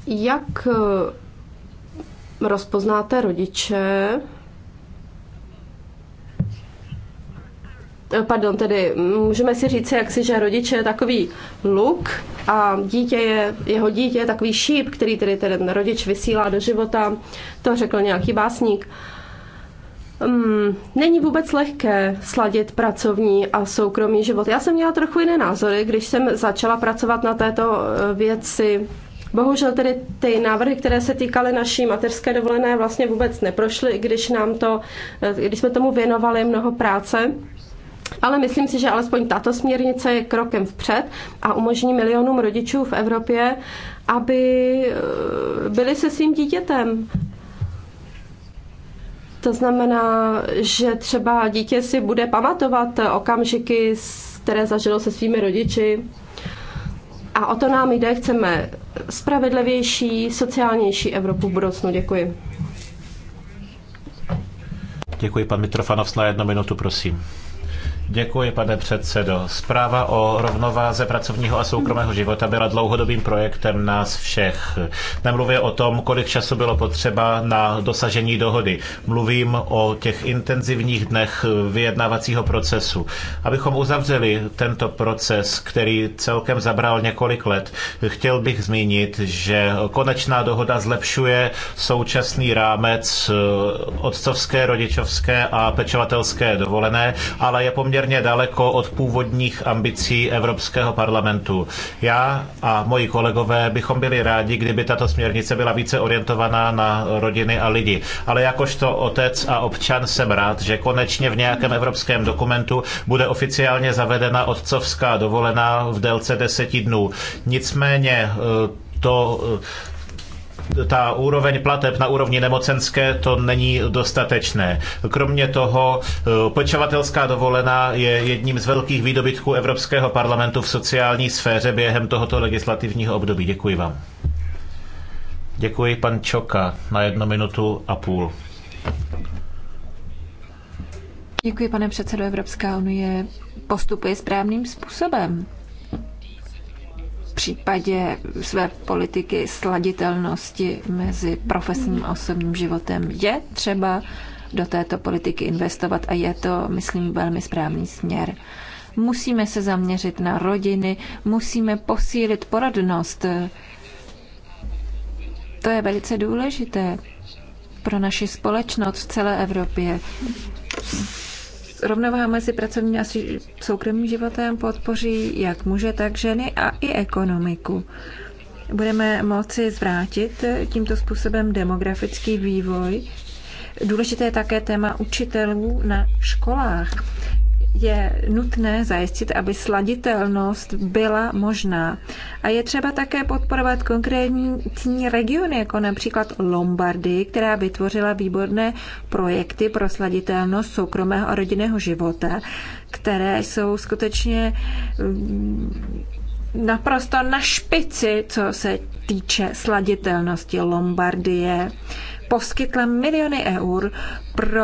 Jak eh, rozpoznáte rodiče, Eh, pardon, tedy mm, můžeme si říct jaksi, že rodiče je takový luk a dítě je, jeho dítě je takový šíp, který tedy ten rodič vysílá do života, to řekl nějaký básník. Um, není vůbec lehké sladit pracovní a soukromý život. Já jsem měla trochu jiné názory, když jsem začala pracovat na této eh, věci. Bohužel tedy ty návrhy, které se týkaly naší mateřské dovolené, vlastně vůbec neprošly, když nám to, eh, když jsme tomu věnovali mnoho práce. Ale myslím si, že alespoň tato směrnice je krokem vpřed a umožní milionům rodičů v Evropě, aby eh, byli se svým dítětem. To znamená, že třeba dítě si bude pamatovat okamžiky, které zažilo se svými rodiči. A o to nám jde, chceme spravedlivější, sociálnější Evropu v budoucnu. Děkuji. Děkuji, pan Mitrofanov, na jednu minutu, prosím. Děkuji, pane předsedo. Zpráva o rovnováze pracovního a soukromého života byla dlouhodobým projektem nás všech. Nemluvě o tom, kolik času bylo potřeba na dosažení dohody. Mluvím o těch intenzivních dnech vyjednávacího procesu. Abychom uzavřeli tento proces, který celkem zabral několik let, chtěl bych zmínit, že konečná dohoda zlepšuje současný rámec eh, otcovské, rodičovské a pečovatelské dovolené, ale je poměrně poměrně daleko od původních ambicí Evropského parlamentu. Já a moji kolegové bychom byli rádi, kdyby tato směrnice byla více orientovaná na rodiny a lidi. Ale jakožto otec a občan jsem rád, že konečně v nějakém evropském dokumentu bude oficiálně zavedena otcovská dovolená v délce deseti dnů. Nicméně eh, to ta úroveň plateb na úrovni nemocenské, to není dostatečné. Kromě toho, eh, pečovatelská dovolená je jedním z velkých výdobytků Evropského parlamentu v sociální sféře během tohoto legislativního období. Děkuji vám. Děkuji, pan Čoka, na jednu minutu a půl. Děkuji, pane předsedo Evropská unie. Postupuje správným způsobem případě své politiky sladitelnosti mezi profesním a osobním životem je třeba do této politiky investovat a je to, myslím, velmi správný směr. Musíme se zaměřit na rodiny, musíme posílit porodnost. To je velice důležité pro naši společnost v celé Evropě rovnováha mezi pracovním a soukromým životem podpoří jak muže, tak ženy a i ekonomiku. Budeme moci zvrátit tímto způsobem demografický vývoj. Důležité je také téma učitelů na školách je nutné zajistit, aby sladitelnost byla možná. A je třeba také podporovat konkrétní regiony, jako například Lombardy, která vytvořila výborné projekty pro sladitelnost soukromého a rodinného života, které jsou skutečně mm, naprosto na špici, co se týče sladitelnosti Lombardie poskytla miliony eur pro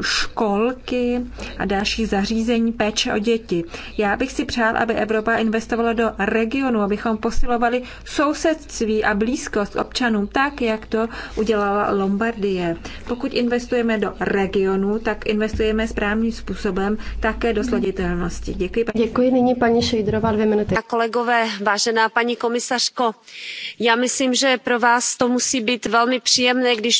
školky a další zařízení péče o děti. Já bych si přál, aby Evropa investovala do regionu, abychom posilovali sousedství a blízkost občanům tak, jak to udělala Lombardie. Pokud investujeme do regionu, tak investujeme správným způsobem také do sladitelnosti. Děkuji. Paní. Děkuji nyní paní Šejdrová dvě minuty. A kolegové, vážená paní komisařko, já myslím, že pro vás to musí být velmi příjemné, když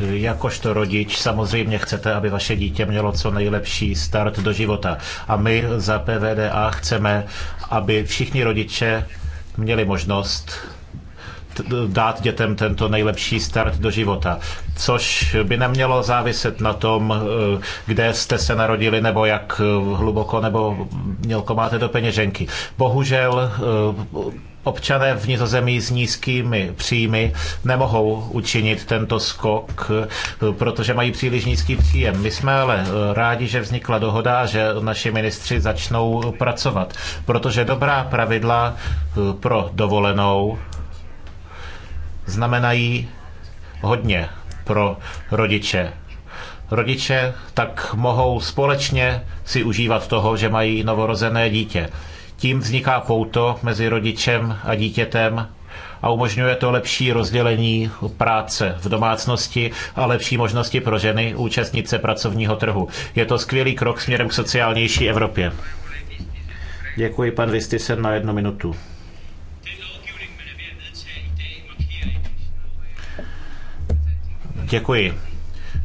jakožto rodič samozřejmě chcete, aby vaše dítě mělo co nejlepší start do života. A my za PVDA chceme, aby všichni rodiče měli možnost dát dětem tento nejlepší start do života. Což by nemělo záviset na tom, eh, kde jste se narodili, nebo jak eh, hluboko, nebo mělko máte do peněženky. Bohužel eh, občané v Nizozemí s nízkými příjmy nemohou učinit tento skok, protože mají příliš nízký příjem. My jsme ale rádi, že vznikla dohoda, že naši ministři začnou pracovat, protože dobrá pravidla pro dovolenou znamenají hodně pro rodiče. Rodiče tak mohou společně si užívat toho, že mají novorozené dítě. Tím vzniká pouto mezi rodičem a dítětem a umožňuje to lepší rozdělení práce v domácnosti a lepší možnosti pro ženy účastnit se pracovního trhu. Je to skvělý krok směrem k sociálnější Evropě. Děkuji, pan Vistisen, na jednu minutu. Děkuji.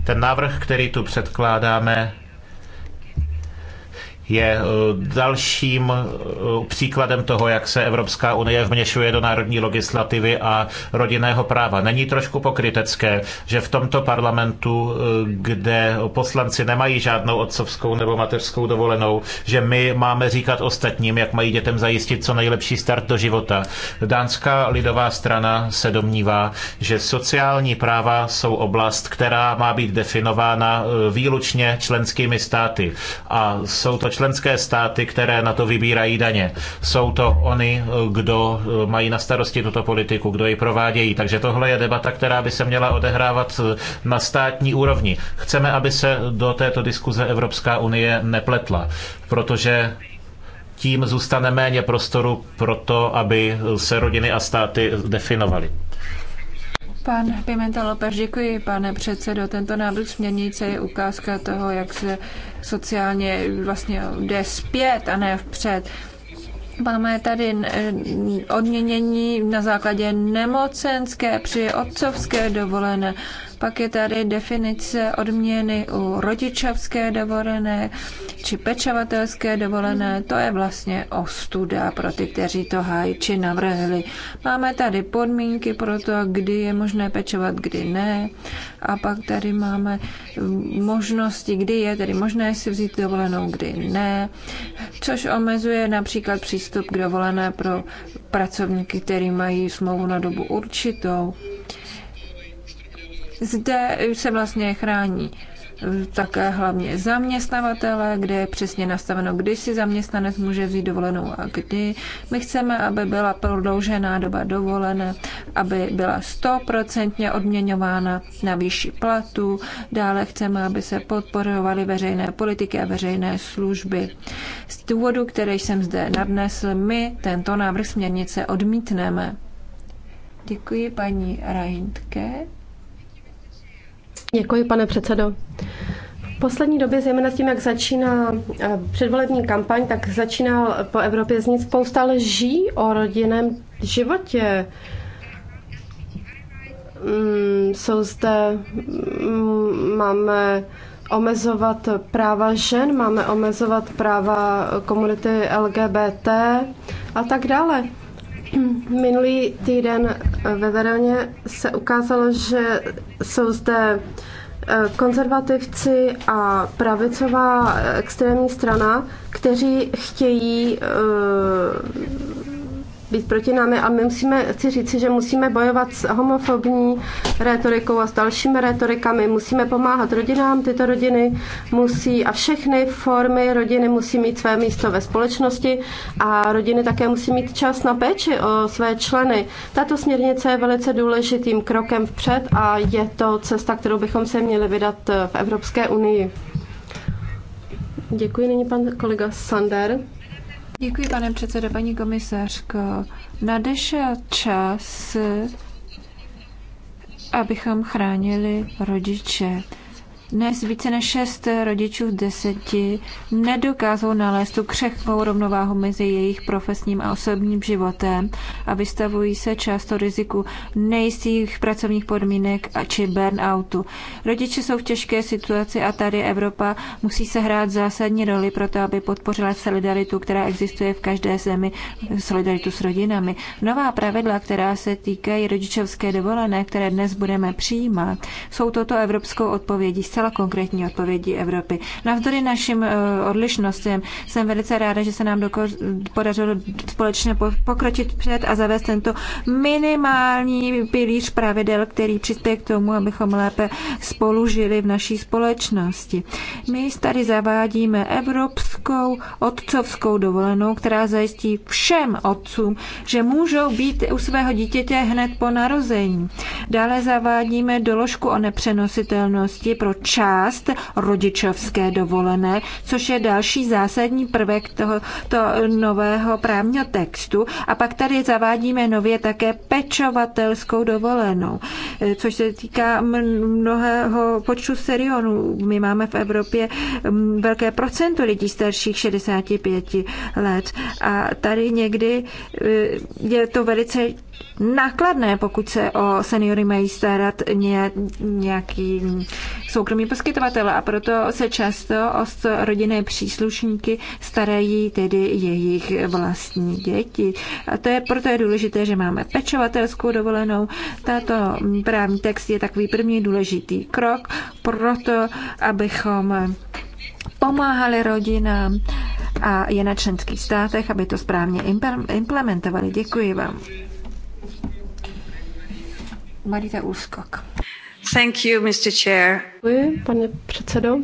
Ten návrh, který tu předkládáme, je eh, dalším eh, příkladem toho, jak se Evropská unie vměšuje do národní legislativy a rodinného práva. Není trošku pokrytecké, že v tomto parlamentu, eh, kde poslanci nemají žádnou otcovskou nebo mateřskou dovolenou, že my máme říkat ostatním, jak mají dětem zajistit co nejlepší start do života. Dánská lidová strana se domnívá, že sociální práva jsou oblast, která má být definována výlučně členskými státy. A jsou to členské státy, které na to vybírají daně. Jsou to oni, kdo eh, mají na starosti tuto politiku, kdo ji provádějí. Takže tohle je debata, která by se měla odehrávat eh, na státní úrovni. Chceme, aby se do této diskuze Evropská unie nepletla, protože tím zůstane méně prostoru pro to, aby eh, se rodiny a státy definovaly. Pan Pimenta Lopeš, děkuji, pane předsedo. Tento návrh směrnice je ukázka toho, jak se sociálně vlastně jde zpět a ne vpřed. Máme tady odměnění na základě nemocenské při otcovské dovolené. Pak je tady definice odměny u rodičovské dovolené či pečovatelské dovolené. To je vlastně ostuda pro ty, kteří to hájí či navrhli. Máme tady podmínky pro to, kdy je možné pečovat, kdy ne. A pak tady máme možnosti, kdy je tedy možné si vzít dovolenou, kdy ne, což omezuje například přístup k dovolené pro pracovníky, kteří mají smlouvu na dobu určitou. Zde se vlastně chrání eh, také hlavně zaměstnavatele, kde je přesně nastaveno, kdy si zaměstnanec může vzít dovolenou a kdy. My chceme, aby byla prodloužená doba dovolené, aby byla stoprocentně odměňována na výši platu. Dále chceme, aby se podporovaly veřejné politiky a veřejné služby. Z důvodu, který jsem zde nadnesl, my tento návrh směrnice odmítneme. Děkuji paní Reintke. Děkuji, pane předsedo. V poslední době, zejména tím, jak začíná eh, předvolební kampaň, tak začíná po Evropě znít spousta lží o rodinném životě. Mm, jsou zde, mm, máme omezovat práva žen, máme omezovat práva komunity LGBT a tak dále. Minulý týden ve Veroně se ukázalo, že jsou zde e, konzervativci a pravicová e, extrémní strana, kteří chtějí e, být proti námi a my musíme, chci říci, že musíme bojovat s homofobní retorikou a s dalšími retorikami, musíme pomáhat rodinám, tyto rodiny musí a všechny formy rodiny musí mít své místo ve společnosti a rodiny také musí mít čas na péči o své členy. Tato směrnice je velice důležitým krokem vpřed a je to cesta, kterou bychom se měli vydat v Evropské unii. Děkuji, nyní pan kolega Sander. Děkuji, pane předsedo, paní komisařko. Nadešel čas, abychom chránili rodiče. Dnes více než šest rodičů z deseti nedokázou nalézt tu křehkou rovnováhu mezi jejich profesním a osobním životem a vystavují se často riziku nejistých pracovních podmínek a či burnoutu. Rodiče jsou v těžké situaci a tady Evropa musí se hrát zásadní roli pro to, aby podpořila solidaritu, která existuje v každé zemi, solidaritu s rodinami. Nová pravidla, která se týkají rodičovské dovolené, které dnes budeme přijímat, jsou toto evropskou odpovědí zcela konkrétní odpovědi Evropy. Navzdory našim eh, odlišnostem jsem velice ráda, že se nám podařilo společně pokročit před a zavést tento minimální pilíř pravidel, který přispěje k tomu, abychom lépe spolužili v naší společnosti. My tady zavádíme evropskou otcovskou dovolenou, která zajistí všem otcům, že můžou být u svého dítěte hned po narození. Dále zavádíme doložku o nepřenositelnosti pro část rodičovské dovolené, což je další zásadní prvek tohoto nového právního textu. A pak tady zavádíme nově také pečovatelskou dovolenou, což se týká mnohého počtu serionů. My máme v Evropě mm, velké procento lidí starších 65 let a tady někdy e, je to velice nákladné, pokud se o seniory mají starat nějaký soukromý poskytovatel a proto se často o rodinné příslušníky starají tedy jejich vlastní děti. A to je proto je důležité, že máme pečovatelskou dovolenou. Tato právní text je takový první důležitý krok proto, abychom pomáhali rodinám a je na členských státech, aby to správně implementovali. Děkuji vám. Thank you, Mr. Chair. Děkuji, pane předsedo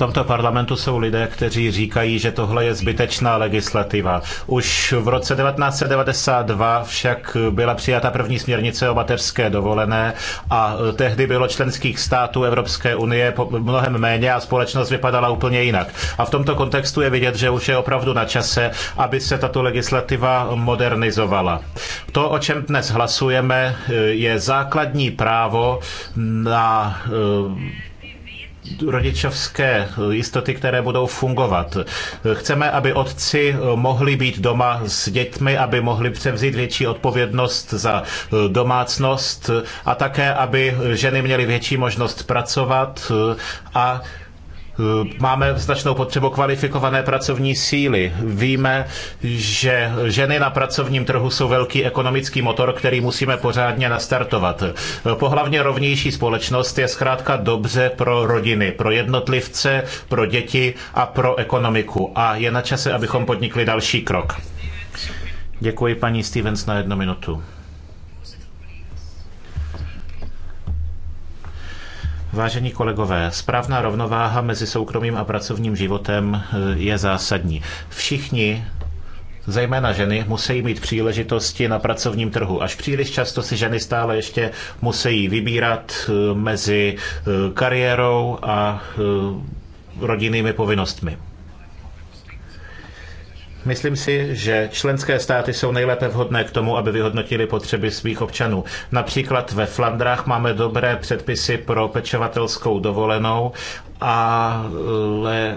tomto parlamentu jsou lidé, kteří říkají, že tohle je zbytečná legislativa. Už v roce 1992 však byla přijata první směrnice o mateřské dovolené a tehdy bylo členských států Evropské unie mnohem méně a společnost vypadala úplně jinak. A v tomto kontextu je vidět, že už je opravdu na čase, aby se tato legislativa modernizovala. To, o čem dnes hlasujeme, je základní právo na eh, rodičovské jistoty, které budou fungovat. Chceme, aby otci mohli být doma s dětmi, aby mohli převzít větší odpovědnost za domácnost a také, aby ženy měly větší možnost pracovat a Eh, máme značnou potřebu kvalifikované pracovní síly. Víme, že ženy na pracovním trhu jsou velký ekonomický motor, který musíme pořádně nastartovat. Eh, pohlavně rovnější společnost je zkrátka dobře pro rodiny, pro jednotlivce, pro děti a pro ekonomiku. A je na čase, abychom podnikli další krok. Děkuji paní Stevens na jednu minutu. Vážení kolegové, správná rovnováha mezi soukromým a pracovním životem eh, je zásadní. Všichni zejména ženy, musí mít příležitosti na pracovním trhu. Až příliš často si ženy stále ještě musí vybírat eh, mezi eh, kariérou a rodinnými povinnostmi. Myslím si, že členské státy jsou nejlépe vhodné k tomu, aby vyhodnotili potřeby svých občanů. Například ve Flandrách máme dobré předpisy pro pečovatelskou dovolenou, ale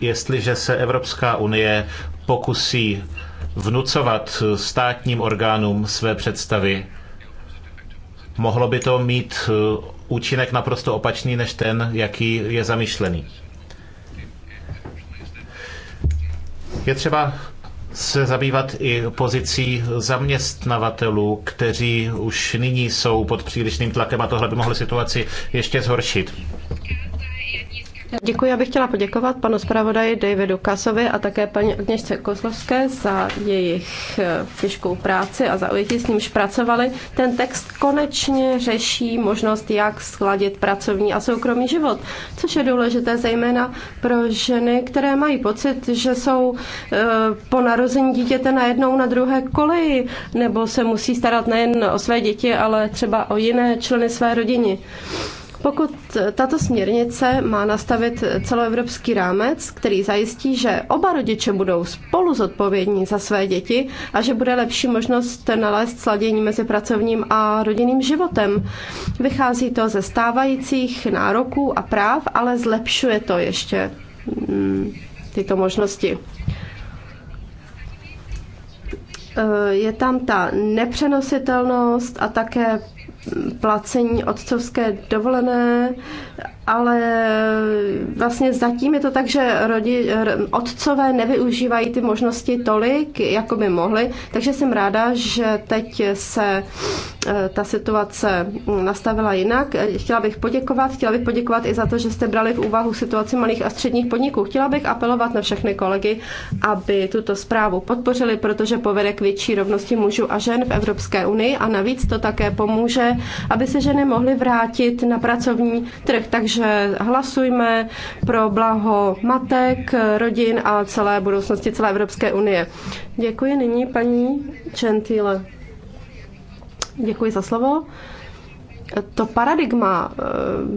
jestliže se Evropská unie pokusí vnucovat státním orgánům své představy, mohlo by to mít účinek naprosto opačný než ten, jaký je zamýšlený. Je třeba se zabývat i pozicí zaměstnavatelů, kteří už nyní jsou pod přílišným tlakem a tohle by mohlo situaci ještě zhoršit. Děkuji, já bych chtěla poděkovat panu zpravodaji Davidu Kasovi a také paní Agněšce Kozlovské za jejich eh, těžkou práci a za ujetí s nímž pracovali. Ten text konečně řeší možnost, jak skladit pracovní a soukromý život, což je důležité zejména pro ženy, které mají pocit, že jsou eh, po narození dítěte na jednou na druhé koleji, nebo se musí starat nejen o své děti, ale třeba o jiné členy své rodiny. Pokud tato směrnice má nastavit celoevropský rámec, který zajistí, že oba rodiče budou spolu zodpovědní za své děti a že bude lepší možnost nalézt sladění mezi pracovním a rodinným životem, vychází to ze stávajících nároků a práv, ale zlepšuje to ještě mm, tyto možnosti eh, je tam ta nepřenositelnost a také placení otcovské dovolené ale vlastně zatím je to tak, že rodi, otcové nevyužívají ty možnosti tolik, jako by mohli, takže jsem ráda, že teď se e, ta situace nastavila jinak. Chtěla bych poděkovat, chtěla bych poděkovat i za to, že jste brali v úvahu situaci malých a středních podniků. Chtěla bych apelovat na všechny kolegy, aby tuto zprávu podpořili, protože povede k větší rovnosti mužů a žen v Evropské unii a navíc to také pomůže, aby se ženy mohly vrátit na pracovní trh. Takže takže hlasujme pro blaho matek, rodin a celé budoucnosti celé Evropské unie. Děkuji nyní paní Čentýle. Děkuji za slovo. To paradigma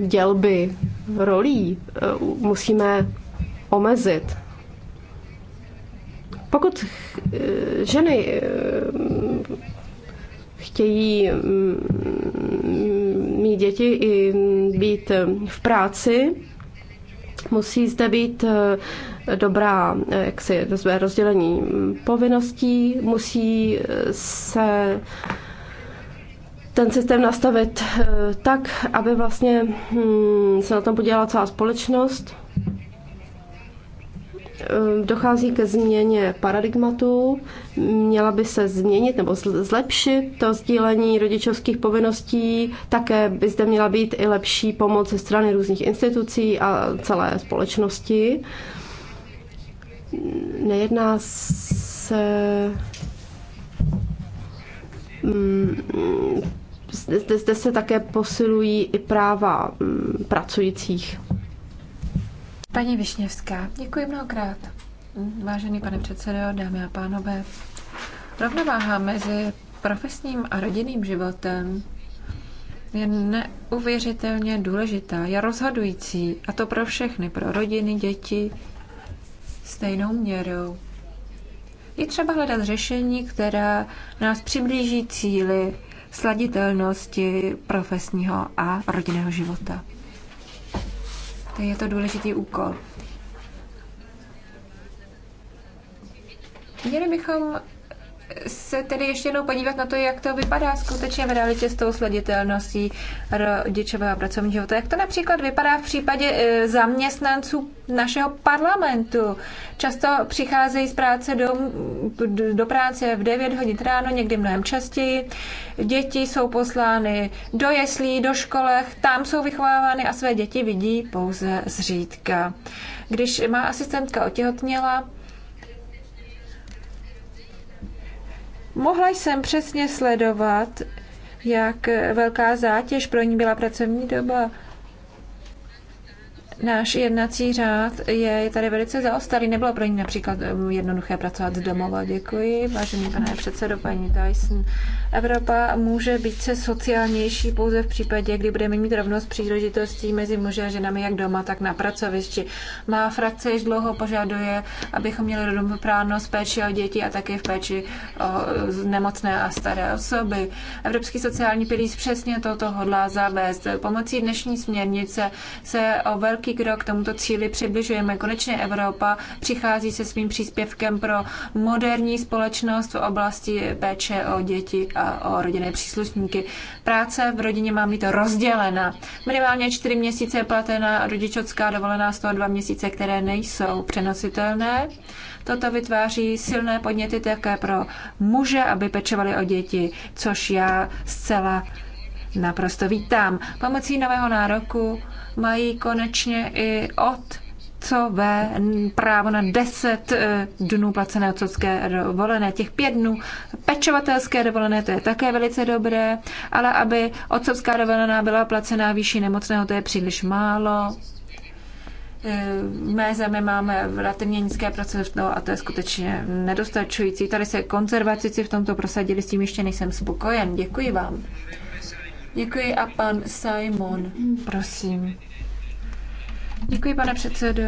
eh, dělby rolí eh, musíme omezit. Pokud eh, ženy chtějí mm, mít děti i být v práci, musí zde být eh, dobrá eh, jaksi, rozdělení povinností, musí eh, se ten systém nastavit tak, aby vlastně hm, se na tom podělala celá společnost, Ehm, dochází ke změně paradigmatu, měla by se změnit nebo zlepšit to sdílení rodičovských povinností, také by zde měla být i lepší pomoc ze strany různých institucí a celé společnosti. Nejedná se mm, zde, zde se také posilují i práva mm, pracujících. Paní Višněvská, děkuji mnohokrát. Vážený pane předsedo, dámy a pánové, rovnováha mezi profesním a rodinným životem je neuvěřitelně důležitá, je rozhodující, a to pro všechny, pro rodiny, děti, stejnou měrou. Je třeba hledat řešení, která nás přiblíží cíly sladitelnosti profesního a rodinného života. To je to důležitý úkol. Měli bychom se tedy ještě jednou podívat na to, jak to vypadá skutečně v realitě s tou sleditelností rodičového pracovního života. Jak to například vypadá v případě e, zaměstnanců našeho parlamentu. Často přicházejí z práce do, do práce v 9 hodin ráno, někdy mnohem častěji. Děti jsou poslány do jeslí, do školech, tam jsou vychovávány a své děti vidí pouze zřídka. Když má asistentka otěhotněla, Mohla jsem přesně sledovat, jak velká zátěž pro ní byla pracovní doba. Náš jednací řád je tady velice zaostalý. Nebylo pro ní například um, jednoduché pracovat z domova. Děkuji, vážený pane předsedo, paní Tyson. Evropa může být se sociálnější pouze v případě, kdy budeme mít rovnost příležitostí mezi muži a ženami jak doma, tak na pracovišti. Má frakce již dlouho požaduje, abychom měli rovnoprávnost péči o děti a také v péči o nemocné a staré osoby. Evropský sociální pilíř přesně toto hodlá zavést. Pomocí dnešní směrnice se o velký krok k tomuto cíli přibližujeme. Konečně Evropa přichází se svým příspěvkem pro moderní společnost v oblasti péče o děti a o rodinné příslušníky. Práce v rodině má být rozdělena. Minimálně čtyři měsíce je platená rodičovská dovolená z toho dva měsíce, které nejsou přenositelné. Toto vytváří silné podněty také pro muže, aby pečovali o děti, což já zcela naprosto vítám. Pomocí nového nároku mají konečně i od otcové právo na 10 eh, dnů placené otcovské dovolené, těch pět dnů pečovatelské dovolené, to je také velice dobré, ale aby otcovská dovolená byla placená výši nemocného, to je příliš málo. Eh, v mé zemi máme relativně nízké procento no, a to je skutečně nedostačující. Tady se konzervacici v tomto prosadili, s tím ještě nejsem spokojen. Děkuji vám. Děkuji a pan Simon, prosím. Děkuji, pane předsedo.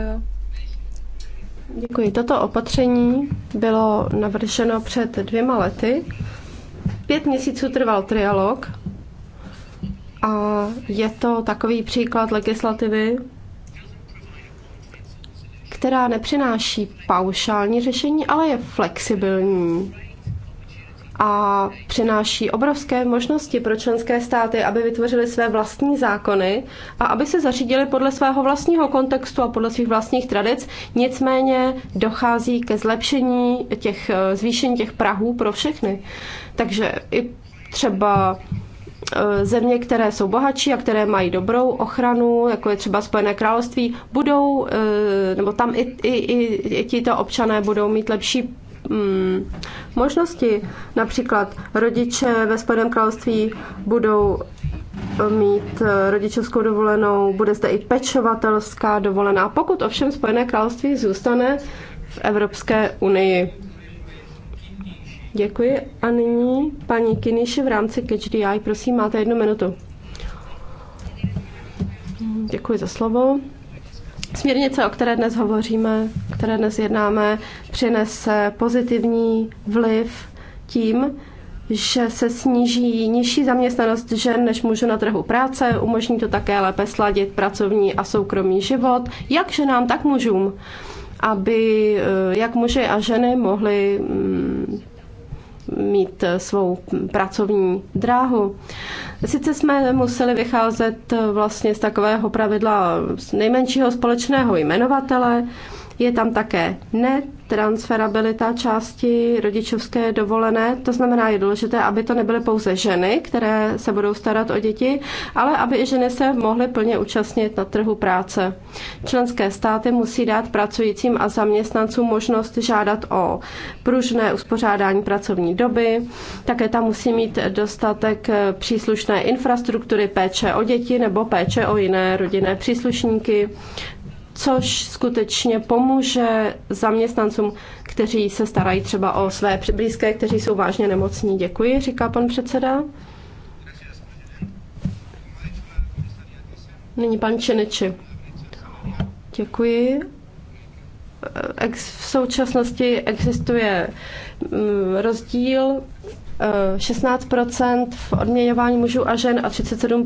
Děkuji. Toto opatření bylo navrženo před dvěma lety. Pět měsíců trval trialog a je to takový příklad legislativy, která nepřináší paušální řešení, ale je flexibilní a přináší obrovské možnosti pro členské státy, aby vytvořili své vlastní zákony a aby se zařídili podle svého vlastního kontextu a podle svých vlastních tradic. Nicméně dochází ke zlepšení těch, zvýšení těch prahů pro všechny. Takže i třeba eh, země, které jsou bohatší a které mají dobrou ochranu, jako je třeba Spojené království, budou, eh, nebo tam i, i, i, i tito občané budou mít lepší mm, možnosti. Například rodiče ve Spojeném království budou eh, mít eh, rodičovskou dovolenou, bude zde i pečovatelská dovolená, pokud ovšem Spojené království zůstane v Evropské unii. Děkuji. A nyní paní Kiniši v rámci Catch the Eye. Prosím, máte jednu minutu. Děkuji za slovo. Směrnice, o které dnes hovoříme, které dnes jednáme, přinese pozitivní vliv tím, že se sníží nižší zaměstnanost žen než mužů na trhu práce, umožní to také lépe sladit pracovní a soukromý život, jak ženám, tak mužům, aby eh, jak muži a ženy mohli mm, mít svou pracovní dráhu. Sice jsme museli vycházet eh, vlastně z takového pravidla z nejmenšího společného jmenovatele, je tam také net, transferabilita části rodičovské dovolené. To znamená, je důležité, aby to nebyly pouze ženy, které se budou starat o děti, ale aby i ženy se mohly plně účastnit na trhu práce. Členské státy musí dát pracujícím a zaměstnancům možnost žádat o pružné uspořádání pracovní doby. Také tam musí mít dostatek příslušné infrastruktury péče o děti nebo péče o jiné rodinné příslušníky což skutečně pomůže zaměstnancům, kteří se starají třeba o své přiblízké, kteří jsou vážně nemocní. Děkuji, říká pan předseda. Nyní pan Čeneči. Děkuji. v současnosti existuje mm, rozdíl 16 eh, v odměňování mužů a žen a 37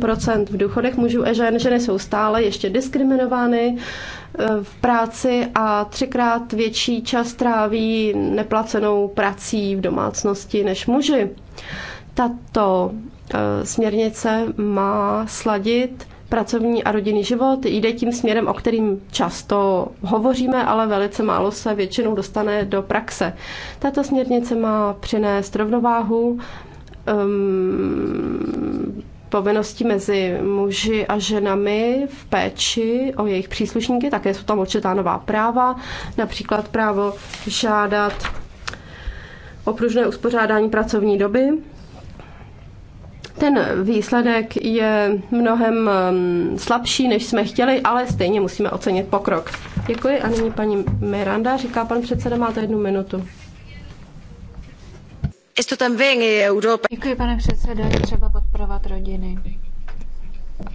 v důchodech mužů a žen. Ženy jsou stále ještě diskriminovány eh, v práci a třikrát větší čas tráví neplacenou prací v domácnosti než muži. Tato eh, směrnice má sladit pracovní a rodinný život jde tím směrem, o kterým často hovoříme, ale velice málo se většinou dostane do praxe. Tato směrnice má přinést rovnováhu um, povinností mezi muži a ženami v péči o jejich příslušníky. Také jsou tam určitá nová práva, například právo žádat opružné uspořádání pracovní doby ten výsledek je mnohem um, slabší, než jsme chtěli, ale stejně musíme ocenit pokrok. Děkuji a nyní paní Miranda, říká pan předseda, máte jednu minutu. Děkuji, pane předsedo, je třeba podporovat rodiny.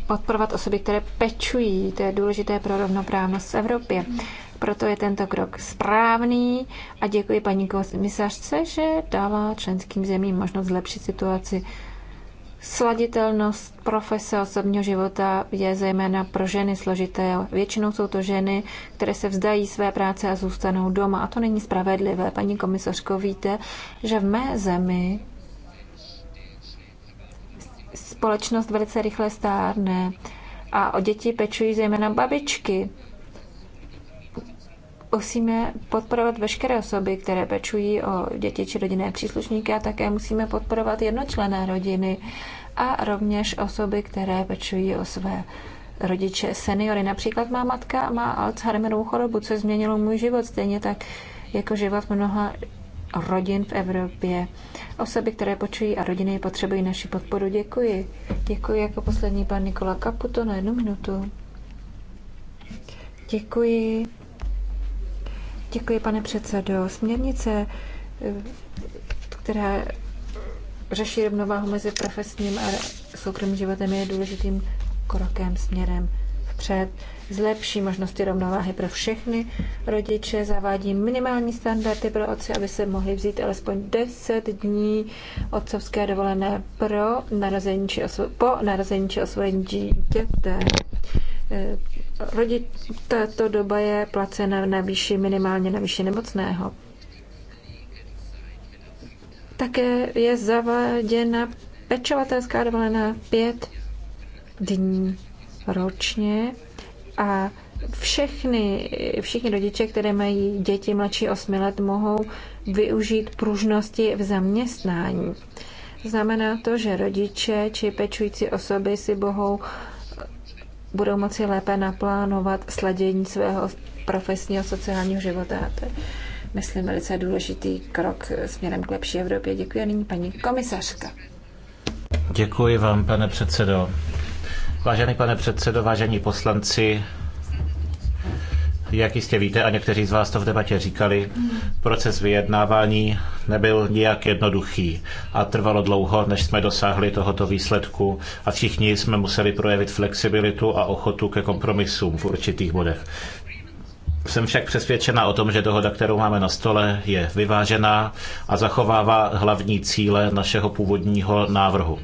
Podporovat osoby, které pečují, to je důležité pro rovnoprávnost v Evropě. Proto je tento krok správný a děkuji paní komisařce, že dala členským zemím možnost zlepšit situaci Sladitelnost profese osobního života je zejména pro ženy složité. Většinou jsou to ženy, které se vzdají své práce a zůstanou doma. A to není spravedlivé. Paní komisařko, víte, že v mé zemi společnost velice rychle stárne a o děti pečují zejména babičky musíme podporovat veškeré osoby, které pečují o děti či rodinné příslušníky a také musíme podporovat jednočlené rodiny a rovněž osoby, které pečují o své rodiče seniory. Například má matka má Alzheimerovou chorobu, co změnilo můj život, stejně tak jako život mnoha rodin v Evropě. Osoby, které počují a rodiny potřebují naši podporu. Děkuji. Děkuji jako poslední pan Nikola Kaputo na jednu minutu. Děkuji. Děkuji, pane předsedo. Směrnice, eh, která řeší rovnováhu mezi profesním a soukromým životem, je důležitým krokem směrem vpřed. Zlepší možnosti rovnováhy pro všechny rodiče, zavádí minimální standardy pro otce, aby se mohli vzít alespoň 10 dní otcovské dovolené pro narození či osvo- po narození či osvojení dítěte. Rodit tato doba je placena na výši minimálně na výši nemocného. Také je zaváděna pečovatelská dovolená pět dní ročně a všechny, všichni rodiče, které mají děti mladší 8 let, mohou využít pružnosti v zaměstnání. Znamená to, že rodiče či pečující osoby si mohou budou moci lépe naplánovat sladění svého profesního sociálního života. A to je, myslím, velice důležitý krok směrem k lepší Evropě. Děkuji a nyní paní komisařka. Děkuji vám, pane předsedo. Vážený pane předsedo, vážení poslanci, jak jistě víte, a někteří z vás to v debatě říkali, proces vyjednávání nebyl nijak jednoduchý a trvalo dlouho, než jsme dosáhli tohoto výsledku a všichni jsme museli projevit flexibilitu a ochotu ke kompromisům v určitých bodech. Jsem však přesvědčena o tom, že dohoda, kterou máme na stole, je vyvážená a zachovává hlavní cíle našeho původního návrhu.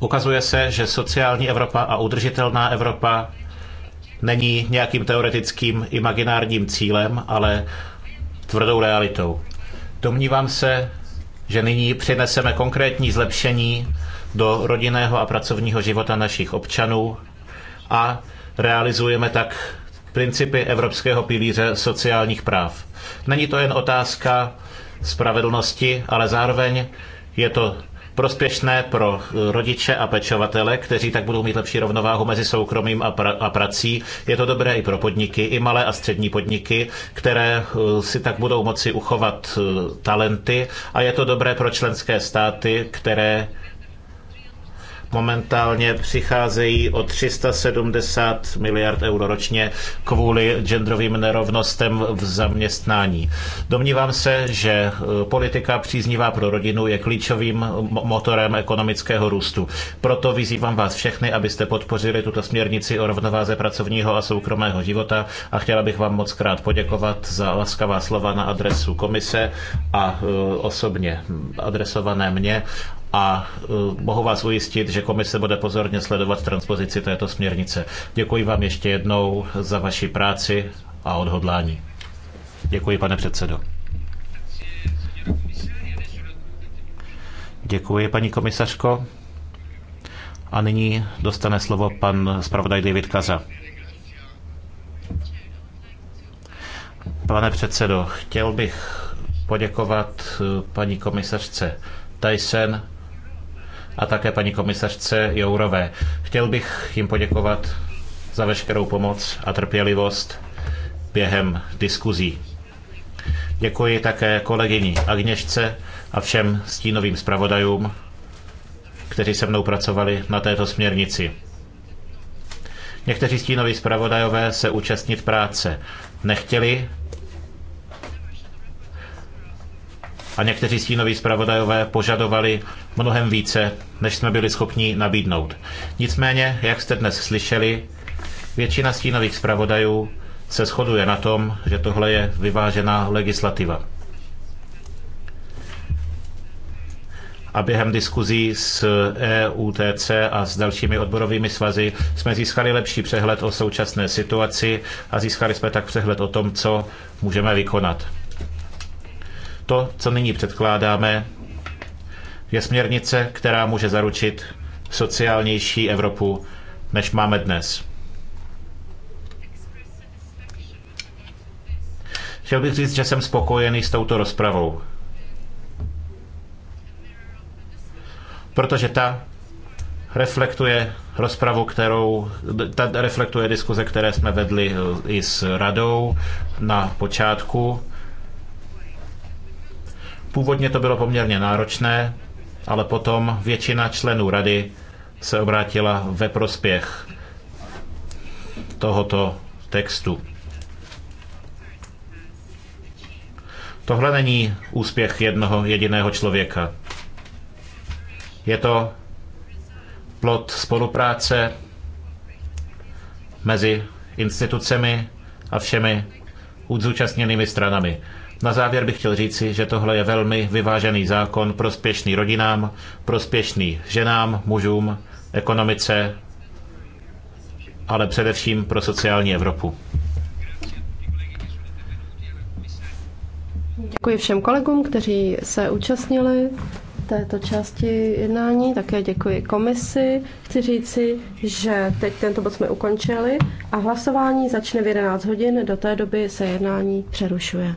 Ukazuje se, že sociální Evropa a udržitelná Evropa není nějakým teoretickým imaginárním cílem, ale tvrdou realitou. Domnívám se, že nyní přineseme konkrétní zlepšení do rodinného a pracovního života našich občanů a realizujeme tak principy Evropského pilíře sociálních práv. Není to jen otázka spravedlnosti, ale zároveň je to prospěšné pro eh, rodiče a pečovatele, kteří tak budou mít lepší rovnováhu mezi soukromím a, pra- a prací. Je to dobré i pro podniky, i malé a střední podniky, které eh, si tak budou moci uchovat eh, talenty a je to dobré pro členské státy, které momentálně přicházejí o 370 miliard euro ročně kvůli genderovým nerovnostem v zaměstnání. Domnívám se, že eh, politika příznivá pro rodinu je klíčovým motorem ekonomického růstu. Proto vyzývám vás všechny, abyste podpořili tuto směrnici o rovnováze pracovního a soukromého života a chtěla bych vám moc krát poděkovat za laskavá slova na adresu komise a eh, osobně adresované mně a e, mohu vás ujistit, že komise bude pozorně sledovat transpozici této směrnice. Děkuji vám ještě jednou za vaši práci a odhodlání. Děkuji, pane předsedo. Děkuji, paní komisařko. A nyní dostane slovo pan zpravodaj David Kaza. Pane předsedo, chtěl bych poděkovat e, paní komisařce Tyson a také paní komisařce Jourové. Chtěl bych jim poděkovat za veškerou pomoc a trpělivost během diskuzí. Děkuji také kolegyni Agněšce a všem stínovým zpravodajům, kteří se mnou pracovali na této směrnici. Někteří stínoví zpravodajové se účastnit práce nechtěli, a někteří stínoví zpravodajové požadovali mnohem více, než jsme byli schopni nabídnout. Nicméně, jak jste dnes slyšeli, většina stínových zpravodajů se shoduje na tom, že tohle je vyvážená legislativa. a během diskuzí s EUTC a s dalšími odborovými svazy jsme získali lepší přehled o současné situaci a získali jsme tak přehled o tom, co můžeme vykonat. To, co nyní předkládáme, je směrnice, která může zaručit sociálnější Evropu, než máme dnes. Chtěl bych říct, že jsem spokojený s touto rozpravou. Protože ta reflektuje rozpravu, kterou, ta reflektuje diskuze, které jsme vedli i s radou na počátku Původně to bylo poměrně náročné, ale potom většina členů rady se obrátila ve prospěch tohoto textu. Tohle není úspěch jednoho jediného člověka. Je to plod spolupráce mezi institucemi a všemi zúčastněnými stranami. Na závěr bych chtěl říci, že tohle je velmi vyvážený zákon, prospěšný rodinám, prospěšný ženám, mužům, ekonomice, ale především pro sociální Evropu. Děkuji všem kolegům, kteří se účastnili této části jednání. Také děkuji komisi. Chci říci, že teď tento bod jsme ukončili a hlasování začne v 11 hodin. Do té doby se jednání přerušuje.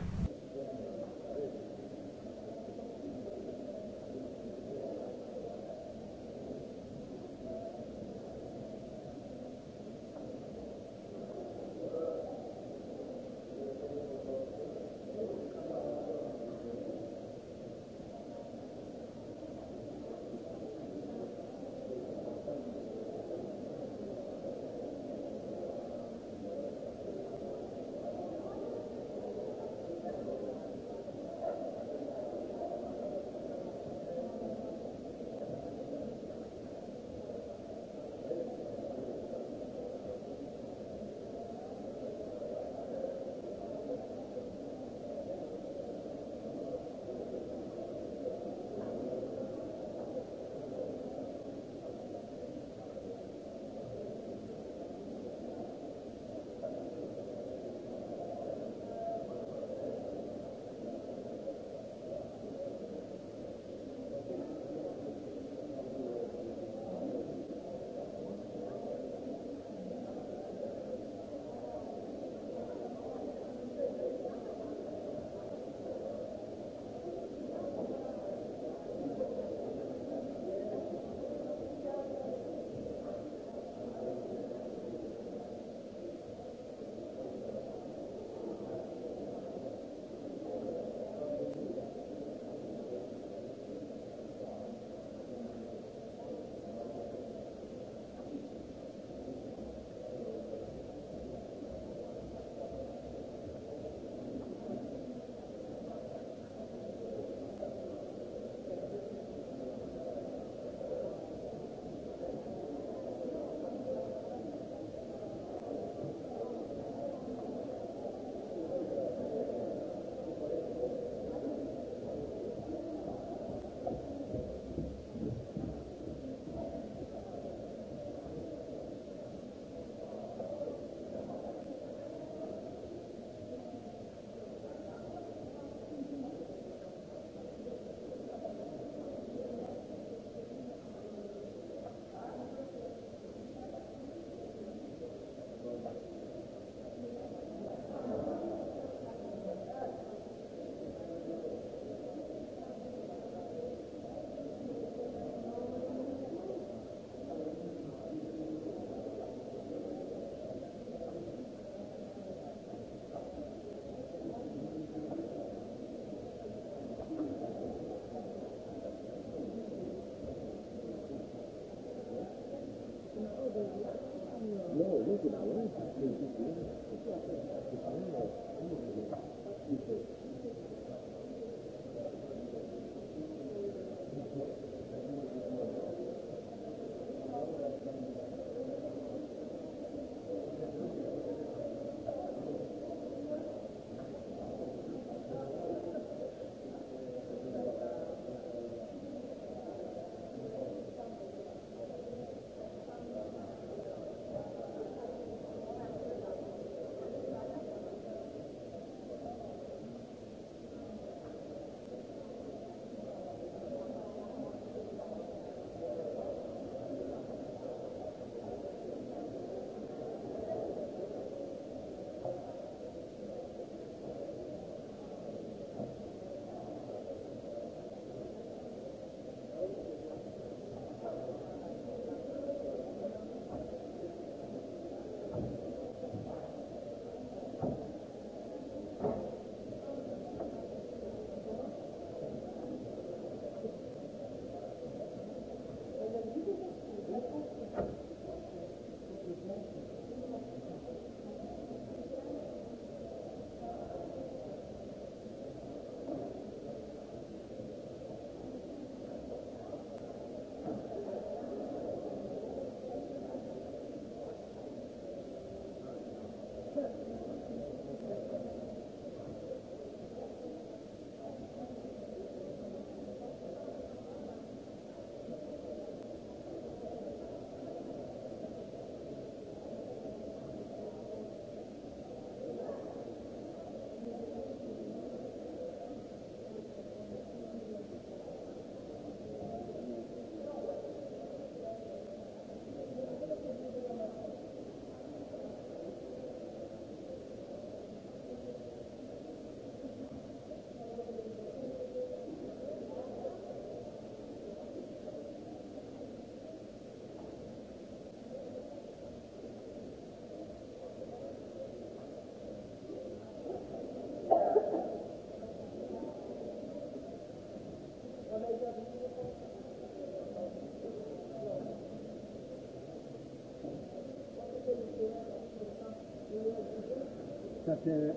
så att det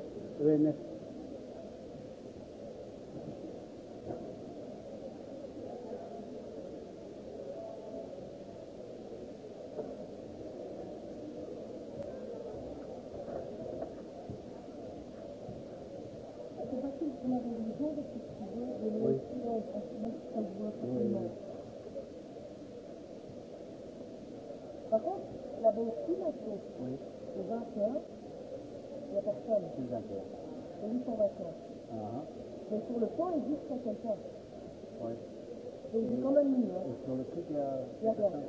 plus d'intérêt. C'est l'information. Uh -huh. Mais sur le temps, il existe quelqu'un. Oui. Donc c'est quand même mieux. Hein. Et sur le truc, il y a... Il y a rien.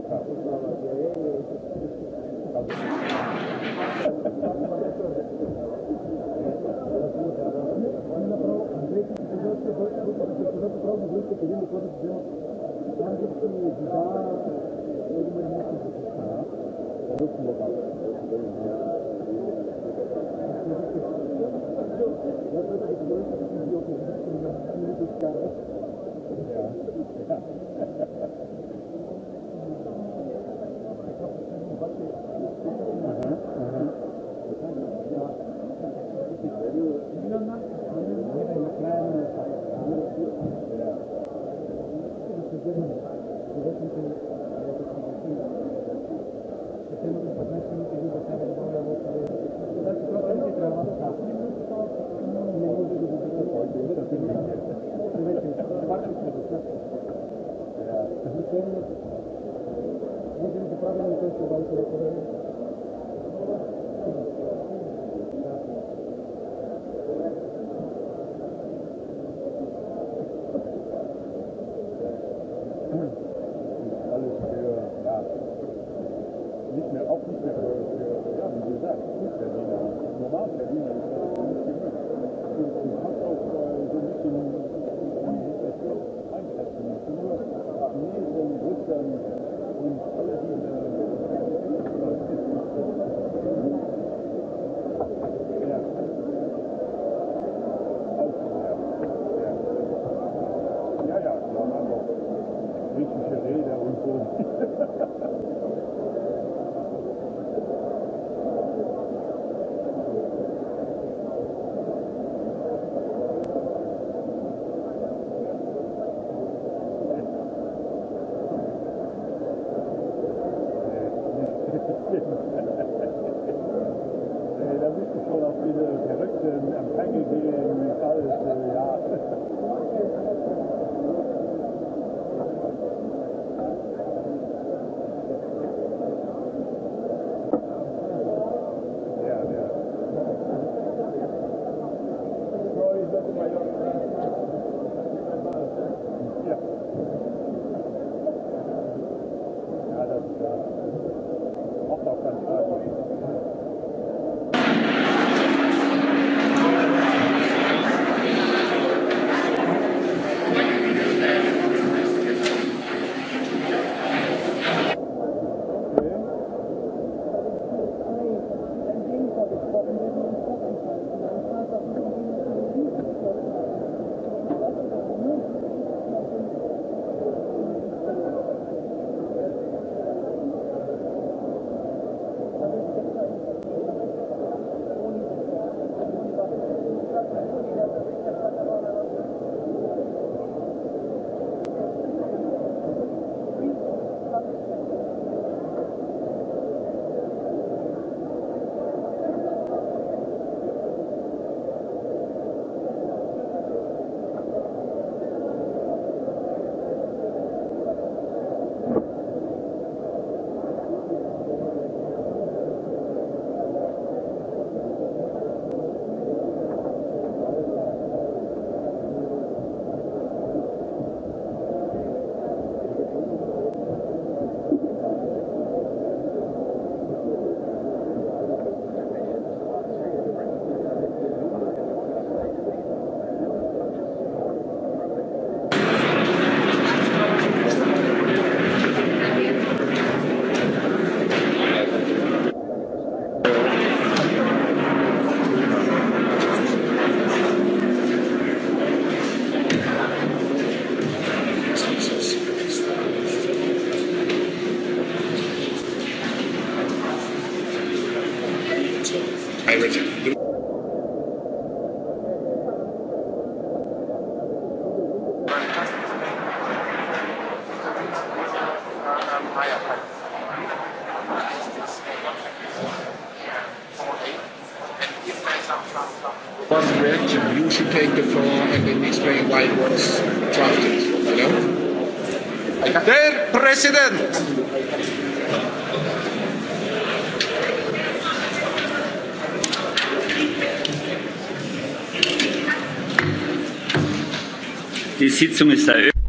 poslouchat.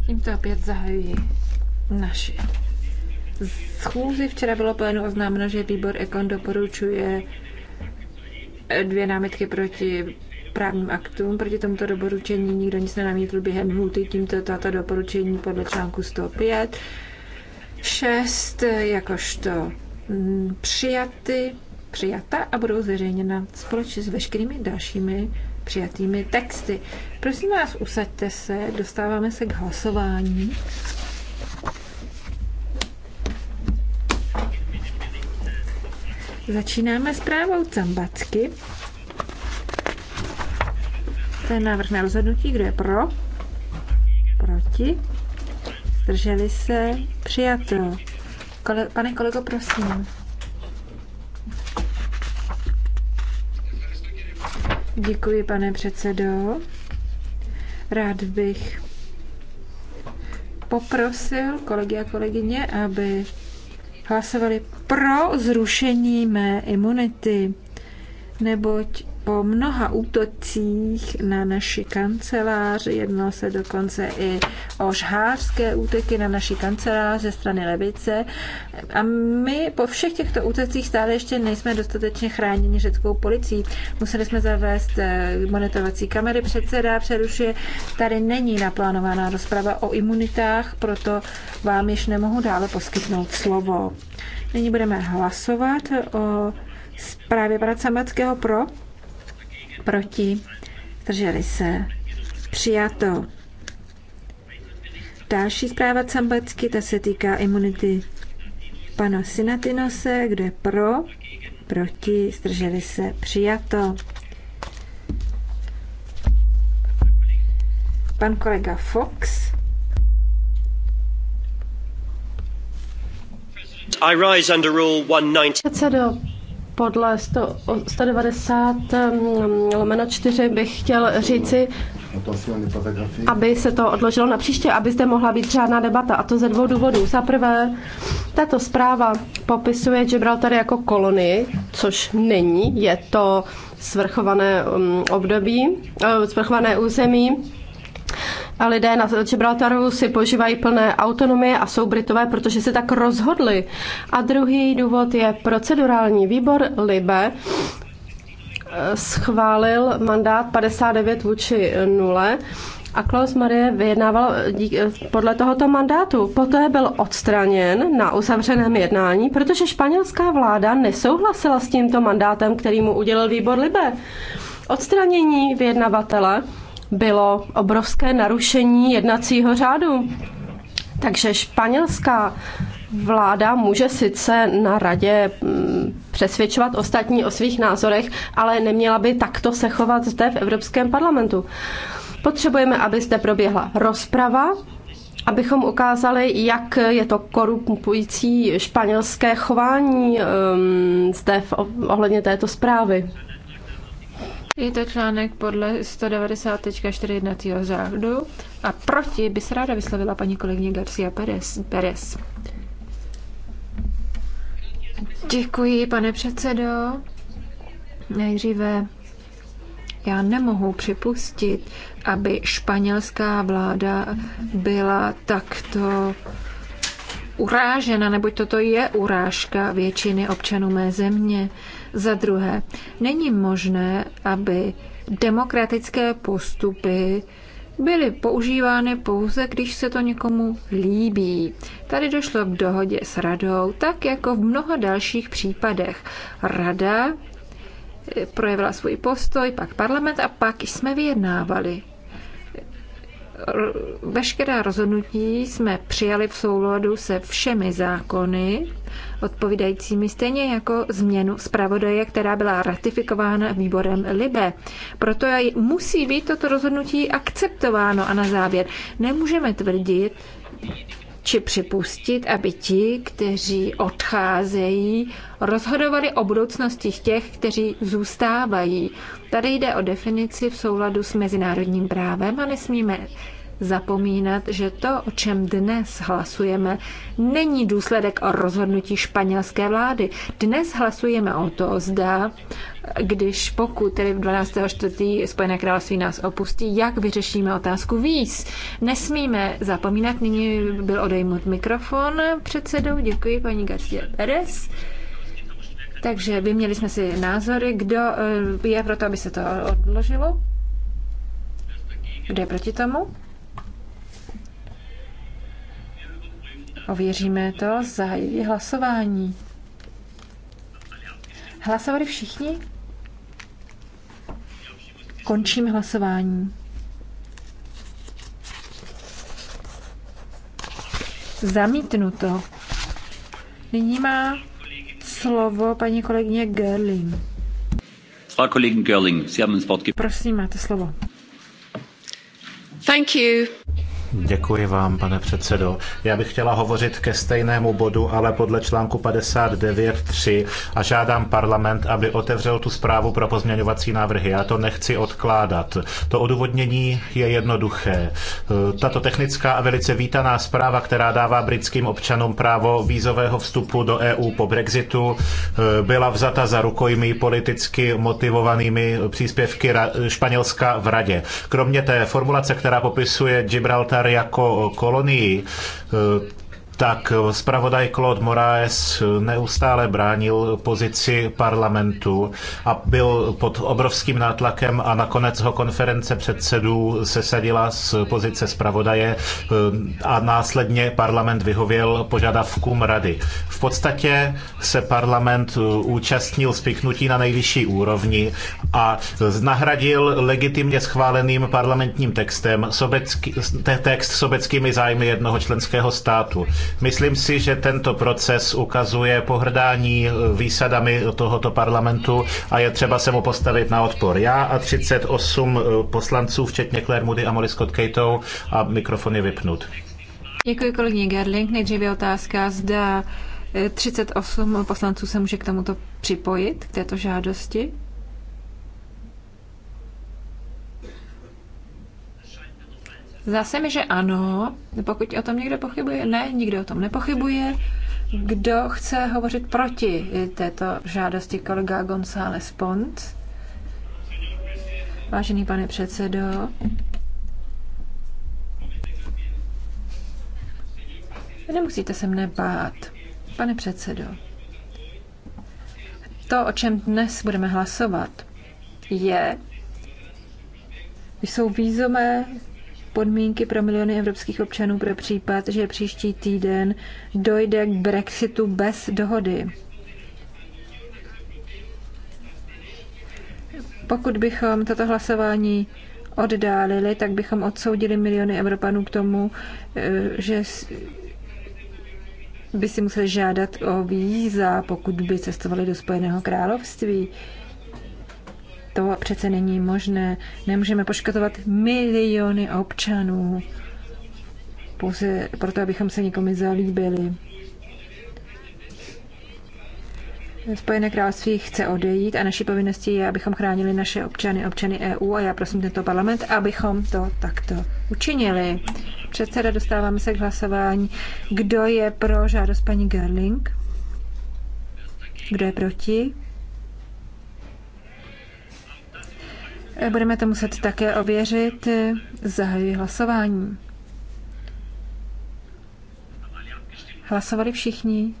Tímto opět zahajuji naši schůzi. Včera bylo plénu oznámeno, že výbor Ekon doporučuje dvě námitky proti právním aktům. Proti tomuto doporučení nikdo nic nenamítl během hluty, tímto tato doporučení podle článku 105. 6 jakožto mm, přijaty, přijata a budou zveřejněna společně s veškerými dalšími přijatými texty. Prosím vás, usaďte se, dostáváme se k hlasování. Začínáme s právou Cambacky. To je návrh na rozhodnutí, kdo je pro, proti, zdrželi se, přijato. Kole, pane kolego, prosím. Děkuji, pane předsedo. Rád bych poprosil kolegy a kolegyně, aby hlasovali pro zrušení mé imunity, neboť po mnoha útocích na naši kancelář, jednalo se dokonce i o žhářské útoky na naši kancelář ze strany levice. A my po všech těchto útocích stále ještě nejsme dostatečně chráněni řeckou policií. Museli jsme zavést eh, monitorovací kamery, předseda přerušuje. Tady není naplánovaná rozprava o imunitách, proto vám již nemohu dále poskytnout slovo. Nyní budeme hlasovat o zprávě pana Sameckého pro proti, drželi se, přijato. Další zpráva Cambacky, ta se týká imunity pana Sinatinose, kdo je pro, proti, zdrželi se, přijato. Pan kolega Fox. I rise under rule 190 podle 100, 190 mm, lomeno 4 bych chtěl říci, aby se to odložilo na příště, aby zde mohla být řádná debata. A to ze dvou důvodů. Za prvé, tato zpráva popisuje Gibraltar jako kolonii, což není. Je to svrchované mm, období, eh, svrchované území a lidé na Gibraltaru si požívají plné autonomie a jsou Britové, protože se tak rozhodli. A druhý důvod je procedurální výbor Libe eh, schválil mandát 59 vůči 0 a Klaus Marie vyjednával dík, eh, podle tohoto mandátu. Poté byl odstraněn na uzavřeném jednání, protože španělská vláda nesouhlasila s tímto mandátem, který mu udělil výbor Libe. Odstranění vyjednavatele bylo obrovské narušení jednacího řádu. Takže španělská vláda může sice na radě mm, přesvědčovat ostatní o svých názorech, ale neměla by takto se chovat zde v Evropském parlamentu. Potřebujeme, aby zde proběhla rozprava, abychom ukázali, jak je to korumpující španělské chování um, zde v, ohledně této zprávy. Je to článek podle 190.4 jednacího řádu a proti by se ráda vyslovila paní kolegyně Garcia Perez. Perez. Děkuji, pane předsedo. Nejdříve já nemohu připustit, aby španělská vláda byla takto urážena, neboť toto je urážka většiny občanů mé země. Za druhé, není možné, aby demokratické postupy byly používány pouze, když se to někomu líbí. Tady došlo k dohodě s radou, tak jako v mnoha dalších případech. Rada eh, projevila svůj postoj, pak parlament a pak jsme vyjednávali. Veškerá rozhodnutí jsme přijali v souladu se všemi zákony odpovídajícími, stejně jako změnu zpravodaje, která byla ratifikována výborem Libe. Proto musí být toto rozhodnutí akceptováno a na závěr nemůžeme tvrdit, či připustit, aby ti, kteří odcházejí, rozhodovali o budoucnosti těch, kteří zůstávají. Tady jde o definici v souladu s mezinárodním právem a nesmíme zapomínat, že to, o čem dnes hlasujeme, není důsledek o rozhodnutí španělské vlády. Dnes hlasujeme o to, zda, když pokud tedy v 12. čtvrtý Spojené království nás opustí, jak vyřešíme otázku víz. Nesmíme zapomínat, nyní byl odejmut mikrofon předsedou, děkuji paní Garcia Perez. Takže měli jsme si názory, kdo eh, je pro to, aby se to odložilo. Kdo je proti tomu? Ověříme to, za hlasování. Hlasovali všichni? Končím hlasování. Zamítnuto. Nyní má slovo paní kolegyně Gerling. Frau Kollegin Görling, Sie haben das Wort Prosím, máte slovo. Thank you. Děkuji vám, pane předsedo. Já bych chtěla hovořit ke stejnému bodu, ale podle článku 59.3 a žádám parlament, aby otevřel tu zprávu pro pozměňovací návrhy. Já to nechci odkládat. To odůvodnění je jednoduché. Tato technická a velice vítaná zpráva, která dává britským občanům právo vízového vstupu do EU po Brexitu, byla vzata za rukojmí politicky motivovanými příspěvky Španělska v radě. Kromě té formulace, která popisuje Gibraltar Gibraltar jako kolonii, tak zpravodaj Claude Moraes neustále bránil pozici parlamentu a byl pod obrovským nátlakem a nakonec ho konference předsedů sesadila z pozice zpravodaje eh, a následně parlament vyhověl požadavkům rady. V podstatě se parlament eh, účastnil spiknutí na nejvyšší úrovni a nahradil legitimně schváleným parlamentním textem sobecký, text sobeckými zájmy jednoho členského státu. Myslím si, že tento proces ukazuje pohrdání eh, výsadami tohoto parlamentu a je třeba se mu postavit na odpor. Já a 38 eh, poslanců, včetně Claire Moody a Molly Scott Cato a mikrofon je vypnut. Děkuji kolegyně Gerling. Nejdříve otázka, zda 38 eh, poslanců se může k tomuto připojit, k této žádosti. Zdá se mi, že ano, pokud o tom někdo pochybuje, ne, nikdo o tom nepochybuje. Kdo chce hovořit proti této žádosti kolega González Pont? Vážený pane předsedo, nemusíte se mne bát, pane předsedo. To, o čem dnes budeme hlasovat, je, jsou výzomé podmínky pro miliony evropských občanů pro případ, že příští týden dojde k Brexitu bez dohody. Pokud bychom toto hlasování oddálili, tak bychom odsoudili miliony Evropanů k tomu, eh, že by si museli žádat o víza, pokud by cestovali do Spojeného království. To přece není možné. Nemůžeme poškodovat miliony občanů pouze proto, abychom se někomu zalíbili. Spojené království chce odejít a naší povinností je, abychom chránili naše občany, občany EU a já prosím tento parlament, abychom to takto učinili. Předseda, dostáváme se k hlasování. Kdo je pro žádost paní Gerling? Kdo je proti? Budeme to muset také ověřit. Zahajuji hlasování. Hlasovali všichni?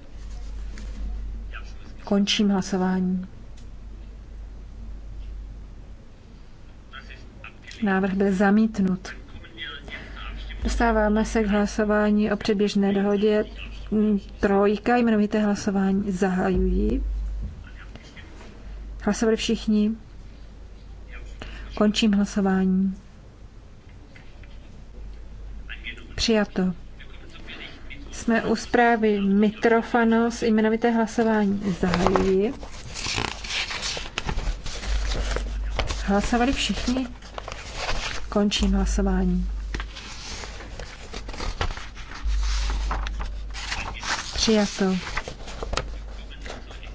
Končím hlasování. Návrh byl zamítnut. Dostáváme se k hlasování o předběžné dohodě. Trojka, jmenovité hlasování zahajují. Hlasovali všichni. Končím hlasování. Přijato. Jsme u zprávy Mitrofanos, jmenovité hlasování zahajuji. Hlasovali všichni? Končím hlasování. Přijato.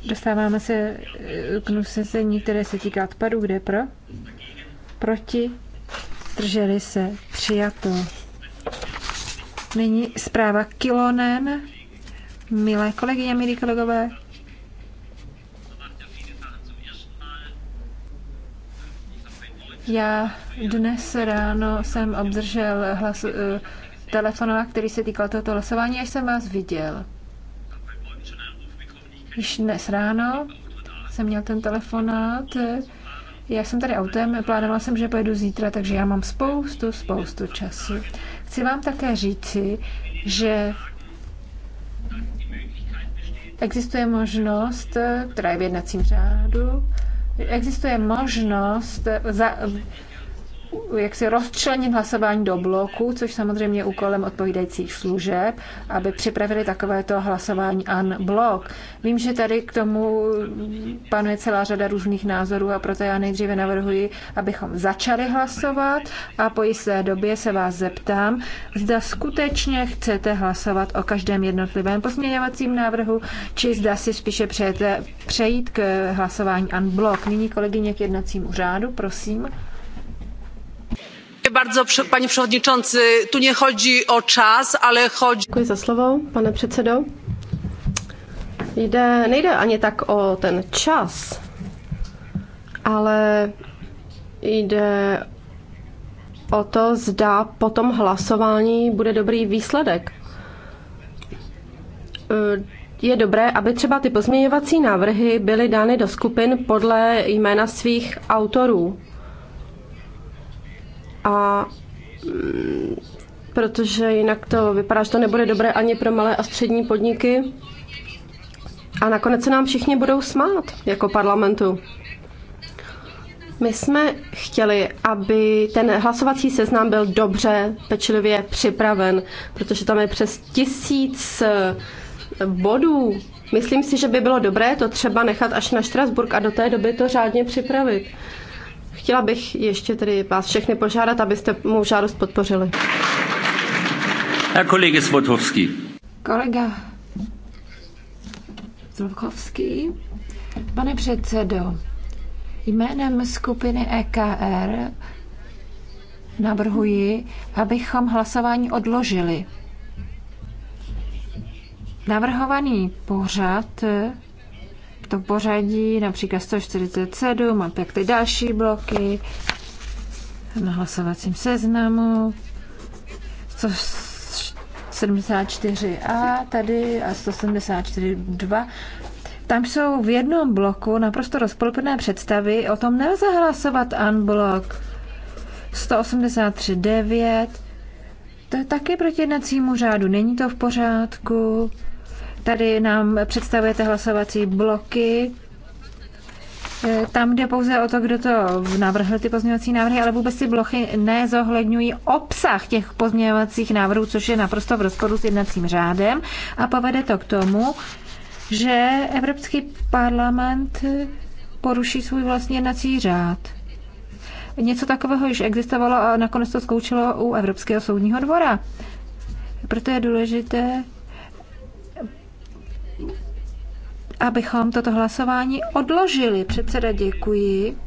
Dostáváme se k usnesení, které se týká odpadu. Kde pro? proti, zdrželi se, přijato. Nyní zpráva Kilonen. Milé kolegyně, milí kolegové, Já dnes ráno jsem obdržel hlas, eh, telefonovat, který se týkal tohoto hlasování, až jsem vás viděl. Již dnes ráno jsem měl ten telefonát, já jsem tady autem, plánovala jsem, že pojedu zítra, takže já mám spoustu, spoustu času. Chci vám také říci, že existuje možnost, která je v jednacím řádu, existuje možnost za, jak si rozčlenit hlasování do bloku, což samozřejmě je úkolem odpovídajících služeb, aby připravili takovéto hlasování an blok. Vím, že tady k tomu panuje celá řada různých názorů a proto já nejdříve navrhuji, abychom začali hlasovat a po jisté době se vás zeptám, zda skutečně chcete hlasovat o každém jednotlivém pozměňovacím návrhu, či zda si spíše přejete přejít k hlasování an blok. Nyní kolegyně k jednacímu řádu, prosím panie předsedající, tu nechodí o čas, ale chodí... děkuji za slovo pane předsedo. Jde, nejde ani tak o ten čas, ale jde o to, zda po tom hlasování bude dobrý výsledek. E, je dobré, aby třeba ty pozměňovací návrhy byly dány do skupin podle jména svých autorů a mm, protože jinak to vypadá, že to nebude dobré ani pro malé a střední podniky. A nakonec se nám všichni budou smát jako parlamentu. My jsme chtěli, aby ten hlasovací seznam byl dobře, pečlivě připraven, protože tam je přes tisíc eh, bodů. Myslím si, že by bylo dobré to třeba nechat až na Štrasburg a do té doby to řádně připravit. Chtěla bych ještě tedy vás všechny požádat, abyste mou žádost podpořili. Herr Kollege Svotovský. Kolega Zlovkovský. Pane předsedo, jménem skupiny EKR navrhuji, abychom hlasování odložili. Navrhovaný pořad to pořadí, například 147 a pak ty další bloky na hlasovacím seznamu, 174a tady a 174.2. Tam jsou v jednom bloku naprosto rozpolupné představy, o tom nelze hlasovat unblock. 183.9, to je taky proti jednacímu řádu, není to v pořádku. Tady nám představujete hlasovací bloky. E, tam jde pouze o to, kdo to navrhl, ty pozměňovací návrhy, ale vůbec ty blochy nezohledňují obsah těch pozměňovacích návrhů, což je naprosto v rozporu s jednacím řádem a povede to k tomu, že Evropský parlament poruší svůj vlastní jednací řád. Něco takového již existovalo a nakonec to zkoušelo u Evropského soudního dvora. Proto je důležité, abychom toto hlasování odložili. Předseda, děkuji.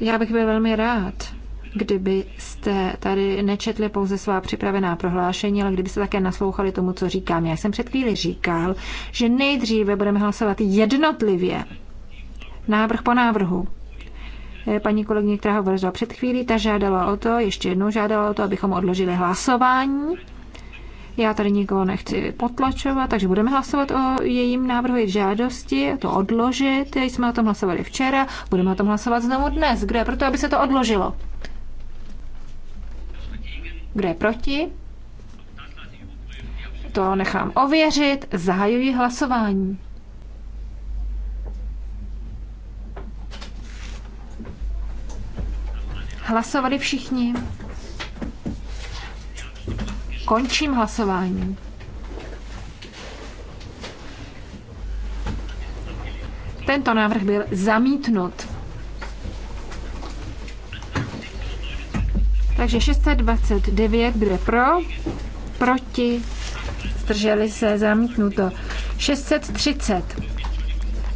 Já bych byl velmi rád, kdybyste tady nečetli pouze svá připravená prohlášení, ale kdybyste také naslouchali tomu, co říkám. Já jsem před chvíli říkal, že nejdříve budeme hlasovat jednotlivě, návrh po návrhu. Paní kolegyně, která hovořila před chvílí, ta žádala o to, ještě jednou žádala o to, abychom odložili hlasování já tady nikoho nechci potlačovat, takže budeme hlasovat o jejím návrhu jejich žádosti, to odložit. Jsme o tom hlasovali včera, budeme o tom hlasovat znovu dnes. Kdo je proto, aby se to odložilo? Kdo je proti? To nechám ověřit. Zahajuji hlasování. Hlasovali všichni. Končím hlasování. Tento návrh byl zamítnut. Takže 629, bude pro, proti, zdrželi se, zamítnuto. 630.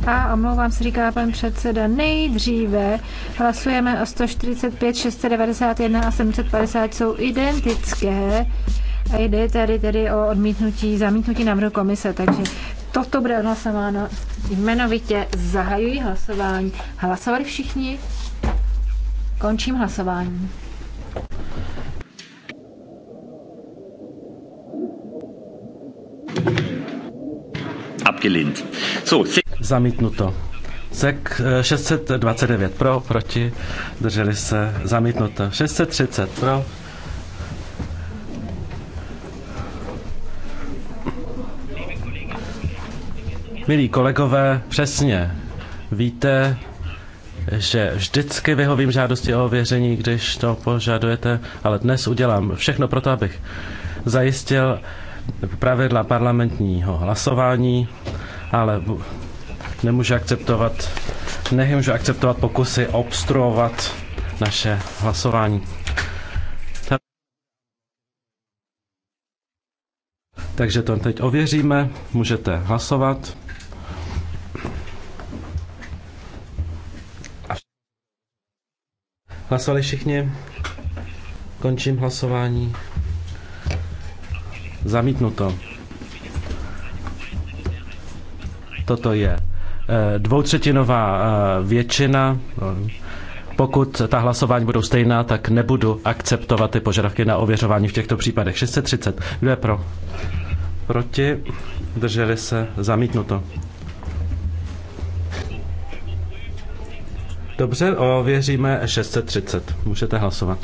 A omlouvám se, říká pan předseda, nejdříve hlasujeme o 145, 691 a 750 jsou identické. A jde tady tedy o odmítnutí, zamítnutí návrhu komise, takže toto bude odhlasováno jmenovitě. Zahajuji hlasování. Hlasovali všichni? Končím hlasování. Abgelehnt. So, Zamítnuto. Sek 629 eh, pro, proti, drželi se, zamítnuto. 630 pro, Milí kolegové, přesně víte, že vždycky vyhovím žádosti o ověření, když to požadujete, ale dnes udělám všechno pro to, abych zajistil pravidla parlamentního hlasování, ale nemůžu akceptovat, nemůžu akceptovat pokusy obstruovat naše hlasování. Takže to teď ověříme, můžete hlasovat. Hlasovali všichni? Končím hlasování. Zamítnuto. Toto je eh, dvoutřetinová eh, většina. Pokud ta hlasování budou stejná, tak nebudu akceptovat ty požadavky na ověřování v těchto případech. 630. Kdo je pro? Proti? Drželi se? Zamítnuto. Dobře, ověříme 630. Můžete hlasovat.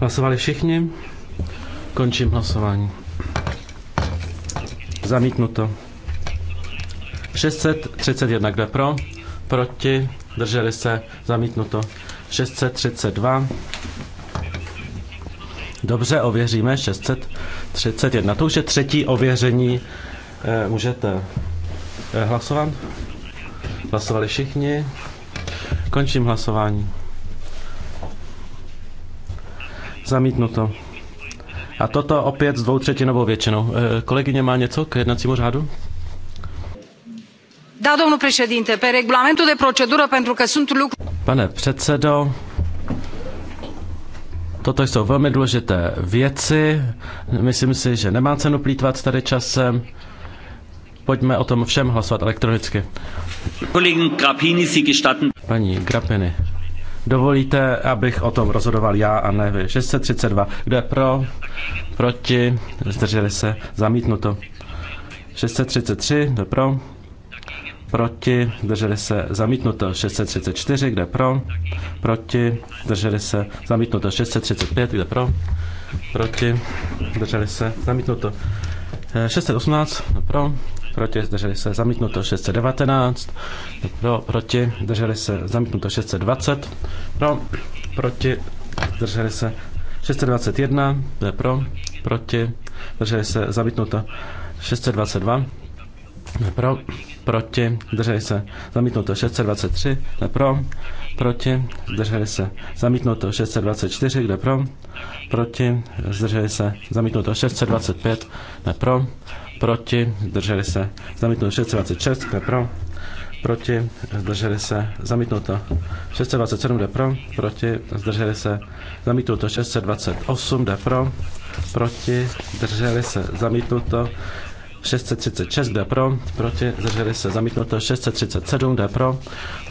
Hlasovali všichni? Končím hlasování. Zamítnuto. 631, kde pro? Proti? Drželi se? Zamítnuto. 632. Dobře, ověříme 631. To už je třetí ověření. Eh, můžete eh, hlasovat? Hlasovali všichni. Končím hlasování. Zamítnuto. A toto opět s dvoutřetinovou většinou. Eh, kolegyně má něco k jednacímu řádu? Da, domnul președinte, pe regulamentul de procedură, pentru că sunt lucru... Pane předsedo, toto jsou velmi důležité věci. Myslím si, že nemá cenu plítvat tady časem. Pojďme o tom všem hlasovat elektronicky. si Paní Grapiny, dovolíte, abych o tom rozhodoval já a ne vy. 632. Kdo je pro? Proti? Zdrželi se? Zamítnuto. 633. Kdo je pro? Proti? Zdrželi se? Zamítnuto. 634. Kdo je pro? Proti? Zdrželi se? Zamítnuto. 635. Kdo je pro? Proti? Zdrželi se? Zamítnuto. 618. Eh, pro? proti, zdrželi se, zamítnuto 619, pro, proti, zdrželi se, zamítnuto 620, pro, proti, zdrželi se, 621, to je pro, proti, zdrželi se, zamítnuto 622, pro, proti, zdrželi se, zamítnuto 623, pro, proti, zdrželi se, zamítnuto 624, kde pro, proti, zdrželi se, zamítnuto 625, ne pro, proti, zdrželi se, zamítnuto 626, kde pro, proti, zdrželi se, zamítnuto 627, kde pro, proti, zdrželi se, zamítnuto 628, kde pro, proti, zdrželi se, zamítnuto 636 kde pro, proti, zdrželi se zamítnuto 637 kde pro,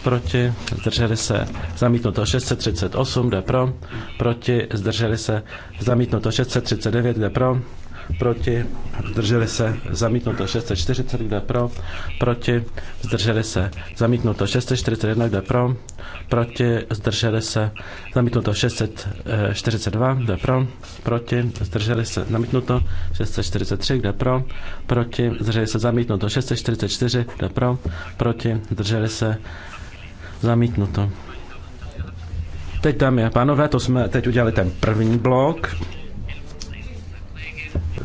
proti, zdrželi se zamítnuto 638 kde pro, proti, zdrželi se zamítnuto 639 kde pro, proti, zdrželi se, zamítnuto 640, kde pro, proti, zdrželi se, zamítnuto 641, kde pro, proti, zdrželi se, zamítnuto 642, kde pro, proti, zdrželi se, zamítnuto 643, kde pro, proti, zdrželi se, zamítnuto 644, kde pro, proti, zdrželi se, zamítnuto. Teď tam je, pánové, to jsme teď udělali ten první blok.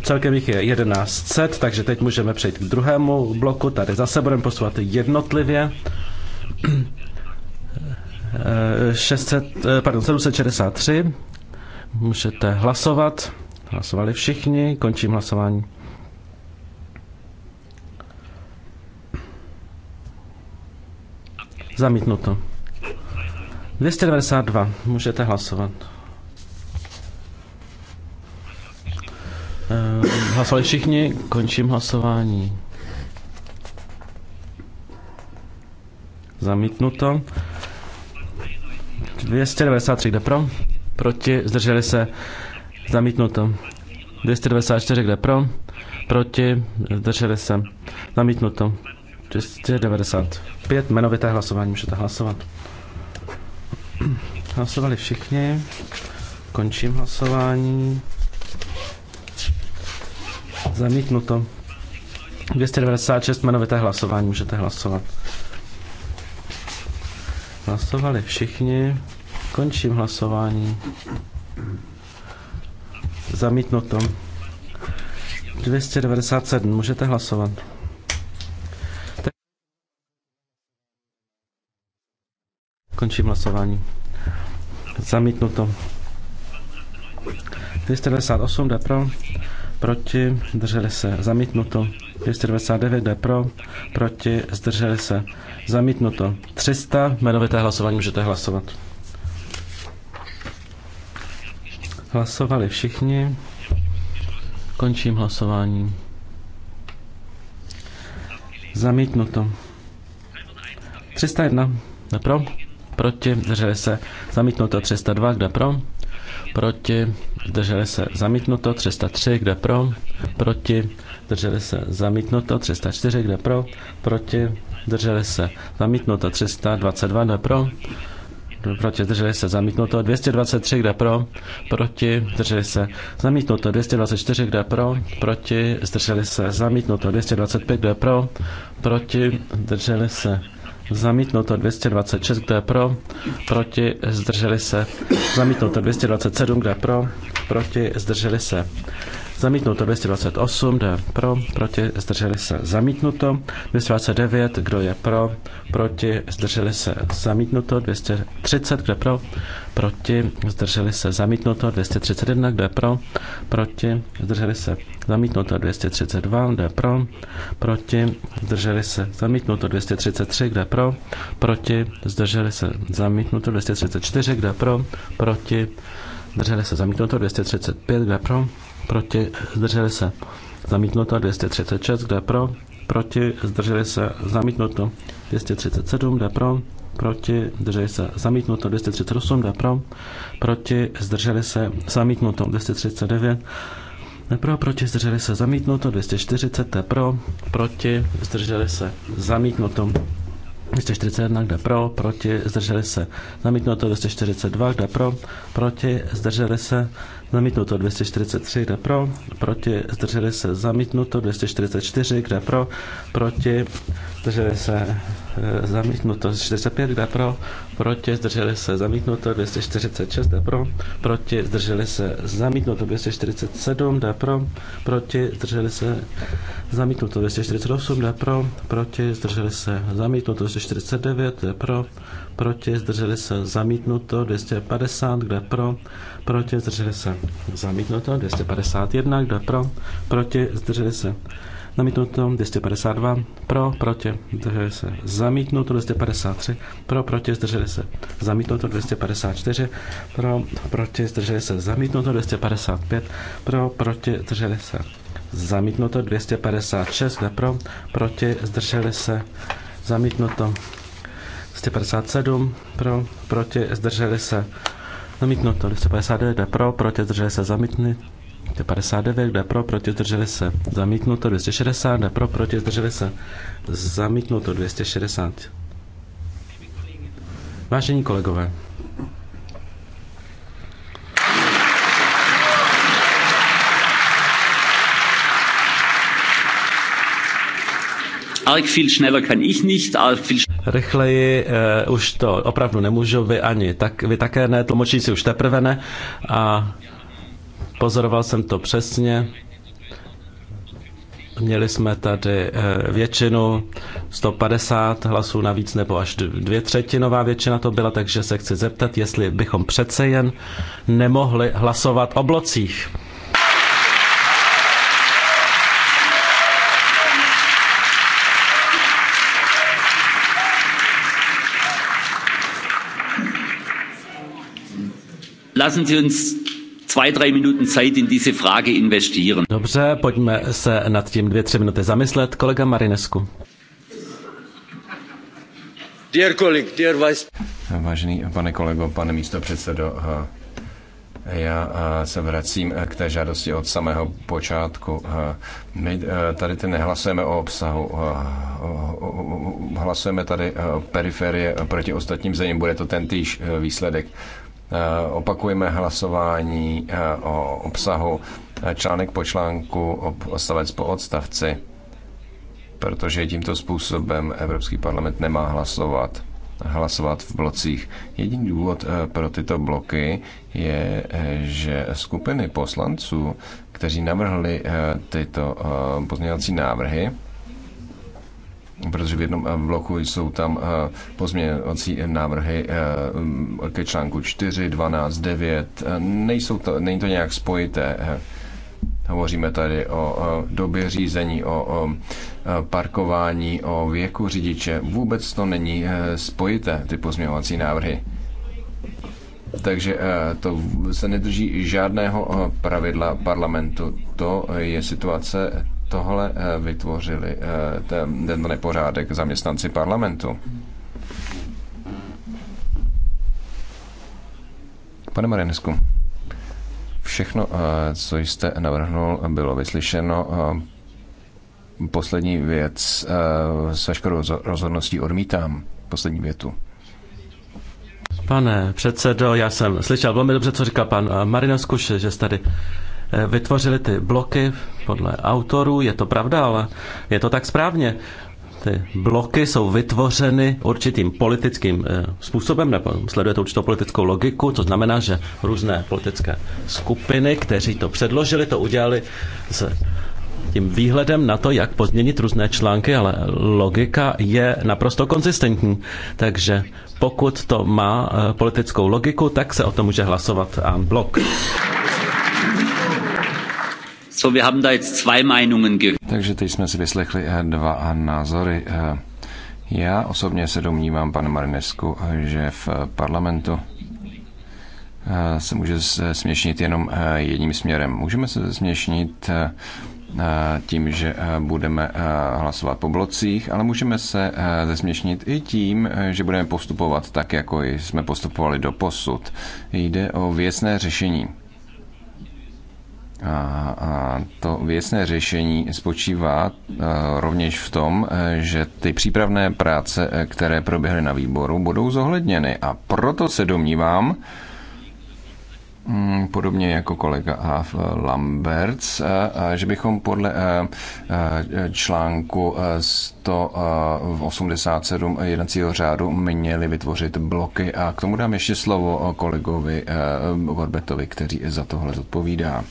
Celkem jich je 1100, takže teď můžeme přejít k druhému bloku. Tady zase budeme posouvat jednotlivě. 600, eh, eh, pardon, 763. Můžete hlasovat. Hlasovali všichni. Končím hlasování. Zamítnuto. 292. Můžete hlasovat. Eh, hlasovali všichni, končím hlasování. Zamítnuto. 293, kde pro? Proti, zdrželi se. Zamítnuto. 294, kde pro? Proti, zdrželi se. Zamítnuto. 295, jmenovité hlasování, můžete hlasovat. Hlasovali všichni. Končím hlasování. Zamítnuto. 296 jmenovité hlasování, můžete hlasovat. Hlasovali všichni. Končím hlasování. Zamítnuto. 297, můžete hlasovat. Končím hlasování. Zamítnuto. 298 jde pro, proti, zdrželi se, zamítnuto. 299 jde pro, proti, zdrželi se, zamítnuto. 300, jmenovité hlasování můžete hlasovat. Hlasovali všichni. Končím hlasování. Zamítnuto. 301, jde pro, proti, zdrželi se, zamítnuto. 302, kde pro, proti, drželi se zamítnuto, 303, kde pro, proti, drželi se zamítnuto, 304, kde pro, proti, drželi se zamítnuto, 322, kde pro, proti, drželi se zamítnuto, 223, kde pro, proti, drželi se zamítnuto, 224, kde pro, proti, zdrželi se zamítnuto, 225, kde pro, proti, drželi se Zamítnuto 226, kdo je pro, proti, zdrželi se. Zamítnuto 227, kdo je pro, proti, zdrželi se. Zamítnuto 228, kdo je pro, proti, zdrželi se. Zamítnuto 229, kdo je pro, proti, zdrželi se. Zamítnuto 230, kdo je pro, proti, zdrželi se. Zamítnuto 231, kdo je pro, proti, zdrželi se. Zamítnuto 232, kdo je pro, proti, zdrželi se. Zamítnuto 233, kdo je pro, proti, zdrželi se. Zamítnuto 234, kdo je pro, proti, zdrželi se. Zamítnuto 235, kdo je pro, proti, zdrželi se. Zamítnuto 236, kde pro, proti, zdrželi se. Zamítnuto 237, kde pro, proti, zdrželi se. Zamítnuto 238, kde pro, proti, zdrželi se. Zamítnuto 239, pro proti, zdrželi se, zamítnuto, 240, T pro, proti, zdrželi se, zamítnuto, 241, kde pro, proti, zdrželi se, zamítnuto, 242, kde pro, proti, zdrželi se, Zamítnuto 243, kde pro, proti, zdrželi se. Zamítnuto 244, kde pro, proti, zdrželi se e, zamítnuto 45, kde pro, proti, zdrželi se zamítnuto 246, kde pro, proti, zdrželi se zamítnuto 247, kde pro, proti, zdrželi se zamítnuto 248, kde pro, proti, zdrželi se zamítnuto 249, kde pro, proti, zdrželi se zamítnuto 250, kde pro, proti, zdrželi se zamítnuto 251, kde pro, proti, zdrželi se Zamítnuto 252 pro, proti, zdrželi se. Zamítnuto 253 pro, proti, zdrželi se. Zamítnuto 254 pro, proti, zdrželi se. Zamítnuto 255 pro, proti, zdrželi se. Zamítnuto 256 kde pro, proti, zdrželi se. Zamítnuto 257 pro, proti, zdrželi se. Zamítnuto 259 pro, proti, zdrželi se. Zamítnuto 59, jde pro, proti, zdrželi se. Zamítnuto 260, jde pro, proti, zdrželi se. Zamítnuto 260. Vážení kolegové, Arg viel schneller kann ich nicht, arg viel Rychleji uh, už to opravdu nemůžu, vy ani, tak, vy také ne, tlumočníci už teprve ne. A Pozoroval jsem to přesně. Měli jsme tady eh, většinu 150 hlasů navíc nebo až dvě třetinová většina to byla, takže se chci zeptat, jestli bychom přece jen nemohli hlasovat o blocích. Lassen Sie uns Dobře, pojďme se nad tím dvě, tři minuty zamyslet. Kolega Marinesku. Dear colleague, dear vice... Vážený pane kolego, pane místo předsedo, eh, já eh, se vracím eh, k té žádosti od samého počátku. My tady ty nehlasujeme o obsahu, hlasujeme tady periferie proti ostatním zemím, bude to ten týž výsledek. Eh, opakujeme hlasování eh, o obsahu eh, článek po článku, odstavec po odstavci, protože tímto způsobem Evropský parlament nemá hlasovat hlasovat v blocích. Jediný důvod pro tyto bloky je, že skupiny poslanců, kteří navrhli tyto pozměňovací návrhy, protože v jednom eh, bloku jsou tam eh, pozměňovací návrhy eh, mm, ke článku 4, 12, 9. Nejsou to, není to nějak spojité. Hovoříme tady o době řízení, o parkování, o věku řidiče. Vůbec to není spojité, ty pozměňovací návrhy. Takže to se nedrží žádného pravidla parlamentu. To je situace tohle eh, vytvořili, eh, ten, ten nepořádek zaměstnanci parlamentu. Pane Marinesku, všechno, eh, co jste navrhnul, bylo vyslyšeno. Poslední věc s veškerou rozhodností odmítám. Poslední větu. Pane předsedo, já jsem slyšel velmi dobře, co říká pan Marinesku, že jste tady vytvořili ty bloky podle autorů, je to pravda, ale je to tak správně. Ty bloky jsou vytvořeny určitým politickým eh, způsobem, nebo sleduje to určitou politickou logiku, to znamená, že různé politické skupiny, kteří to předložili, to udělali z tím výhledem na to, jak pozměnit různé články, ale logika je naprosto konzistentní. Takže pokud to má eh, politickou logiku, tak se o tom může hlasovat a blok. So, wir haben da jetzt zwei Meinungen Takže teď jsme si vyslechli eh, dva eh, názory. Eh, já osobně se domnívám, pane Marinesku, že v parlamentu se může směšnit jenom jedním směrem. Můžeme se směšnit tím, že budeme hlasovat po blocích, ale můžeme se zesměšnit i tím, že budeme postupovat tak, jako jsme postupovali do posud. Jde o věcné řešení. A, a to věcné řešení spočívá e, rovněž v tom, e, že ty přípravné práce, e, které proběhly na výboru, budou zohledněny. A proto se domnívám, mm, podobně jako kolega Haf Lamberts, že bychom podle článku 187 jednacího řádu měli vytvořit bloky. A k tomu dám ještě slovo kolegovi Gorbetovi, který za tohle zodpovídá.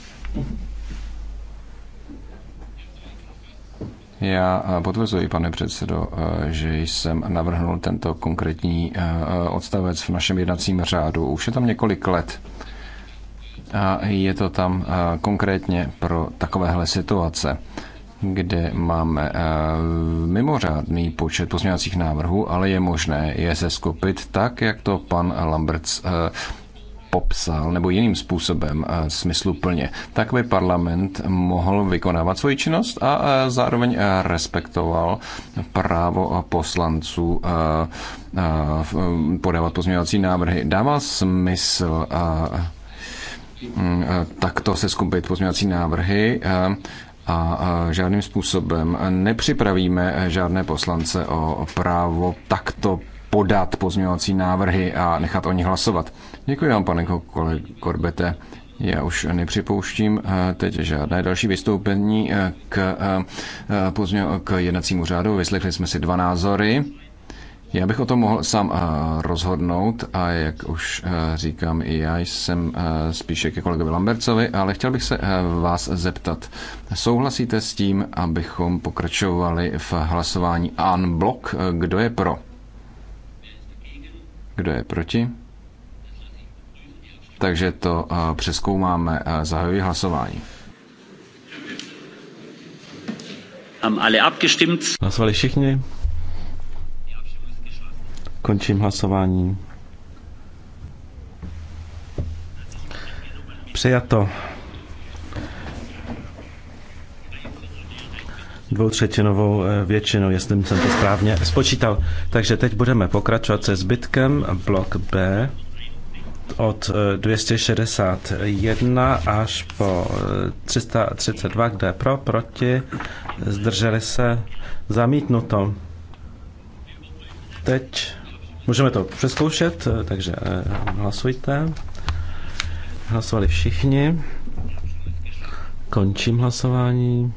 Já eh, potvrzuji, pane předsedo, eh, že jsem navrhnul tento konkrétní eh, odstavec v našem jednacím řádu. Už je tam několik let. A je to tam konkrétně pro takovéhle situace, kde máme mimořádný počet pozměňovacích návrhů, ale je možné je seskupit tak, jak to pan Lamberts popsal, nebo jiným způsobem eh, smysluplně, tak by parlament mohl vykonávat svoji činnost a eh, zároveň eh, respektoval právo poslanců podávat pozměňovací návrhy. Dává smysl hm, takto se skupit pozměňovací návrhy a žádným způsobem nepřipravíme žádné poslance o právo takto podat pozměňovací návrhy a nechat o nich hlasovat. Děkuji vám, pane Korbete. Já už nepřipouštím eh, teď žádné další vystoupení eh, k, eh, k jednacímu řádu. Vyslechli jsme si dva názory. Já bych o tom mohl sám rozhodnout a jak už říkám i já jsem spíše ke kolegovi Lambercovi, ale chtěl bych se vás zeptat. Souhlasíte s tím, abychom pokračovali v hlasování unblock? blok? Kdo je pro? Kdo je proti? Takže to přeskoumáme. Zahajuji hlasování. Hlasovali všichni? Končím hlasování. Přijato. dvoutřetinovou eh, většinou, jestli jsem to správně spočítal. Takže teď budeme pokračovat se zbytkem blok B od 261 eh, až po 332, eh, kde pro, proti, zdrželi se, zamítnuto. Teď můžeme to přeskoušet, eh, takže hlasujte. Hlasovali všichni. Končím hlasování.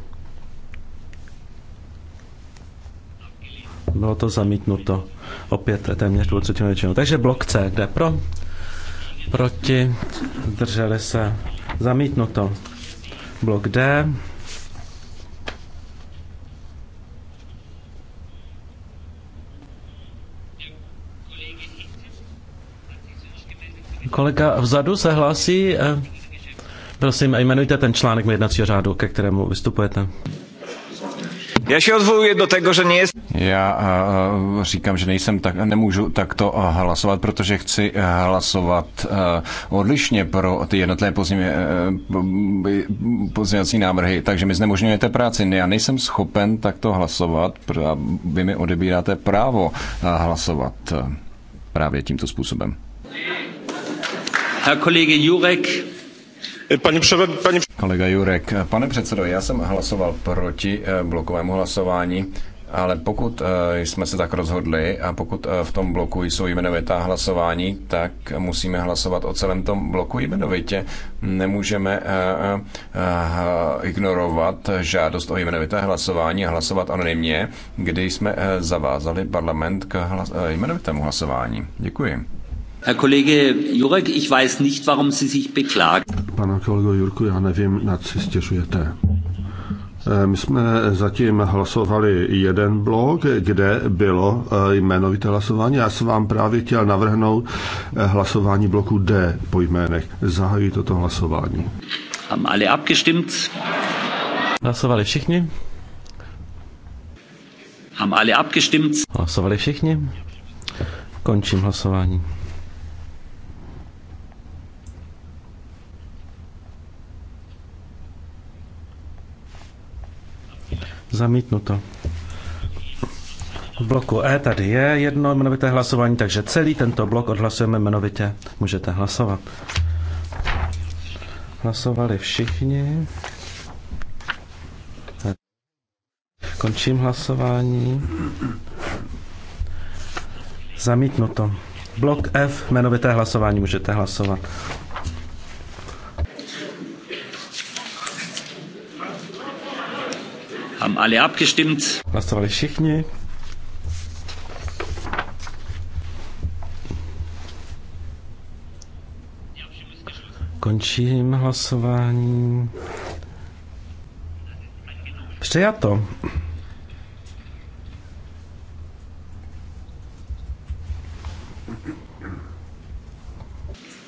Bylo to zamítnuto opět téměř dvoutřetinou většinou. Takže blok C, kde pro, proti, zdrželi se, zamítnuto. Blok D, Kolega vzadu se hlásí. Eh, prosím, jmenujte ten článek jednacího řádu, ke kterému vystupujete. Já si odwołuję do tego, že nie jest... Já eh, eh, říkám, že nejsem tak, nemůžu takto eh, hlasovat, protože chci hlasovat odlišně pro ty jednotlivé pozměňovací návrhy, takže mi znemožňujete práci. Já nejsem schopen takto hlasovat, vy mi odebíráte právo hlasovat právě tímto způsobem. Herr Kollege Jurek, Pani převe, pani... Kolega Jurek, pane předsedo, já jsem hlasoval proti blokovému hlasování ale pokud eh, jsme se tak rozhodli a pokud eh, v tom bloku jsou jmenovitá hlasování, tak musíme hlasovat o celém tom bloku jmenovitě. Nemůžeme eh, ignorovat žádost o jmenovité hlasování a hlasovat anonymně, kdy jsme zavázali parlament k jmenovitému hlasování. Děkuji. Herr Kollege Jurek, ich weiß nicht, warum Sie sich beklagen. Pane kolego Jurku, já nevím, na co si stěžujete. Eh, my jsme zatím hlasovali jeden blok, kde bylo eh, jmenovité hlasování. Já jsem vám právě chtěl navrhnout eh, hlasování bloku D po jménech. Zahajuji toto hlasování. alle abgestimmt? Hlasovali všichni? Haben alle abgestimmt? Hlasovali všichni? Končím hlasování. Zamítnuto. V bloku E tady je jedno jmenovité hlasování, takže celý tento blok odhlasujeme jmenovitě. Můžete hlasovat. Hlasovali všichni. Končím hlasování. Zamítnuto. Blok F, jmenovité hlasování, můžete hlasovat. Haben alle abgestimmt? Hlasovali všichni. Končím hlasování. Přijato.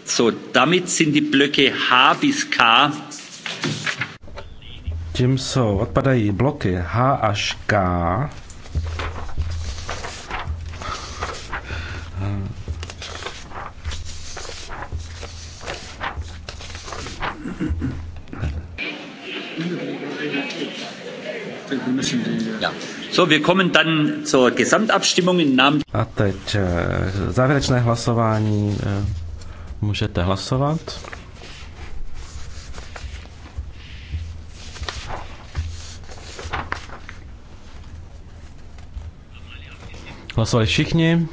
So, damit sind die Blöcke H bis K tím jsou, odpadají bloky H až K. So, wir kommen dann zur Gesamtabstimmung in Namen. A teď eh, závěrečné hlasování. Eh, můžete hlasovat. Hlasovali všichni.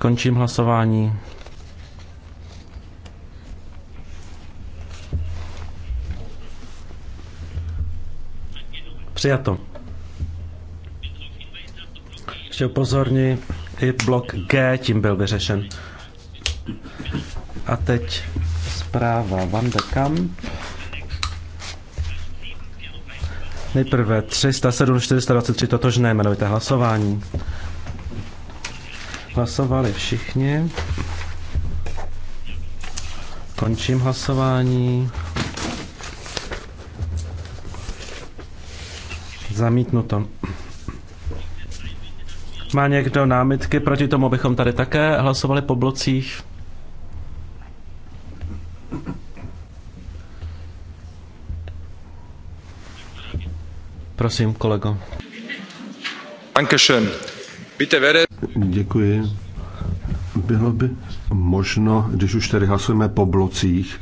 Končím hlasování. Přijato. Ještě upozorni, i blok G tím byl vyřešen. A teď zpráva Van de Kamp. Nejprve 307, 423, totožné jmenovité hlasování. Hlasovali všichni. Končím hlasování. Zamítnuto. Má někdo námitky proti tomu, abychom tady také hlasovali po blocích? Prosím, kolego. Děkuji. Bylo by možno, když už tady hlasujeme po blocích,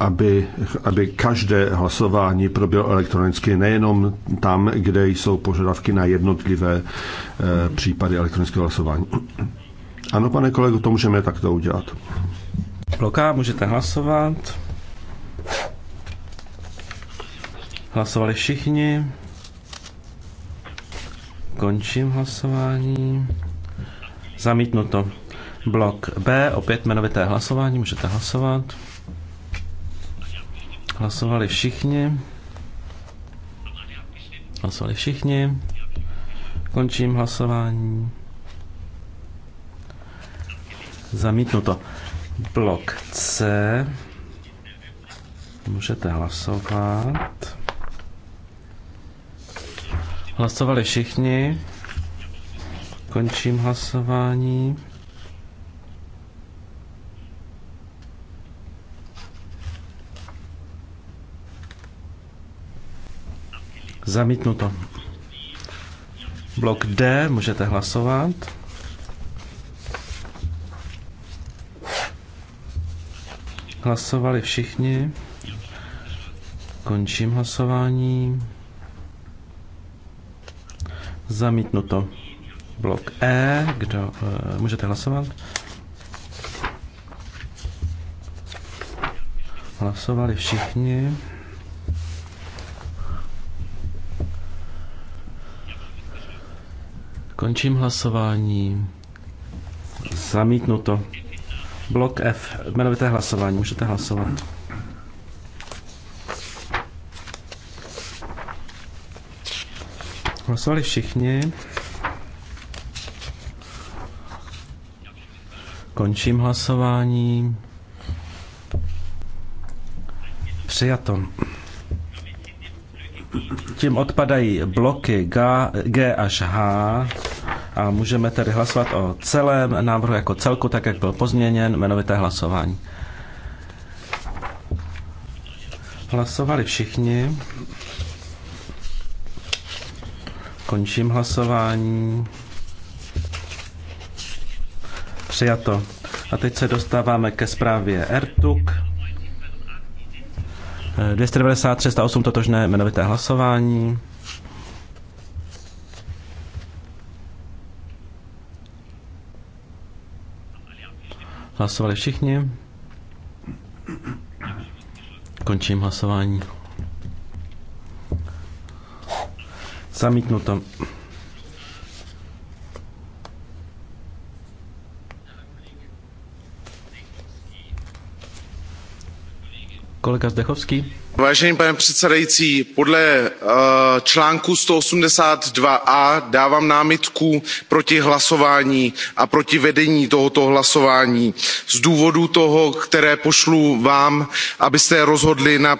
aby, aby každé hlasování proběhlo elektronicky, nejenom tam, kde jsou požadavky na jednotlivé eh, případy elektronického hlasování. Ano, pane kolego, to můžeme takto udělat. Bloká, můžete hlasovat. Hlasovali všichni. Končím hlasování. Zamítnuto. Blok B, opět jmenovité hlasování, můžete hlasovat. Hlasovali všichni. Hlasovali všichni. Končím hlasování. Zamítnuto. Blok C. Můžete hlasovat. Hlasovali všichni. Končím hlasování. Zamítnuto. Blok D, můžete hlasovat. Hlasovali všichni. Končím hlasování. Zamítnuto. Blok E, kdo eh, můžete hlasovat? Hlasovali všichni. Končím hlasování. Zamítnuto. Blok F, jmenovité hlasování, můžete hlasovat. Hlasovali všichni. Končím hlasování. Přijato. Tím odpadají bloky G, G až H a můžeme tedy hlasovat o celém návrhu jako celku, tak jak byl pozměněn, jmenovité hlasování. Hlasovali všichni. Končím hlasování. Přijato. A teď se dostáváme ke zprávě RTUK. 290, eh, totožné jmenovité hlasování. Hlasovali všichni. Končím hlasování. Zamítnuto. Kolega Zdechovský. Vážený pane předsedající, podle eh, článku 182a dávám námitku proti hlasování a proti vedení tohoto hlasování z důvodu toho, které pošlu vám, abyste rozhodli na,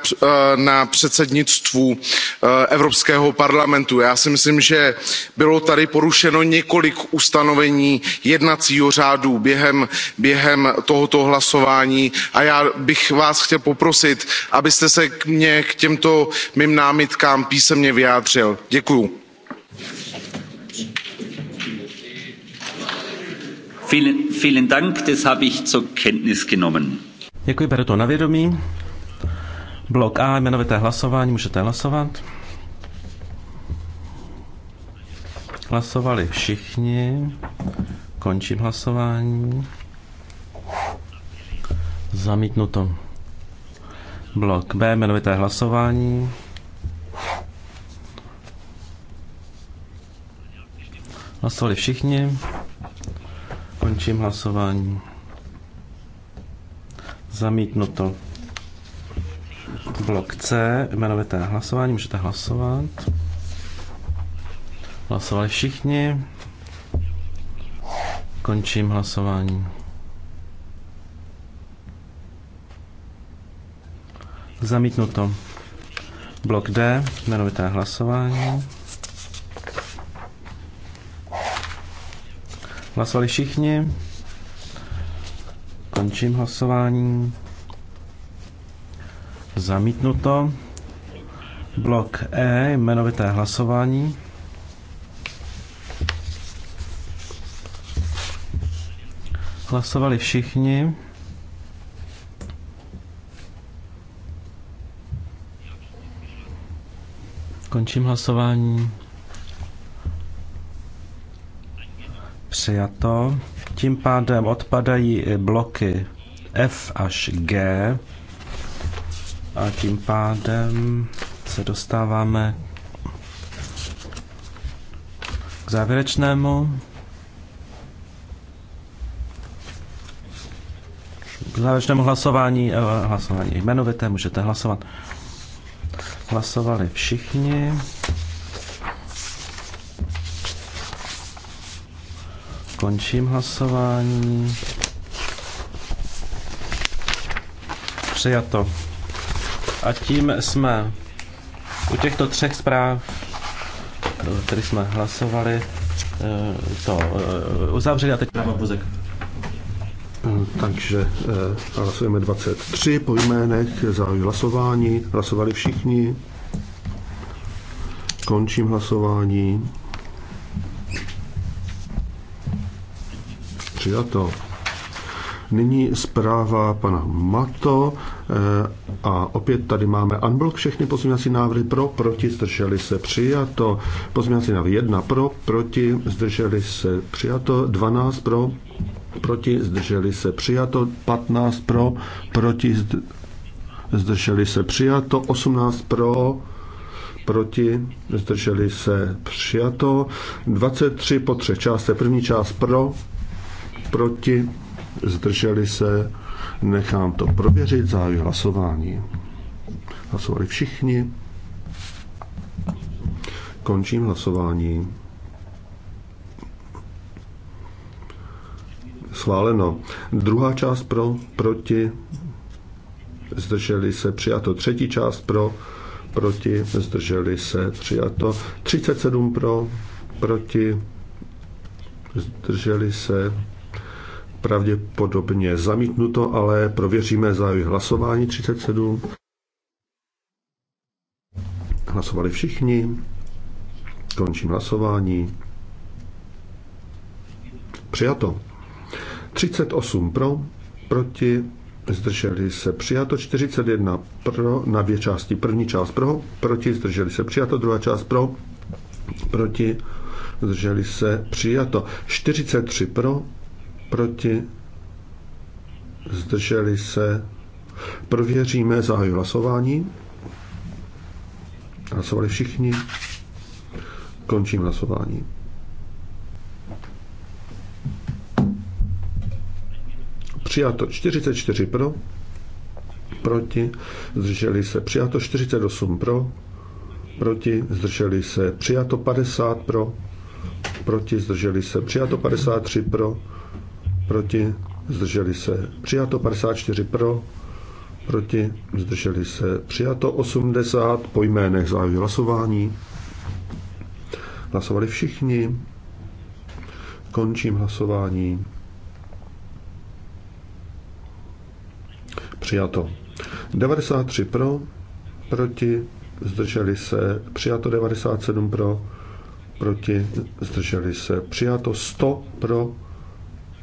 eh, předsednictvu eh, Evropského parlamentu. Já si myslím, že bylo tady porušeno několik ustanovení jednacího řádu během, během tohoto hlasování a já bych vás chtěl poprosit, abyste se konkrétně k těmto mým námitkám písemně vyjádřil. děkuju. Děkuji, beru to na vědomí. Blok A, jmenovité hlasování, můžete hlasovat. Hlasovali všichni. Končím hlasování. Zamítnuto. Blok B, jmenovité hlasování. Hlasovali všichni. Končím hlasování. Zamítnuto. Blok C, jmenovité hlasování, můžete hlasovat. Hlasovali všichni. Končím hlasování. Zamítnuto. Blok D, jmenovité hlasování. Hlasovali všichni. Končím hlasování. Zamítnuto. Blok E, jmenovité hlasování. Hlasovali všichni. Končím hlasování. Přijato. Tím pádem odpadají bloky F až G a tím pádem se dostáváme k závěrečnému k závěrečnému hlasování, eh, hlasování jmenovité, můžete hlasovat. Hlasovali všichni. Končím hlasování. Přijato. A tím jsme u těchto třech zpráv, eh, které jsme hlasovali, eh, to eh, uzavřeli a teď práva takže eh, hlasujeme 23 po jménech, zahajuji hlasování, hlasovali všichni. Končím hlasování. Přijato. Nyní zpráva pana Mato eh, a opět tady máme unblock všechny pozměňovací návrhy pro, proti, zdrželi se, přijato. Pozměňovací návrh 1 pro, proti, zdrželi se, přijato. 12 pro, proti, zdrželi se přijato, 15 pro, proti, zdrželi se přijato, 18 pro, proti, zdrželi se přijato, 23 po třech částech, první část pro, proti, zdrželi se, nechám to prověřit, zahájí hlasování. Hlasovali všichni. Končím hlasování. schváleno. Druhá část pro, proti, zdrželi se, přijato. Třetí část pro, proti, zdrželi se, přijato. 37 pro, proti, zdrželi se, pravděpodobně zamítnuto, ale prověříme za hlasování 37. Hlasovali všichni. Končím hlasování. Přijato. 38 pro, proti, zdrželi se přijato, 41 pro, na dvě části, první část pro, proti, zdrželi se přijato, druhá část pro, proti, zdrželi se přijato, 43 pro, proti, zdrželi se, prověříme, zahajuji hlasování, hlasovali všichni, končím hlasování. přijato 44 pro, proti, zdrželi se přijato 48 pro, proti, zdrželi se přijato 50 pro, proti, zdrželi se přijato 53 pro, proti, zdrželi se přijato 54 pro, proti, zdrželi se přijato 80 po jménech zájmu hlasování. Hlasovali všichni. Končím hlasování. Přijato. 93 pro, proti, zdrželi se. Přijato 97 pro, proti, zdrželi se. Přijato 100 pro,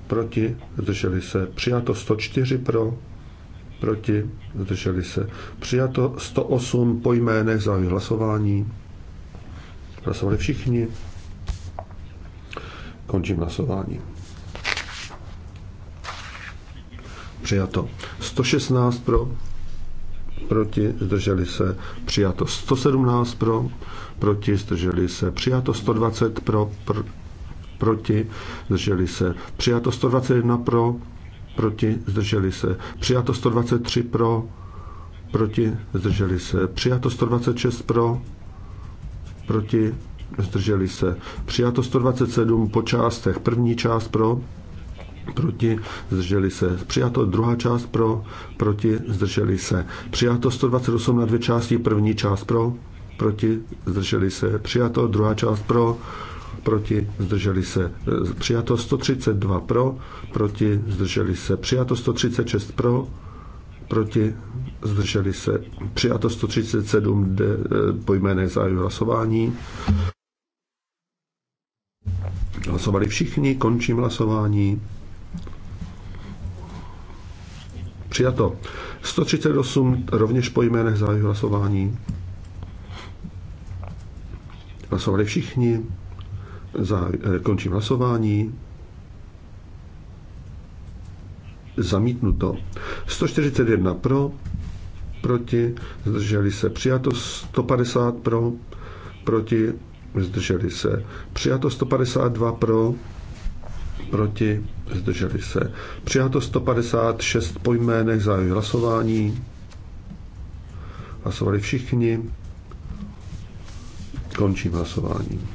proti, zdrželi se. Přijato 104 pro, proti, zdrželi se. Přijato 108 po jménech za hlasování. Hlasovali všichni. Končím hlasování. přijato. 116 pro, proti, zdrželi se, přijato. 117 pro, proti, zdrželi se, přijato. 120 pro, pr, proti, zdrželi se, přijato. 121 pro, proti, zdrželi se, přijato. 123 pro, proti, zdrželi se, přijato. 126 pro, proti, zdrželi se. Přijato 127 po částech. První část pro, proti, zdrželi se. Přijato druhá část pro, proti, zdrželi se. Přijato 128 na dvě části, první část pro, proti, zdrželi se. Přijato druhá část pro, proti, zdrželi se. Přijato 132 pro, proti, zdrželi se. Přijato 136 pro, proti, zdrželi se. Přijato 137 de, eh, po jménech zájmu hlasování. Hlasovali všichni, končím hlasování. Přijato. 138 rovněž po jménech zahájí hlasování. Hlasovali všichni. Za, eh, končím hlasování. Zamítnuto. 141 pro, proti, zdrželi se. Přijato 150 pro, proti, zdrželi se. Přijato 152 pro, proti, zdrželi se. Přijato 156 po jménech zájmy hlasování. Hlasovali všichni. Končím hlasování.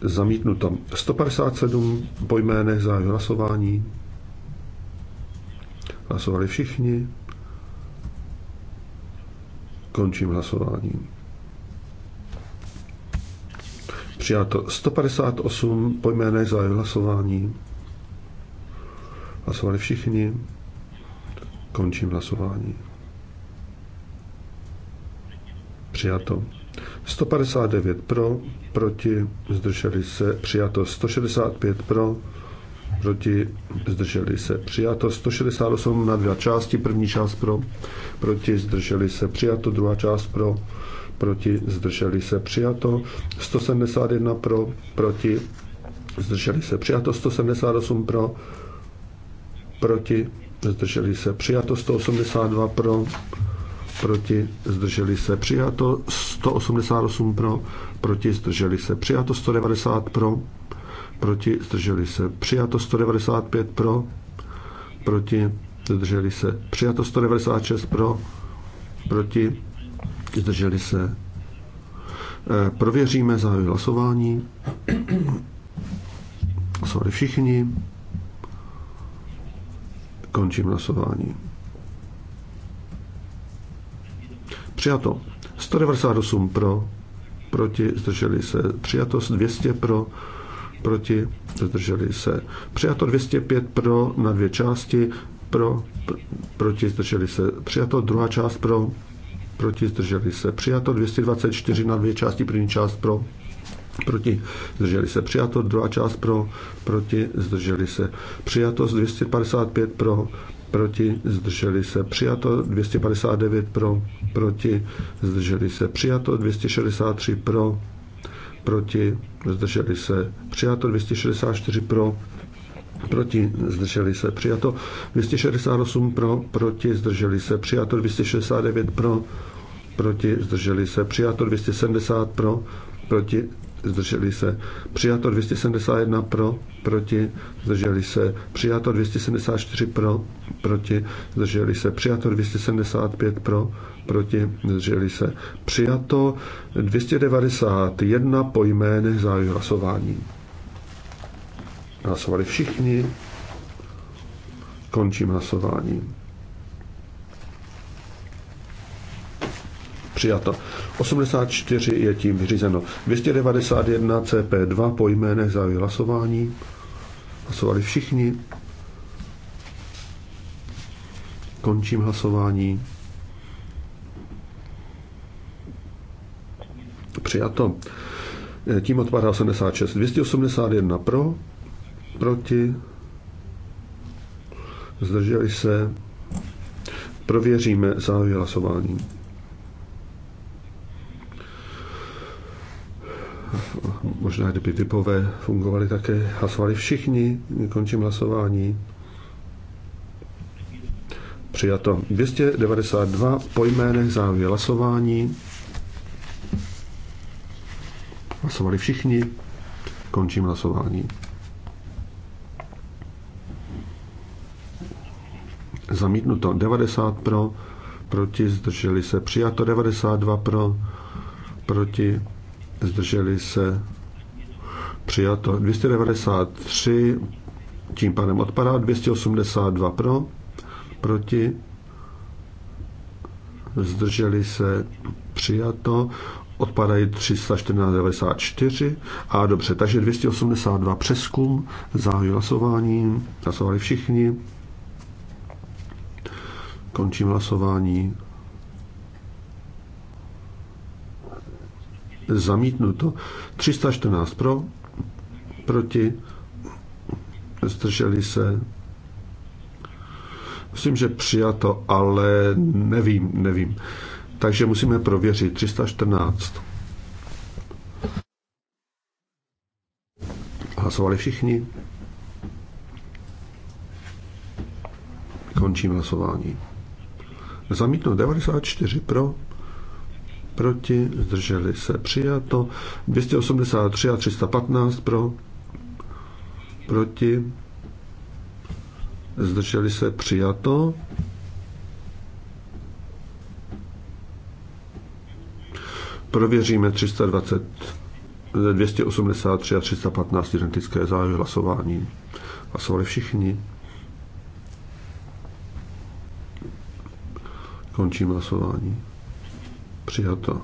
Zamítnuto. 157 po jménech zájmy hlasování. Hlasovali všichni. Končím hlasování. Přijato 158 po za hlasování. Hlasovali všichni. Končím hlasování. Přijato. 159 pro, proti, zdrželi se, přijato 165 pro, proti, zdrželi se, přijato 168 na dvě části, první část pro, proti, zdrželi se, přijato druhá část pro, proti, zdrželi se přijato, 171 pro, proti, zdrželi se přijato, 178 pro, proti, zdrželi se přijato, 182 pro, proti, zdrželi se přijato, 188 pro, proti, zdrželi se přijato, 190 pro, proti, zdrželi se přijato, 195 pro, proti, zdrželi se přijato, 196 pro, proti, Zdrželi se? Eh, prověříme, zahajuji hlasování. Hlasovali všichni. Končím hlasování. Přijato. 198 pro, proti, zdrželi se. Přijato 200 pro, proti, zdrželi se. Přijato 205 pro na dvě části, pro, pr, proti, zdrželi se. Přijato druhá část pro, proti, zdrželi se. Přijato 224 na dvě části, první část pro, proti, zdrželi se. Přijato druhá část pro, proti, zdrželi se. Přijato 255 pro, proti, zdrželi se. Přijato 259 pro, proti, zdrželi se. Přijato 263 pro, proti, zdrželi se. Přijato 264 pro, proti, zdrželi se, přijato 268 pro, proti, zdrželi se, přijato 269 pro, proti, zdrželi se, přijato 270 pro, proti, zdrželi se, přijato 271 pro, proti, zdrželi se, přijato 274 pro, proti, zdrželi se, přijato 275 pro, proti, zdrželi se, přijato 291 po jménech zájmu hlasování. Hlasovali všichni. Končím hlasování. Přijato. 84 je tím vyřízeno. 291 CP2 po jménech za hlasování. Hlasovali všichni. Končím hlasování. Přijato. Tím odpadá 86. 281 pro, proti, zdrželi se, prověříme zahájí hlasování. Možná, kdyby vypové fungovali také, hlasovali všichni, končím hlasování. Přijato 292 po jménech závěr hlasování. Hlasovali všichni. Končím hlasování. zamítnuto 90 pro, proti zdrželi se přijato 92 pro, proti zdrželi se přijato 293, tím pádem odpadá 282 pro, proti zdrželi se přijato, odpadají 314,94 a dobře, takže 282 přeskum, zahájí hlasování, hlasovali všichni, Končím hlasování. Zamítnuto. 314 pro, proti, zdrželi se. Myslím, že přijato, ale nevím, nevím. Takže musíme prověřit. 314. Hlasovali všichni. Končím hlasování. Zamítnout 94 pro, proti, zdrželi se. Přijato 283 a 315 pro, proti, zdrželi se. Přijato. Prověříme 320, 283 a 315 identické zájmy hlasování. Hlasovali všichni. Končím hlasování. Přijato.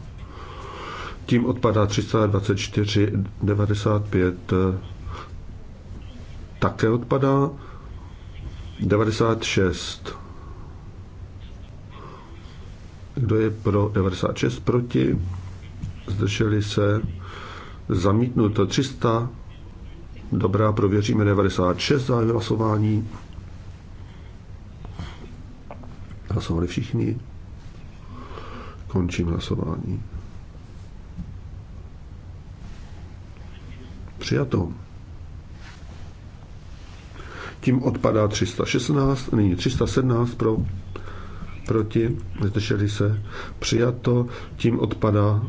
Tím odpadá 324, 95 eh, také odpadá. 96. Kdo je pro 96 proti? Zdrželi se zamítnuto 300. Dobrá, prověříme 96 za hlasování. Hlasovali všichni? Končím hlasování. Přijato. Tím odpadá 316, nyní 317 pro, proti, zdrželi se, přijato, tím odpadá,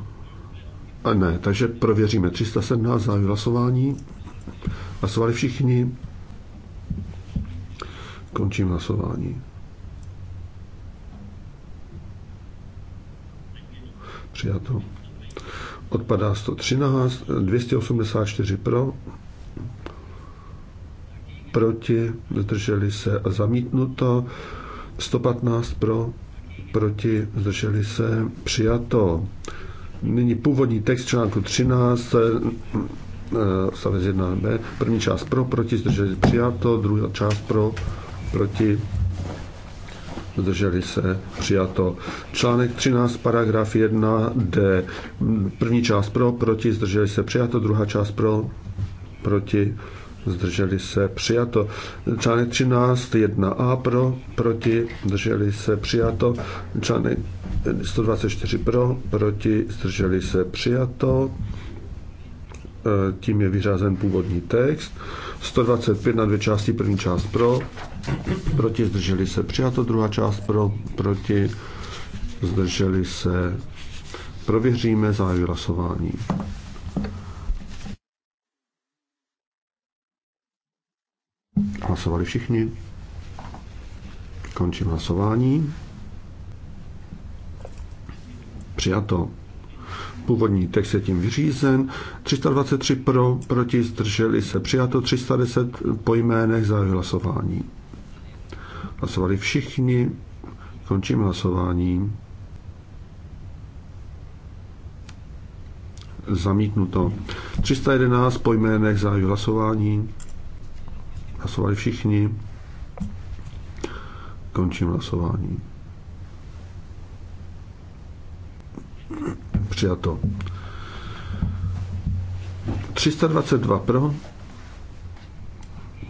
a ne, takže prověříme 317 za hlasování. Hlasovali všichni. Končím hlasování. Přijato. Odpadá 113, 284 pro, proti, zdrželi se a zamítnuto, 115 pro, proti, zdrželi se, přijato. Nyní původní text článku 13, stavec 1b, první část pro, proti, zdrželi se, přijato, druhá část pro, proti, zdrželi se, přijato. Článek 13, paragraf 1, D, první část pro, proti, zdrželi se, přijato, druhá část pro, proti, zdrželi se, přijato. Článek 13, 1a pro, proti, zdrželi se, přijato. Článek 124 pro, proti, zdrželi se, přijato. E, tím je vyřazen původní text. 125 na dvě části, první část pro, proti zdrželi se přijato, druhá část pro, proti zdrželi se, prověříme zájem hlasování. Hlasovali všichni. Končím hlasování. Přijato. Původní text je tím vyřízen. 323 pro, proti zdrželi se přijato. 310 po jménech za hlasování. Hlasovali všichni. Končím hlasování. Zamítnuto. 311 po jménech za hlasování. Hlasovali všichni. Končím hlasování přijato. 322 pro,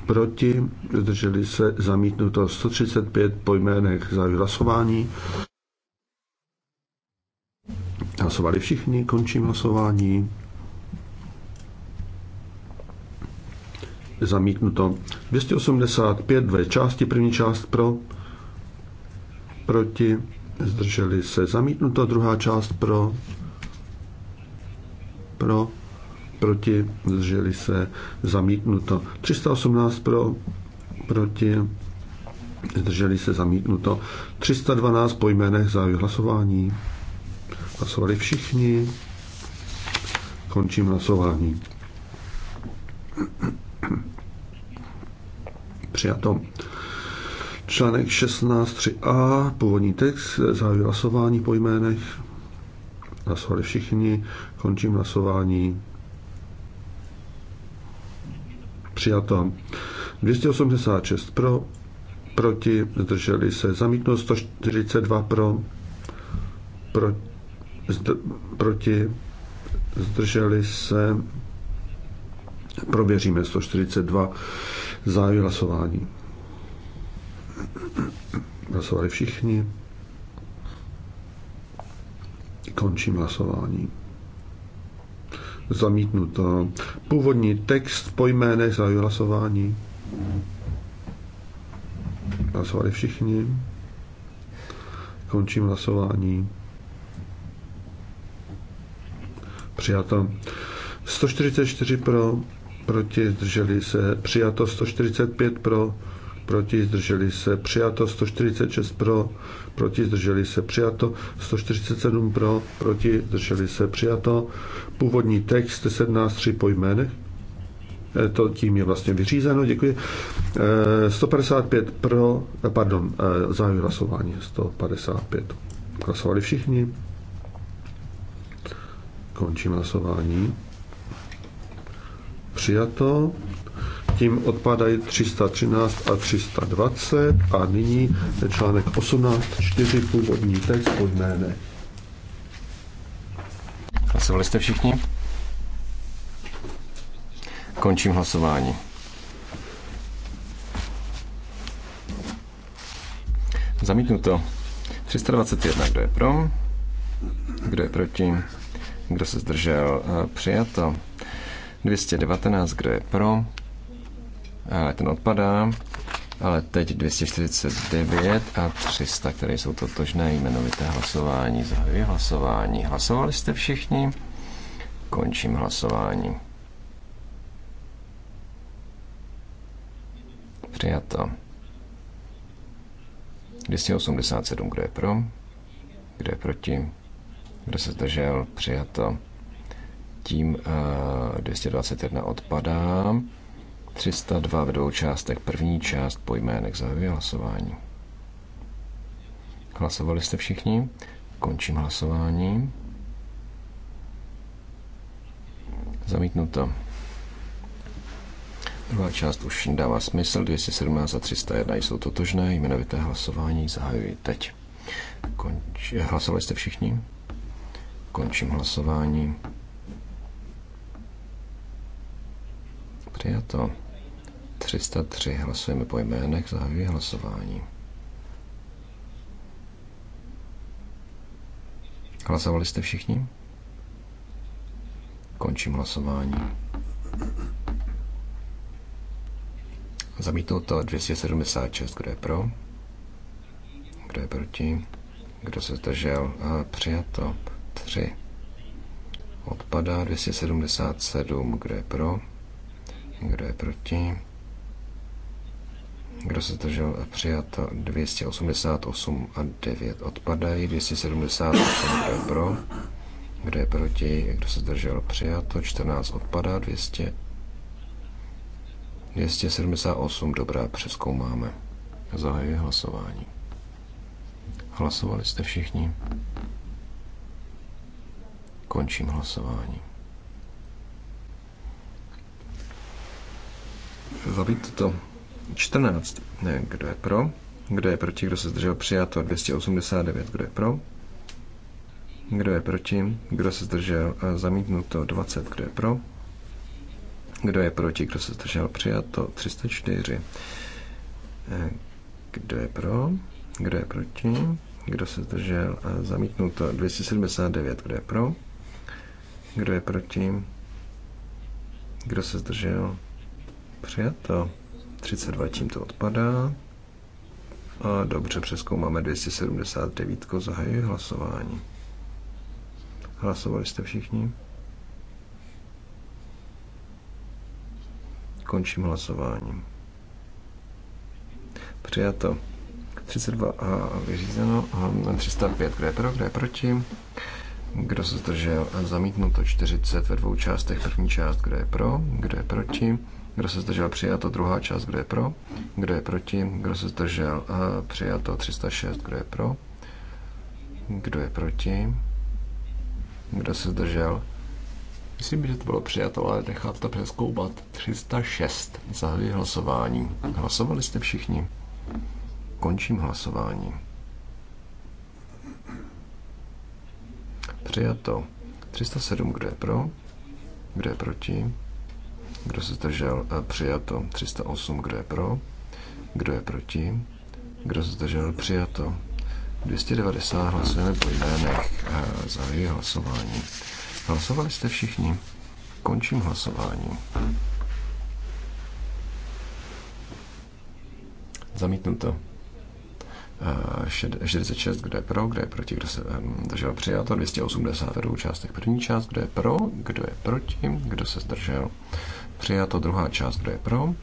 proti, zdrželi se, zamítnuto 135 po jménech za hlasování. Hlasovali všichni, končím hlasování. Zamítnuto 285 dvě části, první část pro, proti, zdrželi se, zamítnuto druhá část pro, pro, proti, zdrželi se, zamítnuto. 318 pro, proti, zdrželi se, zamítnuto. 312 po jménech za hlasování. Hlasovali všichni. Končím hlasování. Přijato. Článek 16.3a, původní text, závěr hlasování po jménech. Hlasovali všichni. Končím hlasování. Přijato. 286 pro, proti, zdrželi se. Zamítnuto 142 pro, pro zd, proti, zdrželi se. Prověříme 142 zájmy hlasování. Hlasovali všichni. Končím hlasování. Zamítnuto. Původní text po jménech zahajuji hlasování. Hlasovali všichni. Končím hlasování. Přijato. 144 pro, proti, zdrželi se. Přijato 145 pro, proti zdrželi se přijato, 146 pro, proti zdrželi se přijato, 147 pro, proti zdrželi se přijato, původní text 17.3 po jménech, e, to tím je vlastně vyřízeno, děkuji. 155 e, pro, e, pardon, zájem hlasování, 155. Hlasovali všichni. Končím hlasování. Přijato tím odpadají 313 a 320 a nyní článek čtyři původní text pod jméne. Hlasovali jste všichni? Končím hlasování. Zamítnuto. 321, kdo je pro? Kdo je proti? Kdo se zdržel? Eh, přijato. 219, kdo je pro? ale ten odpadá. Ale teď 249 a 300, které jsou totožné jmenovité hlasování. Zahajuji hlasování. Hlasovali jste všichni? Končím hlasování. Přijato. 287, kdo je pro? Kdo je proti? Kdo se zdržel? Přijato. Tím uh, eh, 221 odpadá. 302 v dvou částech. První část po jménech zahajuje hlasování. Hlasovali jste všichni? Končím hlasování. Zamítnuto. Druhá část už dává smysl. 217 a 301 jsou totožné. Jmenovité hlasování zahajuji teď. Konč... Hlasovali jste všichni? Končím hlasování. Přijato. 303. Hlasujeme po jménech, zahajuji hlasování. Hlasovali jste všichni? Končím hlasování. Zamítlo to 276. Kdo je pro? Kdo je proti? Kdo se zdržel? A přijato 3. Odpadá 277. Kdo je pro? Kdo je proti? Kdo se zdržel? přijat 288 a 9 odpadají. 278, kdo pro? Kdo je proti? Kdo se zdržel? Přijato 14 odpadá. 200. 278, dobrá, přeskoumáme. Zahajuji hlasování. Hlasovali jste všichni? Končím hlasování. Zabít to. 14. Ne, kdo je pro? Kdo je proti? Kdo se zdržel? Přijato. 289. Kdo je pro? Kdo je proti? Kdo se zdržel? Eh, zamítnuto. 20. Kdo je pro? Kdo je proti? Kdo se zdržel? Přijato. 304. Eh, kdo je pro? Kdo je proti? Kdo se zdržel? Eh, zamítnuto. 279. Kdo je pro? Kdo je proti? Kdo se zdržel? Přijato. 32 to odpadá. A dobře, přeskoumáme 279. Zahajuji hlasování. Hlasovali jste všichni? Končím hlasování. Přijato. 32 a vyřízeno. Hm, a 305, kdo je pro, kdo je proti? Kdo se zdržel? Zamítnuto 40 ve dvou částech. První část, kdo je pro, kdo je proti? Kdo se zdržel přijato? Druhá část. Kdo je pro? Kdo je proti? Kdo se zdržel eh, přijato? 306. Kdo je pro? Kdo je proti? Kdo se zdržel? Myslím, že to bylo přijato, ale nechám to přeskoumat. 306. Zahajuji hlasování. Hlasovali jste všichni. Končím hlasování. Přijato. 307, kdo je pro? Kdo je proti? Kdo se zdržel? Eh, přijato. 308. Kdo je pro? Kdo je proti? Kdo se zdržel? Přijato. 290. Hlasujeme po jménech. Eh, zahajuji hlasování. Hlasovali jste všichni? Končím hlasování. Zamítnuto. 46, eh, kdo je pro, kdo je proti, kdo se ehm, zdržel přijato, 280 ve dvou částech první část, kdo je pro, kdo je proti, kdo se zdržel Přijato druhá část, kdo je pro?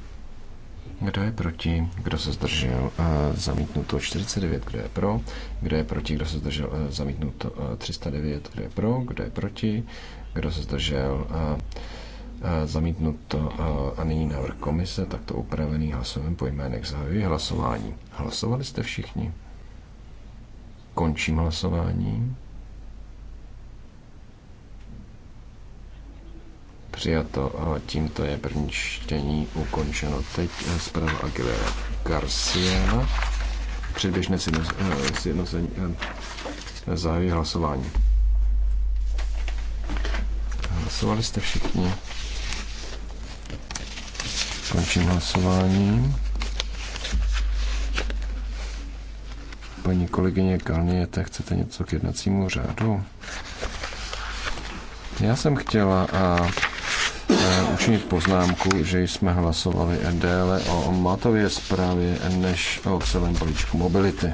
Kdo je proti? Kdo se zdržel? Eh, zamítnuto 49. Kdo je pro? Kdo je proti? Kdo se zdržel? Eh, zamítnuto 309. Eh, kdo je pro? Kdo je proti? Kdo se zdržel? Zamítnuto a nyní návrh komise, takto upravený hlasovým pojmenek zahajuje hlasování. Hlasovali jste všichni? Končím hlasování. Přijato. Tímto je první čtení ukončeno. Teď eh, zpráva Aguilera Garcia. Předběžné eh, sjednocení eh, zahájí hlasování. Hlasovali jste všichni. Končím hlasování. Paní kolegyně Kalniete, chcete něco k jednacímu řádu? Já jsem chtěla a Eh, učinit poznámku, že jsme hlasovali déle o matově zprávě než o celém balíčku mobility.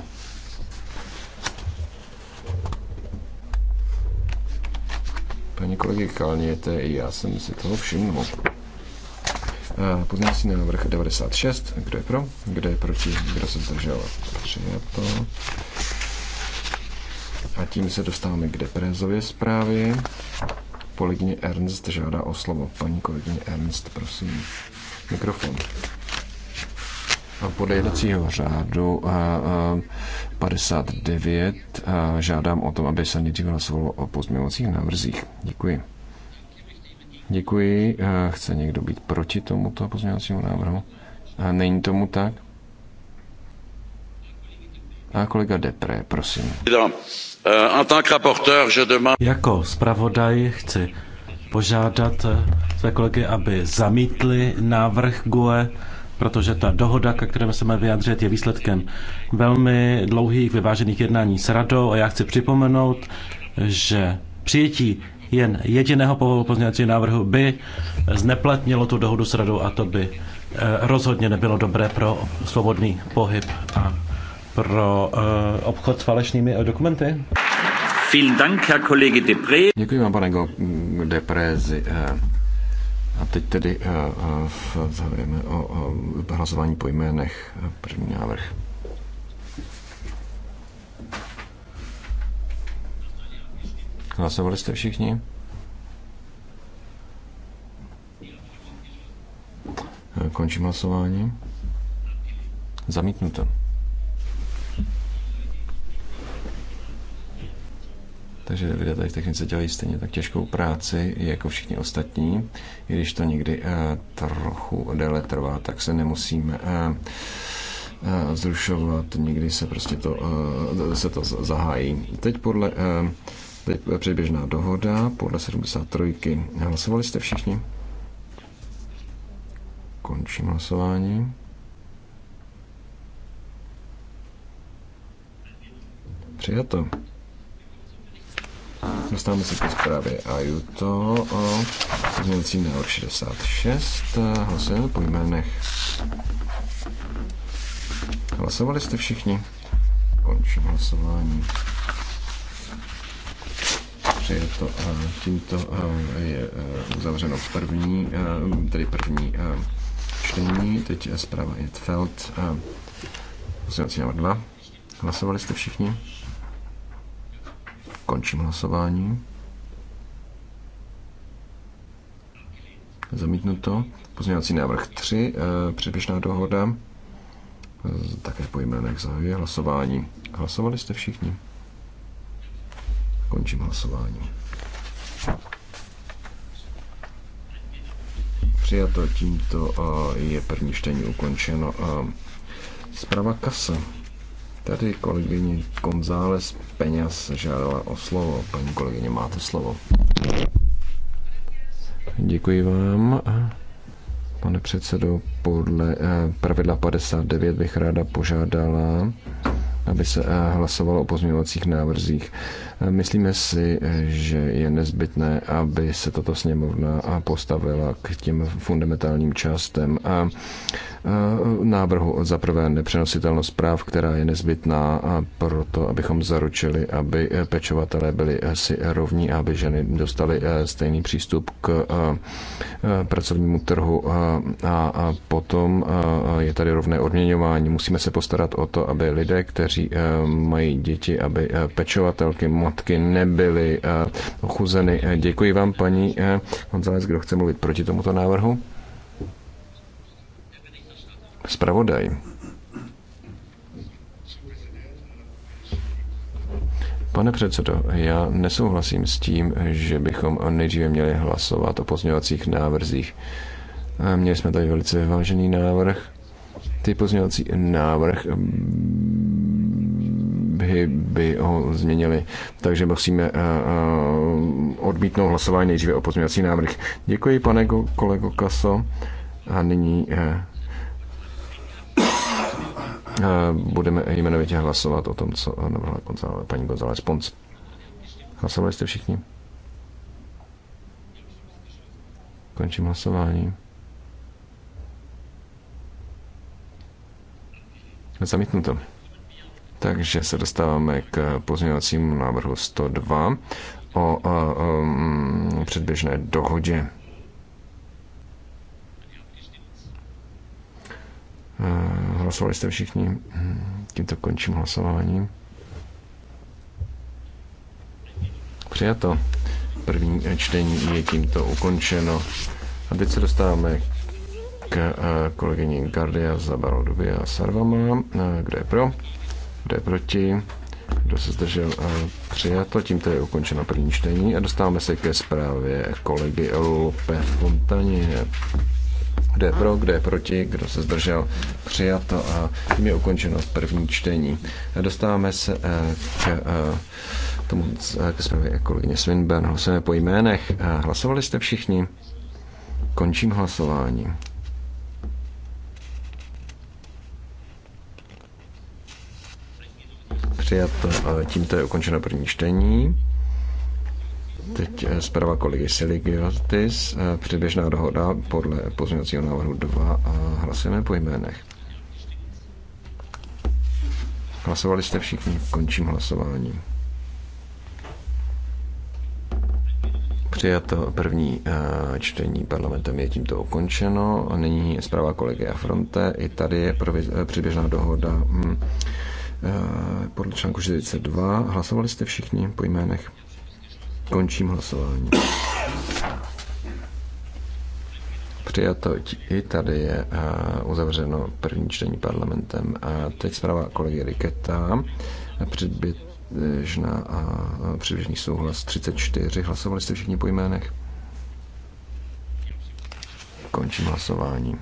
Paní kolegy Kalněte, já jsem si toho všiml. Eh, pozměňovací návrh 96. Kdo je pro? Kdo je proti? Kdo se zdržel? Přijato. A tím se dostáváme k deprézově zprávě kolegyně Ernst žádá o slovo. Paní kolegyně Ernst, prosím. Mikrofon. Podle jednacího řádu 59 žádám o tom, aby se nejdříve hlasovalo o pozměňovacích návrzích. Děkuji. Děkuji. Chce někdo být proti tomuto pozměňovacímu návrhu? Není tomu tak? A kolega Depré, prosím. Děkuji. Euh, jako zpravodaj chci požádat eh, své kolegy, aby zamítli návrh GUE, protože ta dohoda, ke které se máme vyjádřit, je výsledkem velmi dlouhých vyvážených jednání s radou a já chci připomenout, že přijetí jen jediného pozměňovacího návrhu by zneplatnilo tu dohodu s radou a to by eh, rozhodně nebylo dobré pro svobodný pohyb a pro eh, obchod s falešnými eh, dokumenty? Děkuji vám, pane Deprézi. Eh. A teď tedy zavedeme o hlasování po jménech první návrh. Hlasovali jste všichni? Končím hlasování. Zamítnuto. Takže lidé tady v technice dělají stejně tak těžkou práci jako všichni ostatní. I když to někdy eh, trochu déle trvá, tak se nemusíme eh, eh, zrušovat, někdy se prostě to, se to zahájí. Teď podle teď předběžná dohoda, podle 73. Hlasovali jste všichni? Končím hlasování. Přijato. Dostáváme se ke zprávě Ajuto o pozměňovací návrh 66. Hlasujeme po jménech. Hlasovali jste všichni? Končím hlasování. Přijeto a eh, tímto eh, je eh, uzavřeno první, tedy první čtení. Teď je zpráva Jedfeld. Pozměňovací návrh 2. Hlasovali jste všichni? Končím hlasování. Zamítnuto. Pozměňovací návrh 3, eh, předběžná dohoda. Také po jménech zahajuje hlasování. Hlasovali jste všichni? Končím hlasování. Přijato tímto je první čtení ukončeno. Zpráva kasa. Tady kolegyně González Peňas žádala o slovo. Paní kolegyně, máte slovo. Děkuji vám. Pane předsedo, podle eh, pravidla 59 bych ráda požádala, aby se eh, hlasovalo o pozměňovacích návrzích Myslíme si, eh, že je nezbytné, aby se tato sněmovna eh, postavila k těm fundamentálním částem a eh, návrhu za prvé nepřenositelnost práv, která je nezbytná pro to, abychom zaručili, aby pečovatelé byli si rovní, aby ženy dostaly stejný přístup k pracovnímu trhu a potom je tady rovné odměňování. Musíme se postarat o to, aby lidé, kteří mají děti, aby pečovatelky mohly matky nebyly eh, ochuzeny. Eh, děkuji vám, paní Honzalec, eh, kdo chce mluvit proti tomuto návrhu? Spravodaj. Pane předsedo, já nesouhlasím s tím, že bychom nejdříve měli hlasovat o pozměňovacích návrzích. Měli jsme tady velice vážený návrh. Ty pozměňovací návrh by, by ho změnili. Takže musíme eh, eh, odmítnout hlasování nejdříve o pozměňovací návrh. Děkuji, pane kolego Kaso. A nyní eh, budeme jmenovitě hlasovat o tom, co navrhla paní González Pons. Hlasovali jste všichni? Končím hlasování. Zamítnu to. Takže se dostáváme k pozměňovacímu návrhu 102 o, o, o um, předběžné dohodě. Eh, hlasovali jste všichni? Tímto končím hlasování. Přijato. První čtení je tímto ukončeno. A teď se dostáváme k eh, kolegyni Gardia Zabarodově a Sarvama. Eh, Kde je pro? Kdo je proti? Kdo se zdržel? Přijato. Tímto je ukončeno první čtení a dostáváme se ke zprávě kolegy Lope Fontaně. Kdo je pro, kdo je proti, kdo se zdržel, přijato a tím je ukončeno první čtení. Dostáváme se eh, k eh, tomu eh, k zprávě kolegyně Swinburne. Hlasujeme po jménech. Hlasovali jste všichni? Končím hlasování. přijato. Eh, tímto je ukončeno první čtení. Teď eh, zpráva kolegy Siligiotis, eh, předběžná dohoda podle pozměňovacího návrhu 2 a hlasujeme po jménech. Hlasovali jste všichni, končím hlasování. Přijato první čtení parlamentem je tímto ukončeno. Nyní zpráva kolegy Afronte. I tady je předběžná dohoda hm, Eh, podle článku 42. Hlasovali jste všichni po jménech? Končím hlasování. Přijato i tady je eh, uzavřeno první čtení parlamentem. A teď zpráva kolegy Riketa. Předběžná a eh, předběžný souhlas 34. Hlasovali jste všichni po jménech? Končím hlasování.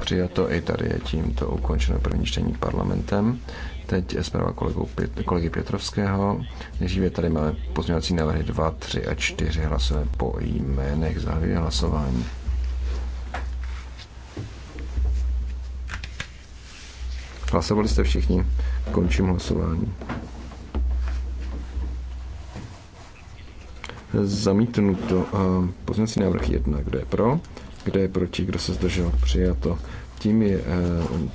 přijato. I tady je tímto ukončeno první čtení parlamentem. Teď je zpráva kolegu, kolegy Pětrovského. Nejdříve tady máme pozměňovací návrhy 2, 3 a 4. Hlasujeme po jménech. Zahajuji hlasování. Hlasovali jste všichni. Končím hlasování. Zamítnuto. Eh, pozměňovací návrh 1. Kdo je pro? Kdo je proti, kdo se zdržel? Přijato. Tím je eh,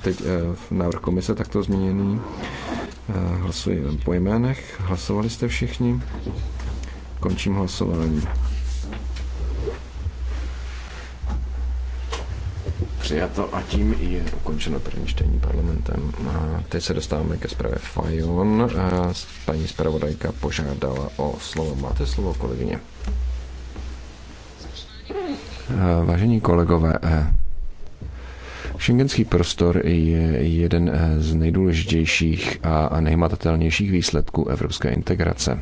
teď v eh, návrh komise takto změněný. Eh, hlasuji po jménech. Hlasovali jste všichni? Končím hlasování. přijato a tím je ukončeno první čtení parlamentem. A teď se dostáváme ke zprávě Fajon. Paní zpravodajka požádala o slovo. Máte slovo, kolegyně. Vážení kolegové, Schengenský eh, prostor je jeden eh, z nejdůležitějších a nejmatatelnějších výsledků evropské integrace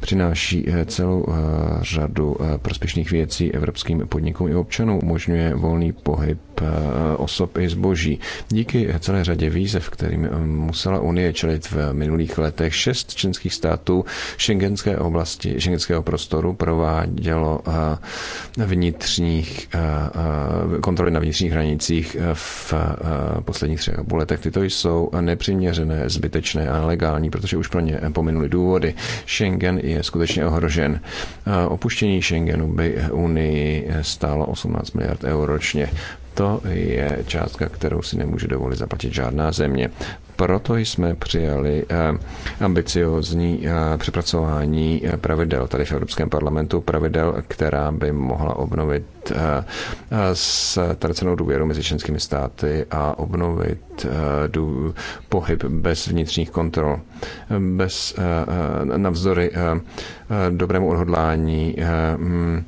přináší eh, celou eh, řadu eh, prospěšných věcí evropským podnikům i občanům, umožňuje volný pohyb osob i zboží. Díky celé řadě výzev, kterým musela Unie čelit v minulých letech, šest členských států šengenské oblasti, šengenského prostoru provádělo vnitřních kontroly na vnitřních hranicích v posledních třech letech. Tyto jsou nepřiměřené, zbytečné a nelegální, protože už pro ně pominuli důvody. Schengen Schengen je skutečně ohrožen. Eh, opuštění Schengenu by Unii stálo 18 miliard eur ročně. To je částka, kterou si nemůže dovolit zaplatit žádná země. Proto jsme přijali eh, ambiciozní eh, přepracování eh, pravidel tady v Evropském parlamentu, pravidel, která by mohla obnovit s tradicionou důvěru mezi členskými státy a obnovit pohyb bez vnitřních kontrol, bez navzdory dobrému odhodlání hm,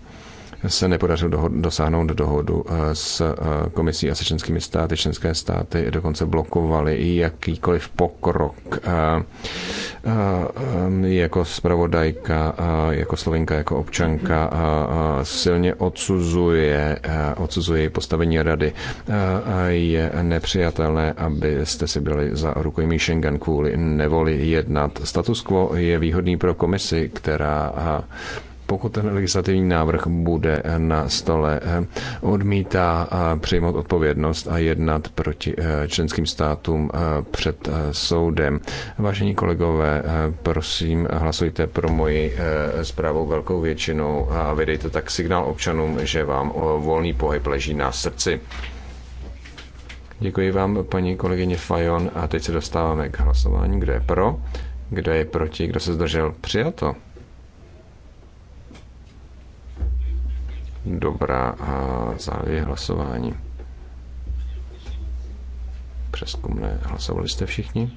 se nepodařilo dohod- dosáhnout dohodu eh, s eh, komisí a se členskými státy. Členské státy dokonce blokovaly i jakýkoliv pokrok. Eh, jako spravodajka, jako slovenka, jako občanka silně odsuzuje, odsuzuje postavení rady. Je nepřijatelné, abyste si byli za rukojmí Schengen kvůli nevoli jednat. Status quo je výhodný pro komisi, která pokud ten legislativní návrh bude na stole, eh, odmítá eh, přijmout odpovědnost a jednat proti eh, členským státům před soudem. Vážení kolegové, prosím, hlasujte pro moji zprávu velkou většinou a vydejte tak signál občanům, že vám volný pohyb leží na srdci. Děkuji vám, paní kolegyně Fajon, a teď se dostáváme k hlasování. Kdo je pro? Kdo je proti? Kdo se zdržel? Přijato. Dobrá, a závěr hlasování. Přeskumné. Hlasovali jste všichni?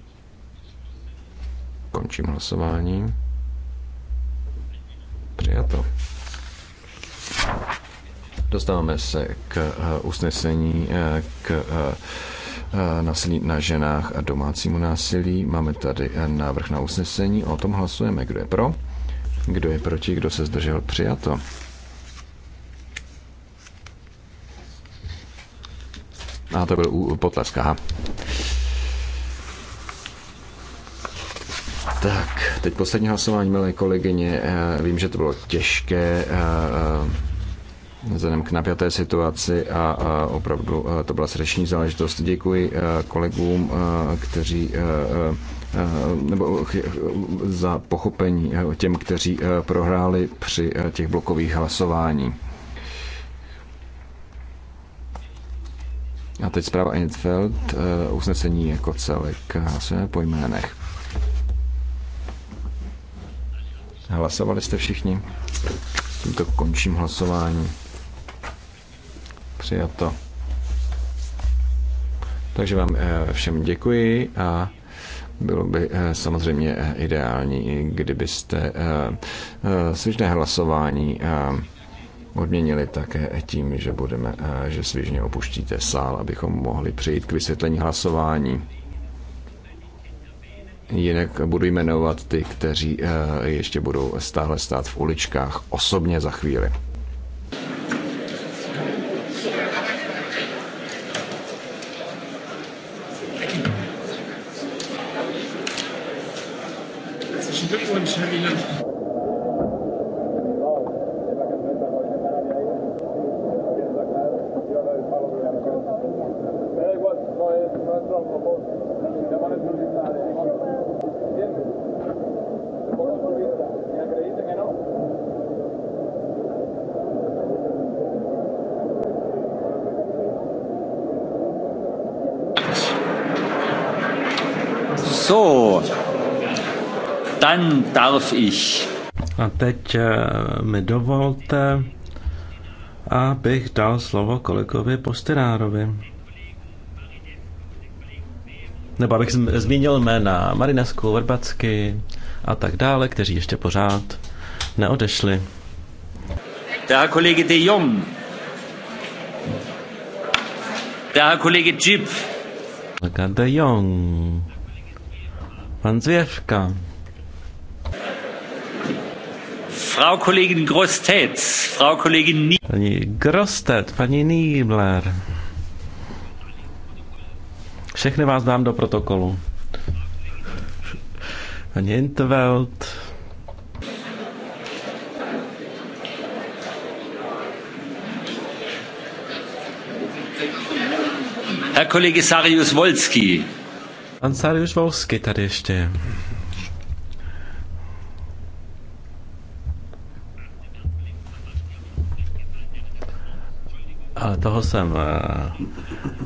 Končím hlasování. Přijato. Dostáváme se k eh, usnesení, eh, k eh, násilí na ženách a domácímu násilí. Máme tady návrh na usnesení, o tom hlasujeme. Kdo je pro? Kdo je proti? Kdo se zdržel? Přijato. A to byl potlesk, aha. Tak, teď poslední hlasování, milé kolegyně. Eh, vím, že to bylo těžké eh, eh, vzhledem k napjaté situaci a, a opravdu a to byla srdeční záležitost. Děkuji kolegům, kteří nebo za pochopení těm, kteří prohráli při těch blokových hlasování. A teď zpráva Einfeld, eh, usnesení jako celek, hlasujeme po jménech. Hlasovali jste všichni? Tímto končím hlasování. Přijato. Takže vám eh, všem děkuji a bylo by eh, samozřejmě ideální, kdybyste svižné hlasování odměnili také tím, že, budeme, eh, že svižně opuštíte sál, abychom mohli přejít k vysvětlení hlasování. Jinak budu jmenovat ty, kteří eh, ještě budou stále stát v uličkách osobně za chvíli. darf ich. A teď eh, mi dovolte, abych dal slovo kolegovi Posterárovi. Nebo abych zmínil jména Marinesku, Vrbacky a tak dále, kteří ještě pořád neodešli. Der Kollege de Jong. Der Kollege Jeep. Kolega de Jong. Pan Zvěvka. Frau Kollegin Grostetz, Frau Kollegin Nie Paní Grostet, paní Niebler. Všechny vás dám do protokolu. Paní Intveld. Herr Kollege Sarius Wolski. Pan Sarius Wolski tady ještě. toho jsem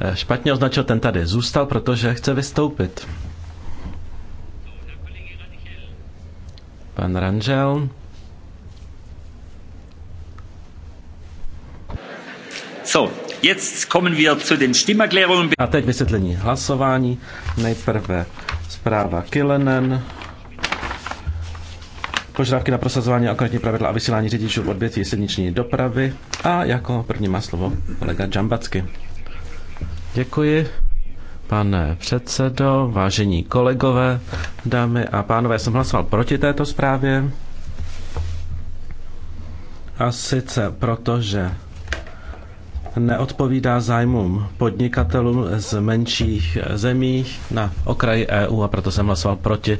eh, špatně označil, ten tady zůstal, protože chce vystoupit. Pan Rangel. So, jetzt kommen wir zu den Stimmerklärungen. A teď vysvětlení hlasování. Nejprve zpráva Kilenen požadavky na prosazování a konkrétní pravidla a vysílání řidičů v odvětví silniční dopravy. A jako první má slovo kolega Džambacky. Děkuji, pane předsedo, vážení kolegové, dámy a pánové, jsem hlasoval proti této zprávě. A sice proto, že neodpovídá zájmům podnikatelům z menších zemí na okraji EU a proto jsem hlasoval proti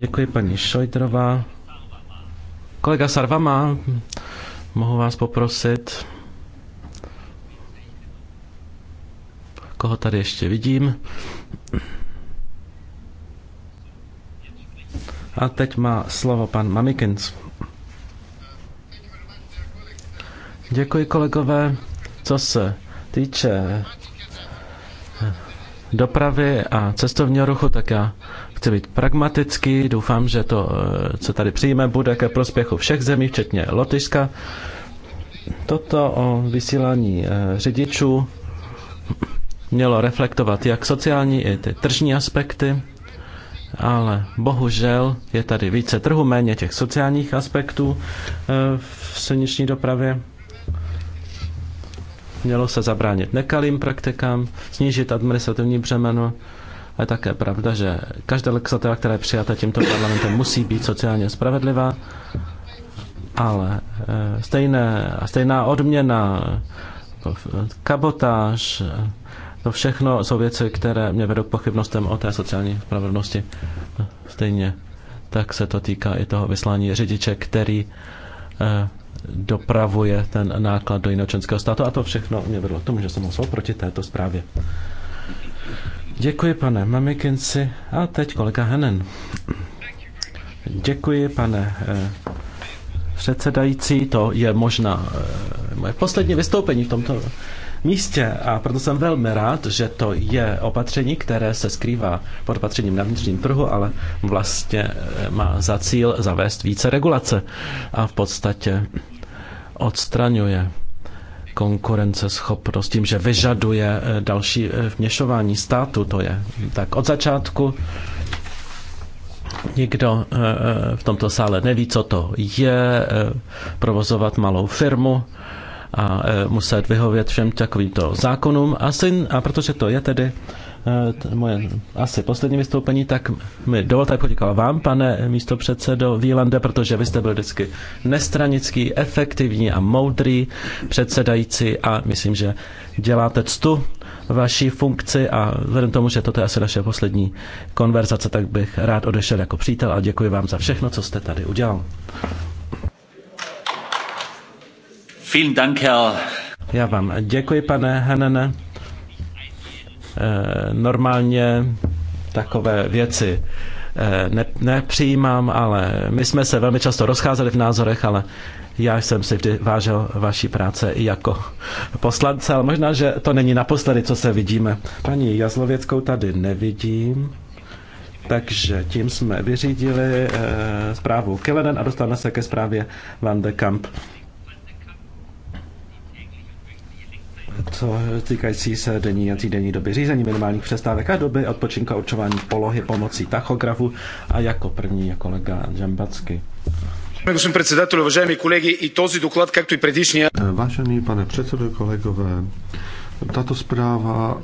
Děkuji paní Šojdrová. Kolega Sarvama, mohu vás poprosit, koho tady ještě vidím. A teď má slovo pan Mamikins. Děkuji kolegové. Co se týče dopravy a cestovního ruchu, tak já chci být pragmatický. Doufám, že to, eh, co tady přijme, bude ke prospěchu všech zemí, včetně Lotyšska. Toto o vysílání eh, řidičů mělo reflektovat jak sociální, i ty tržní aspekty, ale bohužel je tady více trhu, méně těch sociálních aspektů eh, v silniční dopravě. Mělo se zabránit nekalým praktikám, snížit administrativní břemeno, a je také pravda, že každá legislativa, která je přijata tímto parlamentem, musí být sociálně spravedlivá, ale eh, stejné, stejná odměna, kabotáž, to všechno jsou věci, které mě vedou k pochybnostem o té sociální spravedlnosti. Stejně tak se to týká i toho vyslání řidiče, který eh, dopravuje ten náklad do jiného členského státu a to všechno mě vedlo k tomu, že jsem hlasoval proti této zprávě. Děkuji, pane Mamikinci. A teď kolega Henen. Děkuji, pane eh, předsedající. To je možná eh, moje poslední vystoupení v tomto místě a proto jsem velmi rád, že to je opatření, které se skrývá pod opatřením na vnitřním trhu, ale vlastně eh, má za cíl zavést více regulace a v podstatě odstraňuje konkurenceschopnost tím, že vyžaduje eh, další eh, vměšování státu. To je tak od začátku Nikdo v tomto sále neví, co to je provozovat malou firmu a e, muset vyhovět všem takovýmto zákonům. A, syn, a protože to je tedy e, moje asi poslední vystoupení, tak mi dovolte poděkovat vám, pane místo předsedo Výlande, protože vy jste byl vždycky nestranický, efektivní a moudrý předsedající a myslím, že děláte ctu vaší funkci a vzhledem tomu, že toto je asi naše poslední konverzace, tak bych rád odešel jako přítel a děkuji vám za všechno, co jste tady udělal. Vielen Dank, Herr. Já vám děkuji, pane Henene. Eh, normálně takové věci eh, ne, nepřijímám, ale my jsme se velmi často rozcházeli v názorech, ale já jsem si vždy vážil vaší práce i jako poslance, ale možná, že to není naposledy, co se vidíme. Paní Jazlověckou tady nevidím, takže tím jsme vyřídili eh, zprávu Kilenen a dostaneme se ke zprávě Van de Kamp. to týkající se denní a týdenní doby řízení minimálních přestávek a doby odpočinku určování polohy pomocí tachografu a jako první je kolega Žambacky. Vážený pane předsedo, kolegové, tato zpráva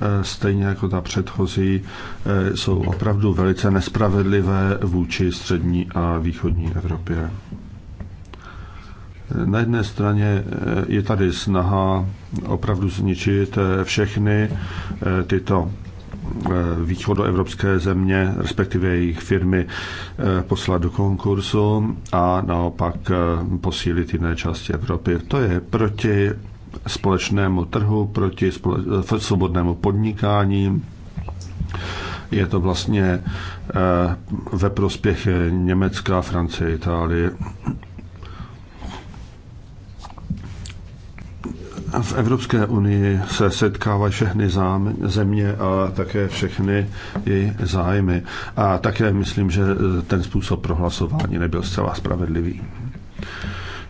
e, stejně jako ta předchozí, e, jsou opravdu velice nespravedlivé vůči střední a východní Evropě. Na jedné straně eh, je tady snaha opravdu zničit eh, všechny eh, tyto východoevropské země, respektive jejich firmy, poslat do konkursu a naopak posílit jiné části Evropy. To je proti společnému trhu, proti svobodnému podnikání. Je to vlastně ve prospěch Německa, Francie, Itálie V Evropské unii se setkávají všechny země a také všechny její zájmy. A také myslím, že ten způsob prohlasování nebyl zcela spravedlivý.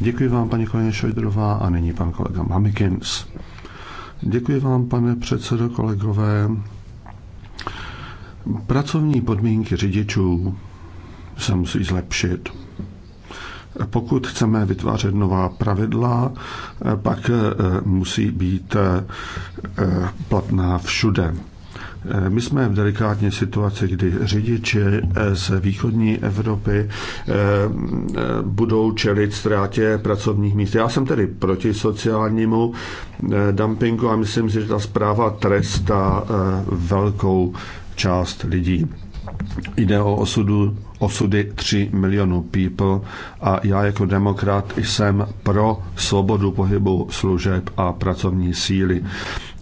Děkuji vám, paní kolegyně Šojdrová, a nyní pan kolega Mamikins. Děkuji vám, pane předsedo, kolegové. Pracovní podmínky řidičů se musí zlepšit. Pokud chceme vytvářet nová pravidla, pak eh, musí být eh, platná všude. Eh, my jsme v delikátní situaci, kdy řidiči eh, z východní Evropy eh, budou čelit ztrátě pracovních míst. Já jsem tedy proti sociálnímu dumpingu a myslím si, že ta zpráva trestá velkou část lidí. Jde o osudu, osudy 3 milionů people a já jako demokrat jsem pro svobodu pohybu služeb a pracovní síly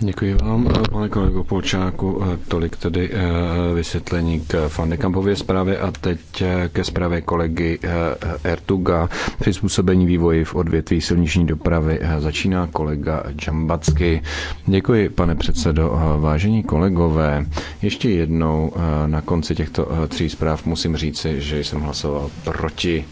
Děkuji vám, eh, pane kolego Polčáku. Eh, tolik tedy eh, vysvětlení k Fandekampově zprávě a teď ke zprávě kolegy Ertuga. Přizpůsobení vývoji v odvětví silniční dopravy začíná kolega Džambacky. Děkuji, pane předsedo. Vážení kolegové, ještě jednou na konci těchto tří zpráv musím říci, že jsem hlasoval proti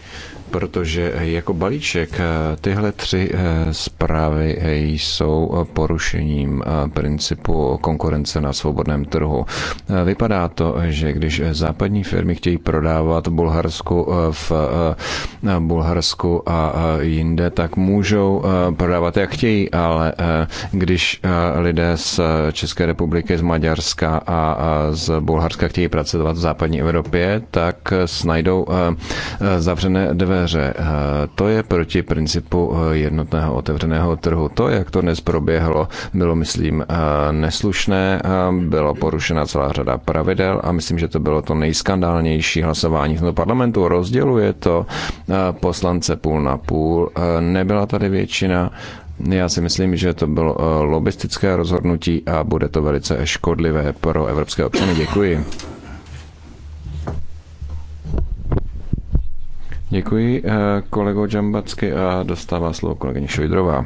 protože eh, jako balíček eh, tyhle tři eh, zprávy jsou porušením principu konkurence na svobodném trhu. Vypadá to, že když západní firmy chtějí prodávat Bulharsku v Bulharsku a jinde, tak můžou prodávat jak chtějí, ale když lidé z České republiky, z Maďarska a z Bulharska chtějí pracovat v západní Evropě, tak snajdou zavřené dveře partneře. Eh, to je proti principu eh, jednotného otevřeného trhu. To, jak to dnes proběhlo, bylo, myslím, eh, neslušné, byla porušena celá řada pravidel a myslím, že to bylo to nejskandálnější hlasování v tomto parlamentu. Rozděluje to poslance půl na půl. Nebyla tady většina, já si myslím, že to bylo lobistické rozhodnutí a bude to velice škodlivé pro evropské občany. Děkuji. Děkuji eh, kolego Džambacky a dostává slovo kolegyně Šojdrová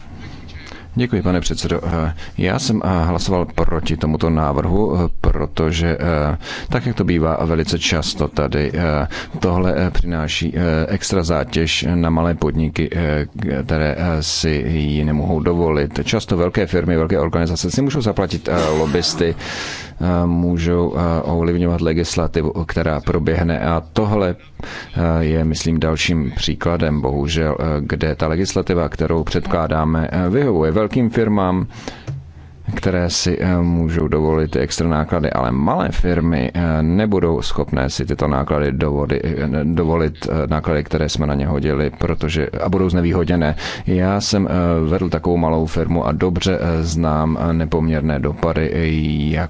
Děkuji, pane předsedo. Eh, já jsem eh, hlasoval proti tomuto návrhu, eh, protože tak, jak to bývá velice často tady, tohle přináší extra zátěž na malé podniky, které si ji nemohou dovolit. Často velké firmy, velké organizace si můžou zaplatit lobbysty můžou ovlivňovat legislativu, která proběhne. A tohle je, myslím, dalším příkladem, bohužel, kde ta legislativa, kterou předkládáme, vyhovuje velkým firmám, které si můžou dovolit extra náklady, ale malé firmy nebudou schopné si tyto náklady dovody, dovolit, náklady, které jsme na ně hodili, protože a budou znevýhodněné. Já jsem vedl takovou malou firmu a dobře znám nepoměrné dopady, jak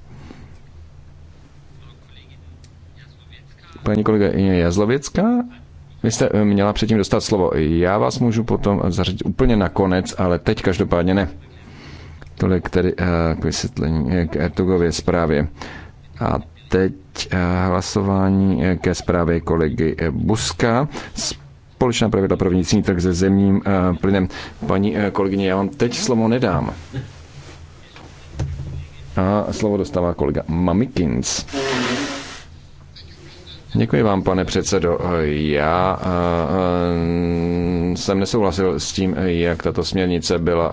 paní kolega Jazlovická, vy jste eh, měla předtím dostat slovo. Já vás můžu potom zařadit úplně na konec, ale teď každopádně ne. Tolik tedy eh, k vysvětlení, eh, k Ertugově zprávě. A teď hlasování ke zprávě kolegy Buska. Společná pravidla pro vnitřní trh se zemním plynem. Paní kolegyně, já vám teď slovo nedám. A slovo dostává kolega Mamikins. Mm-hmm. Děkuji vám, pane předsedo. Já eh, eh, jsem nesouhlasil s tím, jak tato směrnice byla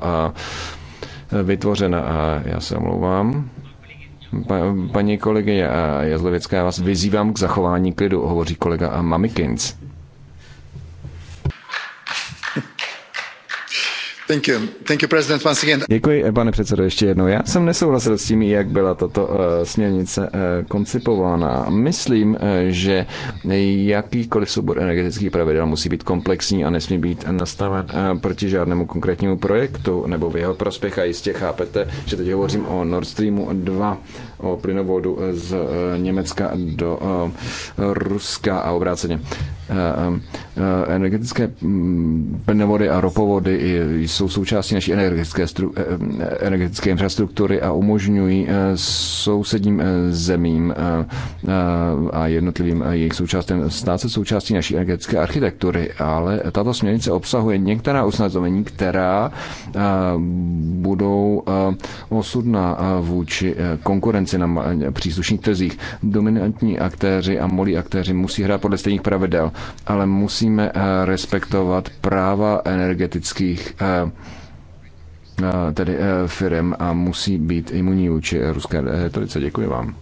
eh, vytvořena. Já se omlouvám. Paní kolegyně Jazlovická, já vás vyzývám k zachování klidu, hovoří kolega Mamikins. Thank you. Thank you, president, once again. Děkuji, eh, pane předsedo, ještě jednou. Já jsem nesouhlasil s tím, jak byla tato uh, směrnice uh, koncipována. Myslím, uh, že jakýkoliv soubor energetických pravidel musí být komplexní a nesmí být nastaven uh, proti žádnému konkrétnímu projektu nebo v jeho prospěch. A jistě chápete, že teď hovořím o Nord Streamu 2, o plynovodu z uh, Německa do uh, Ruska a obráceně. Eh, eh, eh, energetické mm, plynovody a ropovody jsou součástí naší energetické, stru, energetické infrastruktury a umožňují sousedním zemím a jednotlivým jejich součástem stát se součástí naší energetické architektury. Ale tato směrnice obsahuje některá usnadnění, která budou osudná vůči konkurenci na příslušných trzích. Dominantní aktéři a molí aktéři musí hrát podle stejných pravidel ale musíme eh, respektovat práva energetických eh, eh, tedy firm a musí být imunní vůči ruské retorice. Děkuji vám.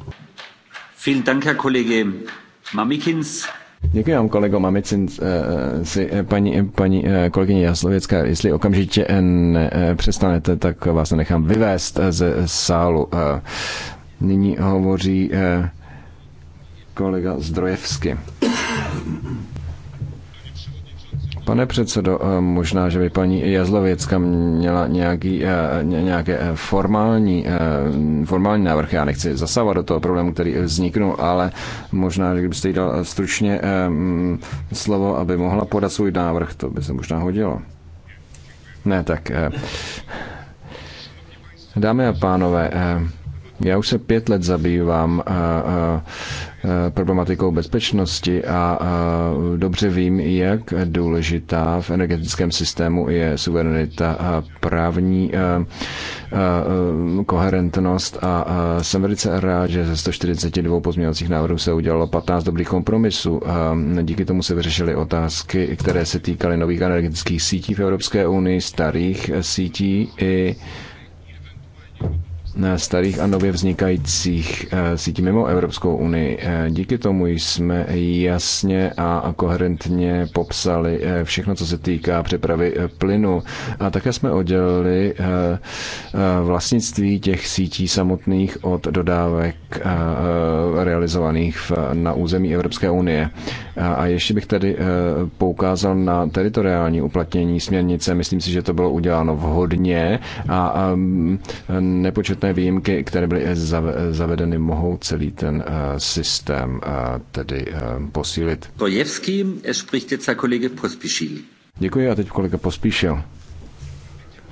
Vielen Dank, Herr Kollege Mamikins. Děkuji vám, kolego Mamicin, si, paní, paní kolegyně Jaslověcká, jestli okamžitě přestanete, tak vás nechám vyvést ze sálu. Nyní hovoří kolega Zdrojevsky. Pane předsedo, eh, možná, že by paní Jazlověcka měla nějaký, eh, nějaké eh, formální, formální návrh. Já nechci zasávat do toho problému, který vzniknul, ale možná, že kdybyste jí dal stručně mm, slovo, aby mohla podat svůj návrh, to by se možná hodilo. Ne, tak. Dámy a pánové, já už se pět let zabývám eh, eh, eh, problematikou bezpečnosti a dobře vím, jak důležitá v energetickém systému je suverenita a právní koherentnost a jsem velice rád, že ze 142 pozměňovacích návrhů se udělalo 15 dobrých kompromisů. Díky tomu se vyřešily otázky, které se týkaly nových energetických sítí v Evropské unii, starých sítí i Eh, starých a nově vznikajících eh, sítí mimo Evropskou unii. Eh, díky tomu jsme jasně a koherentně popsali všechno, co se týká přepravy plynu a také jsme oddělili vlastnictví těch sítí samotných od dodávek realizovaných na území Evropské unie. A ještě bych tady poukázal na teritoriální uplatnění směrnice. Myslím si, že to bylo uděláno vhodně a mm, nepočetné samotné výjimky, které byly zavedeny, mohou celý ten eh, systém eh, tedy eh, posílit. Děkuji a teď kolega Pospíšil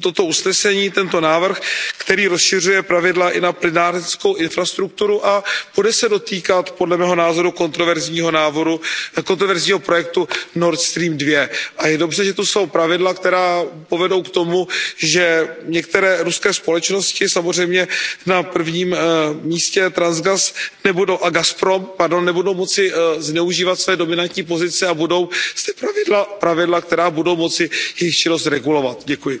toto usnesení tento návrh který rozšiřuje pravidla i na plynárenskou infrastrukturu a bude se dotýkat podle mého názoru kontroverzního projektu nord stream two a je dobře že tu jsou pravidla která povedou k tomu že některé ruské společnosti samozřejmě na prvním eh, místě transgas a gazprom nebudou moci eh, zneužívat své dominantní pozice a budou zde pravidla která budou moci jejich činnost regulovat. děkuji.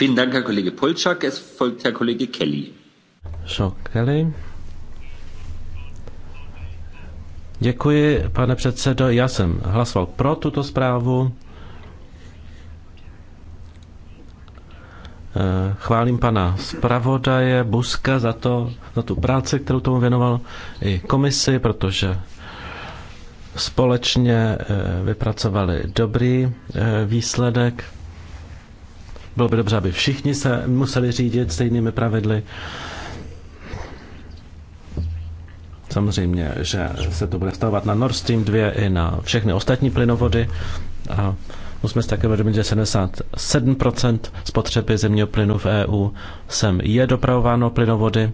Vielen Dank, Herr Kollege Es folgt Herr Kollege Kelly. Kelly. Děkuji, pane předsedo. Já jsem hlasoval pro tuto zprávu. Eh, chválím pana zpravodaje Buska za, to, za tu práci, kterou tomu věnoval i komisi, protože společně eh, vypracovali dobrý eh, výsledek. Bylo by dobře, aby všichni se museli řídit stejnými pravidly. Samozřejmě, že se to bude vztahovat na Nord Stream 2 i na všechny ostatní plynovody. A musíme si také vědomit, že 77% spotřeby zemního plynu v EU sem je dopravováno plynovody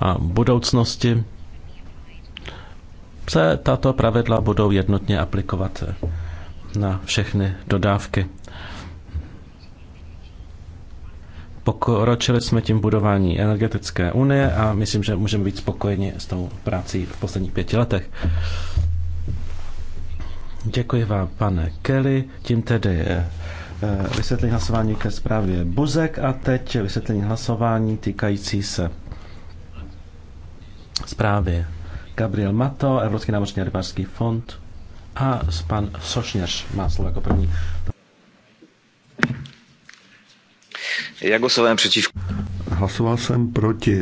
a v budoucnosti se tato pravidla budou jednotně aplikovat na všechny dodávky. Pokročili jsme tím budování energetické unie a myslím, že můžeme být spokojeni s tou prací v posledních pěti letech. Děkuji vám, pane Kelly. Tím tedy je eh, eh, vysvětlení hlasování ke zprávě Buzek a teď vysvětlení hlasování týkající se zprávy Gabriel Mato, Evropský námořní a rybářský fond a pan Sošněř má slovo jako první. Já głosowałem přečív. Hlasoval jsem proti.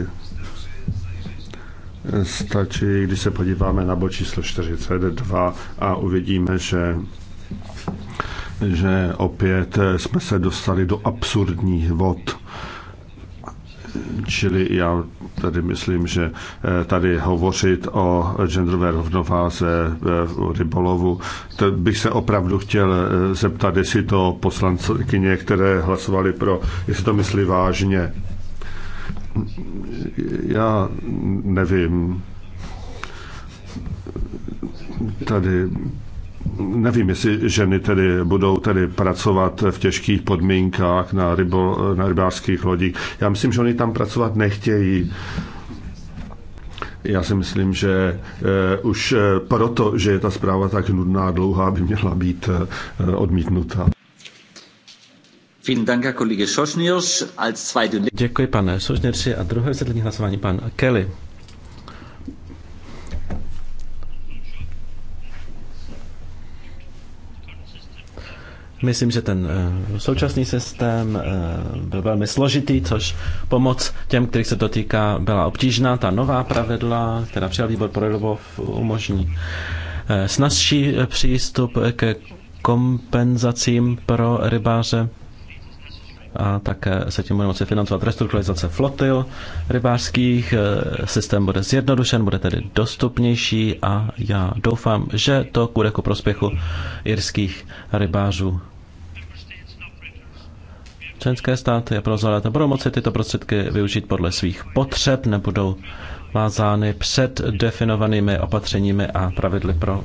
Stačí, když se podíváme na bod číslo 42 a uvidíme, že že opět jsme se dostali do absurdních vod Čili já tady myslím, že eh, tady hovořit o genderové rovnováze v eh, rybolovu, to bych se opravdu chtěl eh, zeptat, jestli to poslankyně, které hlasovali pro, jestli to myslí vážně. Já nevím. Tady nevím, jestli ženy tedy budou tedy pracovat v těžkých podmínkách na, rybo, na rybářských lodích. Já myslím, že oni tam pracovat nechtějí. Já si myslím, že eh, už eh, proto, že je ta zpráva tak nudná a dlouhá, by měla být eh, odmítnuta. Děkuji, pane Sošněrci. A druhé vysvětlení hlasování, pan Kelly. Myslím, že ten eh, současný systém eh, byl velmi složitý, což pomoc těm, kterých se to týká, byla obtížná. Ta nová pravidla, která přijal výbor pro Lvov, umožní eh, snazší přístup ke kompenzacím pro rybáře a také se tím bude moci financovat restrukturalizace flotil rybářských. E, systém bude zjednodušen, bude tedy dostupnější a já doufám, že to bude ku prospěchu irských rybářů. Členské státy a prozoráta budou moci tyto prostředky využít podle svých potřeb, nebudou vázány před definovanými opatřeními a pravidly pro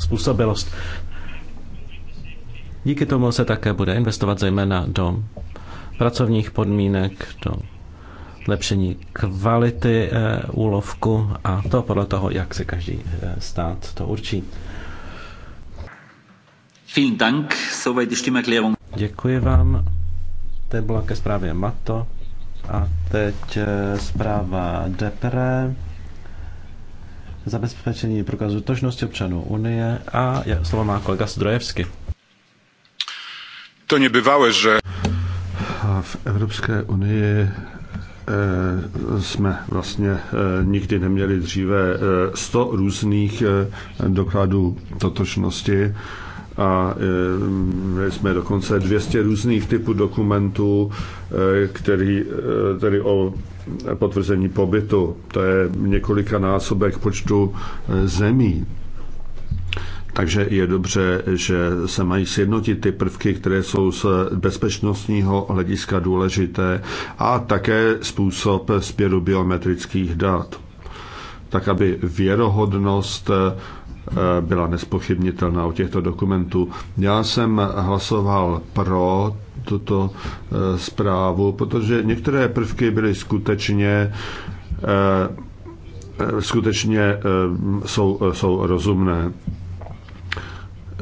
způsobilost. Díky tomu se také bude investovat zejména do pracovních podmínek, do lepšení kvality eh, úlovku a to podle toho, jak se každý eh, stát to určí. Vielen Dank, soweit die Stimmerklärung. Děkuji vám. To byla ke zprávě Mato. A teď eh, zpráva Depre. Zabezpečení prokazu tožnosti občanů Unie a slovo má kolega Zdrojevsky. To niebywałe, že... V Evropské unii eh, jsme vlastně eh, nikdy neměli dříve 100 eh, různých dokladů totožnosti a měli jsme dokonce 200 různých typů dokumentů, který tedy o potvrzení pobytu. To je několika násobek počtu zemí. Takže je dobře, že se mají sjednotit ty prvky, které jsou z bezpečnostního hlediska důležité a také způsob sběru biometrických dat. Tak, aby věrohodnost eh, byla nespochybnitelná u těchto dokumentů. Já jsem hlasoval pro tuto eh, zprávu, protože některé prvky byly skutečně eh, skutečně jsou, jsou rozumné.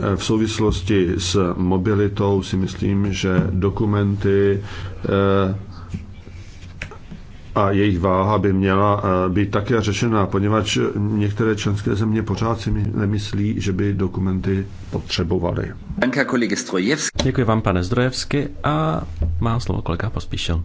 Eh, v souvislosti s mobilitou si myslím, že dokumenty eh, a jejich váha by měla eh, být také řešena, poněvadž některé členské země pořád si nemyslí, že by dokumenty potřebovaly. Děkuji vám, pane Zdrojevsky, a má slovo kolega Pospíšil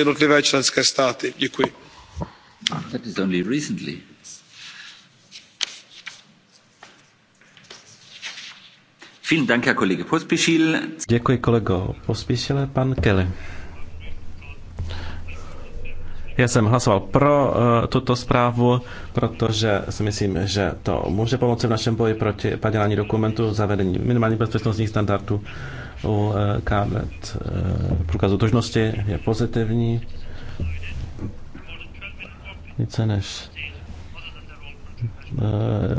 jednotlivé členské státy. děkuji. Děkuji kolego Pospíšile, pan Kelly. Já jsem hlasoval pro uh, tuto zprávu, protože si myslím, že to může pomoci v našem boji proti padělání dokumentů, zavedení minimálních bezpečnostních standardů u eh, KMET eh, průkazu tožnosti je pozitivní. Více než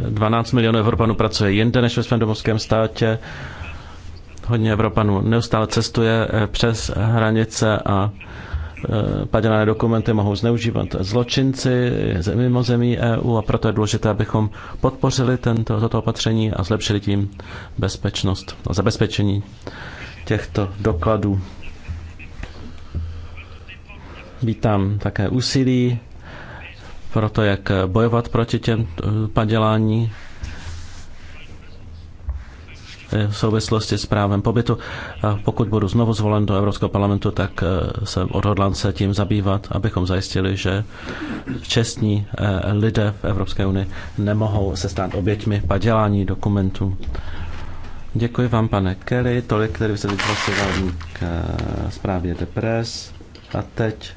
12 eh, milionů Evropanů pracuje jinde než ve svém domovském státě. Hodně Evropanů neustále cestuje přes hranice a Eh, padělané dokumenty mohou zneužívat zločinci mimo zemí EU a proto je důležité, abychom podpořili tento, toto opatření a zlepšili tím bezpečnost a zabezpečení těchto dokladů. Vítám také úsilí pro to, jak bojovat proti těm eh, padělání v souvislosti s právem pobytu. A pokud budu znovu zvolen do Evropského parlamentu, tak e, jsem odhodlán se tím zabývat, abychom zajistili, že čestní e, lidé v Evropské unii nemohou se stát oběťmi padělání dokumentů. Děkuji vám, pane Kelly. Tolik, který se vyprosoval k e, zprávě Depres. A teď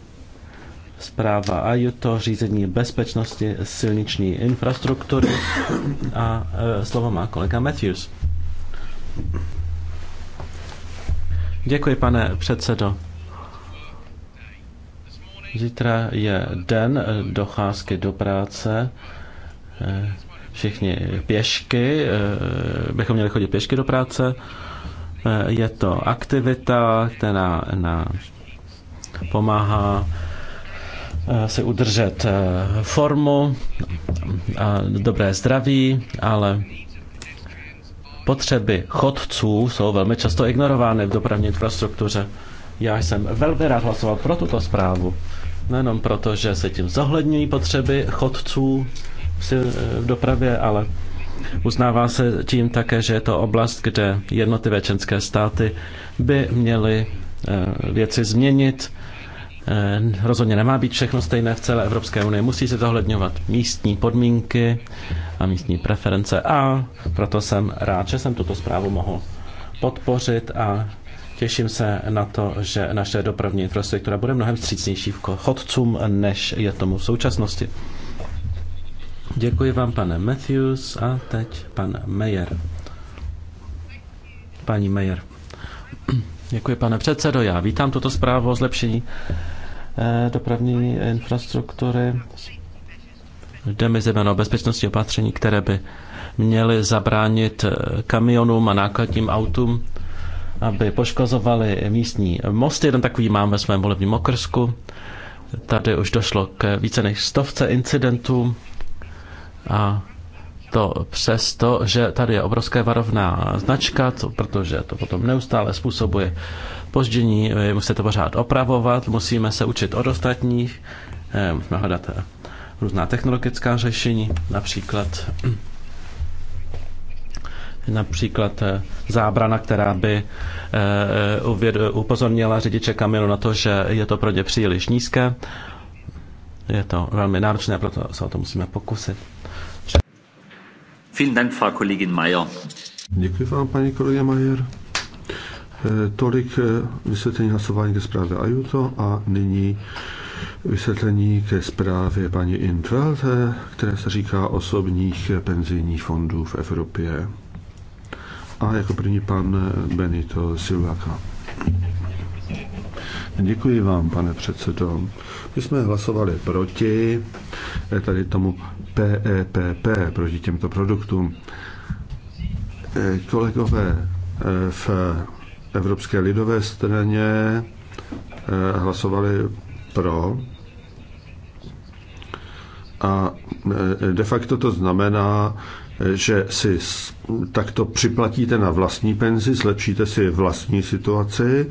zpráva AJUTO, řízení bezpečnosti silniční infrastruktury. A slovo má kolega Matthews. Děkuji, pane předsedo. Zítra je den docházky do práce. Všichni pěšky, bychom měli chodit pěšky do práce. Je to aktivita, která na, pomáhá eh, si udržet eh, formu a dobré zdraví, ale Potřeby chodců jsou velmi často ignorovány v dopravní infrastruktuře. Já jsem velmi rád hlasoval pro tuto zprávu. Nejenom proto, že se tím zohledňují potřeby chodců v dopravě, ale uznává se tím také, že je to oblast, kde jednotlivé členské státy by měly eh, věci změnit Eh, rozhodně nemá být všechno stejné v celé Evropské unii. Musí se zohledňovat místní podmínky a místní preference a proto jsem rád, že jsem tuto zprávu mohl podpořit a těším se na to, že naše dopravní infrastruktura bude mnohem střícnější v chodcům, než je tomu v současnosti. Děkuji vám, pane Matthews, a teď pan Mayer. Paní Mayer. Děkuji, pane předsedo. Já vítám tuto zprávu o zlepšení Eh, dopravní infrastruktury. Jde mi zejména o bezpečnostní opatření, které by měly zabránit eh, kamionům a nákladním autům, aby poškozovali místní most. Jeden takový mám ve svém volebním okrsku. Tady už došlo k více než stovce incidentů a to přesto, že tady je obrovská varovná značka, co, protože to potom neustále způsobuje poždění, eh, musíte to pořád opravovat, musíme se učit od ostatních, eh, musíme hledat eh, různá technologická řešení, například například zábrana, která by upozornila řidiče kamionu na to, že je to pro ně příliš nízké. Je to velmi náročné, proto se o to musíme pokusit. Vielen Dank, Frau Kollegin Mayer. Děkuji vám, paní kolegyně Mayer. Eh, tolik eh, vysvětlení hlasování ke zprávě Ajuto a nyní vysvětlení ke zprávě paní Intveld, eh, které se říká osobních penzijních fondů v Evropě. A jako první pan Benito Silvaka. Děkuji vám, pane předsedo. My jsme hlasovali proti tady tomu PEPP e proti těmto produktům. E, kolegové e, v Evropské lidové straně hlasovali pro a de facto to znamená, že si takto připlatíte na vlastní penzi, zlepšíte si vlastní situaci,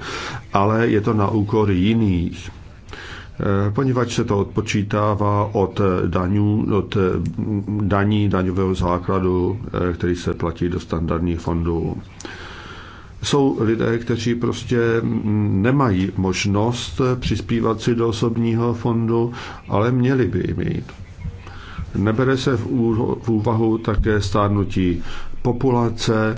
ale je to na úkor jiných. Eh, poněvadž se to odpočítává od, daňů, od mm, daní, daňového základu, eh, který se platí do standardních fondů. Jsou lidé, kteří prostě mm, nemají možnost přispívat si do osobního fondu, ale měli by ji mít. Nebere se v úvahu také stárnutí populace,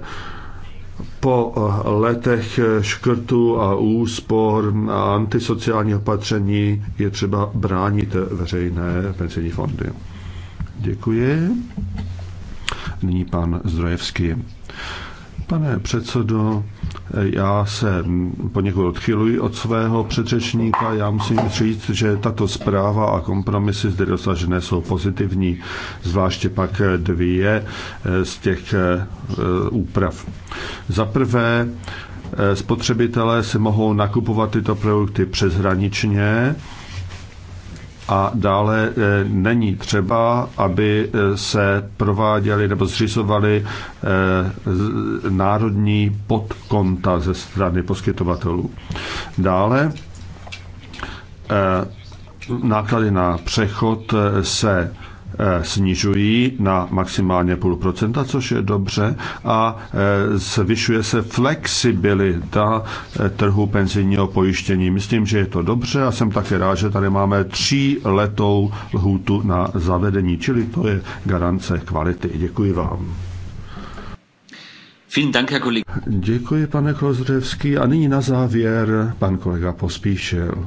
po eh, letech eh, škrtu a úspor a antisociální opatření je třeba bránit veřejné penzijní fondy. Děkuji. Nyní pan Zdrojevský. Pane předsedo, já se poněkud odchyluji od svého předřečníka. Já musím říct, že tato zpráva a kompromisy zde dosažené jsou pozitivní, zvláště pak dvě z těch eh, úprav. Za prvé, eh, spotřebitelé si mohou nakupovat tyto produkty přeshraničně a dále eh, není třeba, aby eh, se prováděly nebo zřizovaly eh, národní podkonta ze strany poskytovatelů. Dále náklady na přechod se Eh, snižují na maximálně půl procenta, což je dobře, a eh, zvyšuje se flexibilita eh, trhu penzijního pojištění. Myslím, že je to dobře a jsem také rád, že tady máme tří letou lhůtu na zavedení, čili to je garance kvality. Děkuji vám. Děkuji, pane Klozřevský. A nyní na závěr pan kolega Pospíšil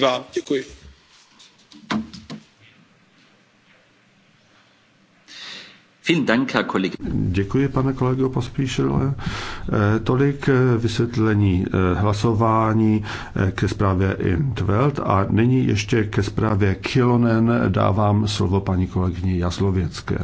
využívá. děkuji. Děkuji, pane kolego Pospíšilo. Eh, tolik eh, vysvětlení eh, hlasování ke zprávě Intveld a nyní ještě ke zprávě Kilonen dávám slovo paní kolegyni Jaslověcké.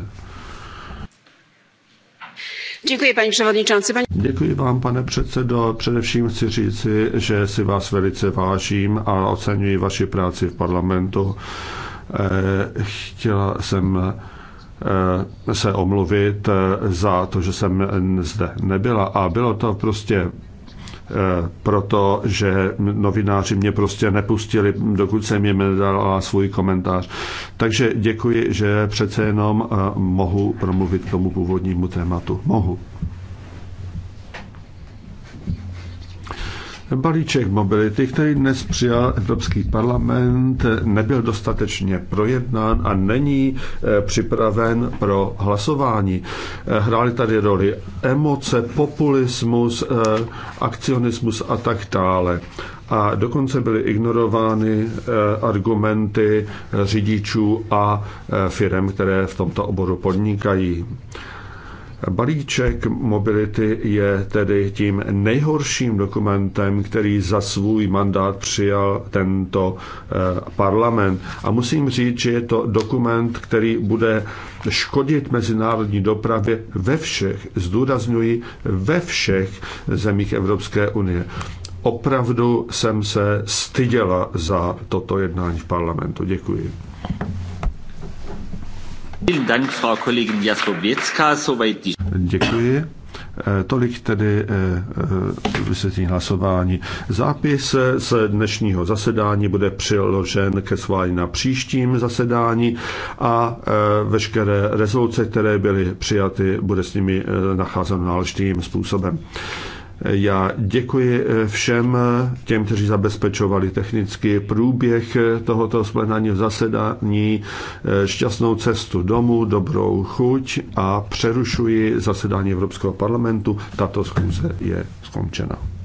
Děkuji, paní předsedající. Paní... Děkuji vám, pane předsedo. Především chci říci, že si vás velice vážím a oceňuji vaši práci v parlamentu. Eh, chtěla jsem eh, se omluvit eh, za to, že jsem zde nebyla. A bylo to prostě Eh, protože novináři mě prostě nepustili, dokud jsem jim nedal svůj komentář. Takže děkuji, že přece jenom eh, mohu promluvit k tomu původnímu tématu. Mohu. Balíček mobility, který dnes přijal Evropský parlament, nebyl dostatečně projednán a není eh, připraven pro hlasování. Eh, hrály tady roli emoce, populismus, eh, akcionismus a tak dále. A dokonce byly ignorovány argumenty řidičů a firm, které v tomto oboru podnikají. Balíček mobility je tedy tím nejhorším dokumentem, který za svůj mandát přijal tento eh, parlament. A musím říct, že je to dokument, který bude škodit mezinárodní dopravě ve všech, zdůrazňuji, ve všech zemích Evropské unie. Opravdu jsem se styděla za toto jednání v parlamentu. Děkuji. Děkuji. Eh, tolik tedy eh, eh, vysvětlení hlasování. Zápis z dnešního zasedání bude přiložen ke schválení na příštím zasedání a veškeré rezoluce, které byly přijaty, bude s nimi nacházeno náležitým způsobem. Já děkuji eh, všem eh, těm, kteří zabezpečovali technický průběh eh, tohoto v zasedání, šťastnou cestu domů, dobrou chuť a přerušuji zasedání Evropského parlamentu. Tato schůze je skončena.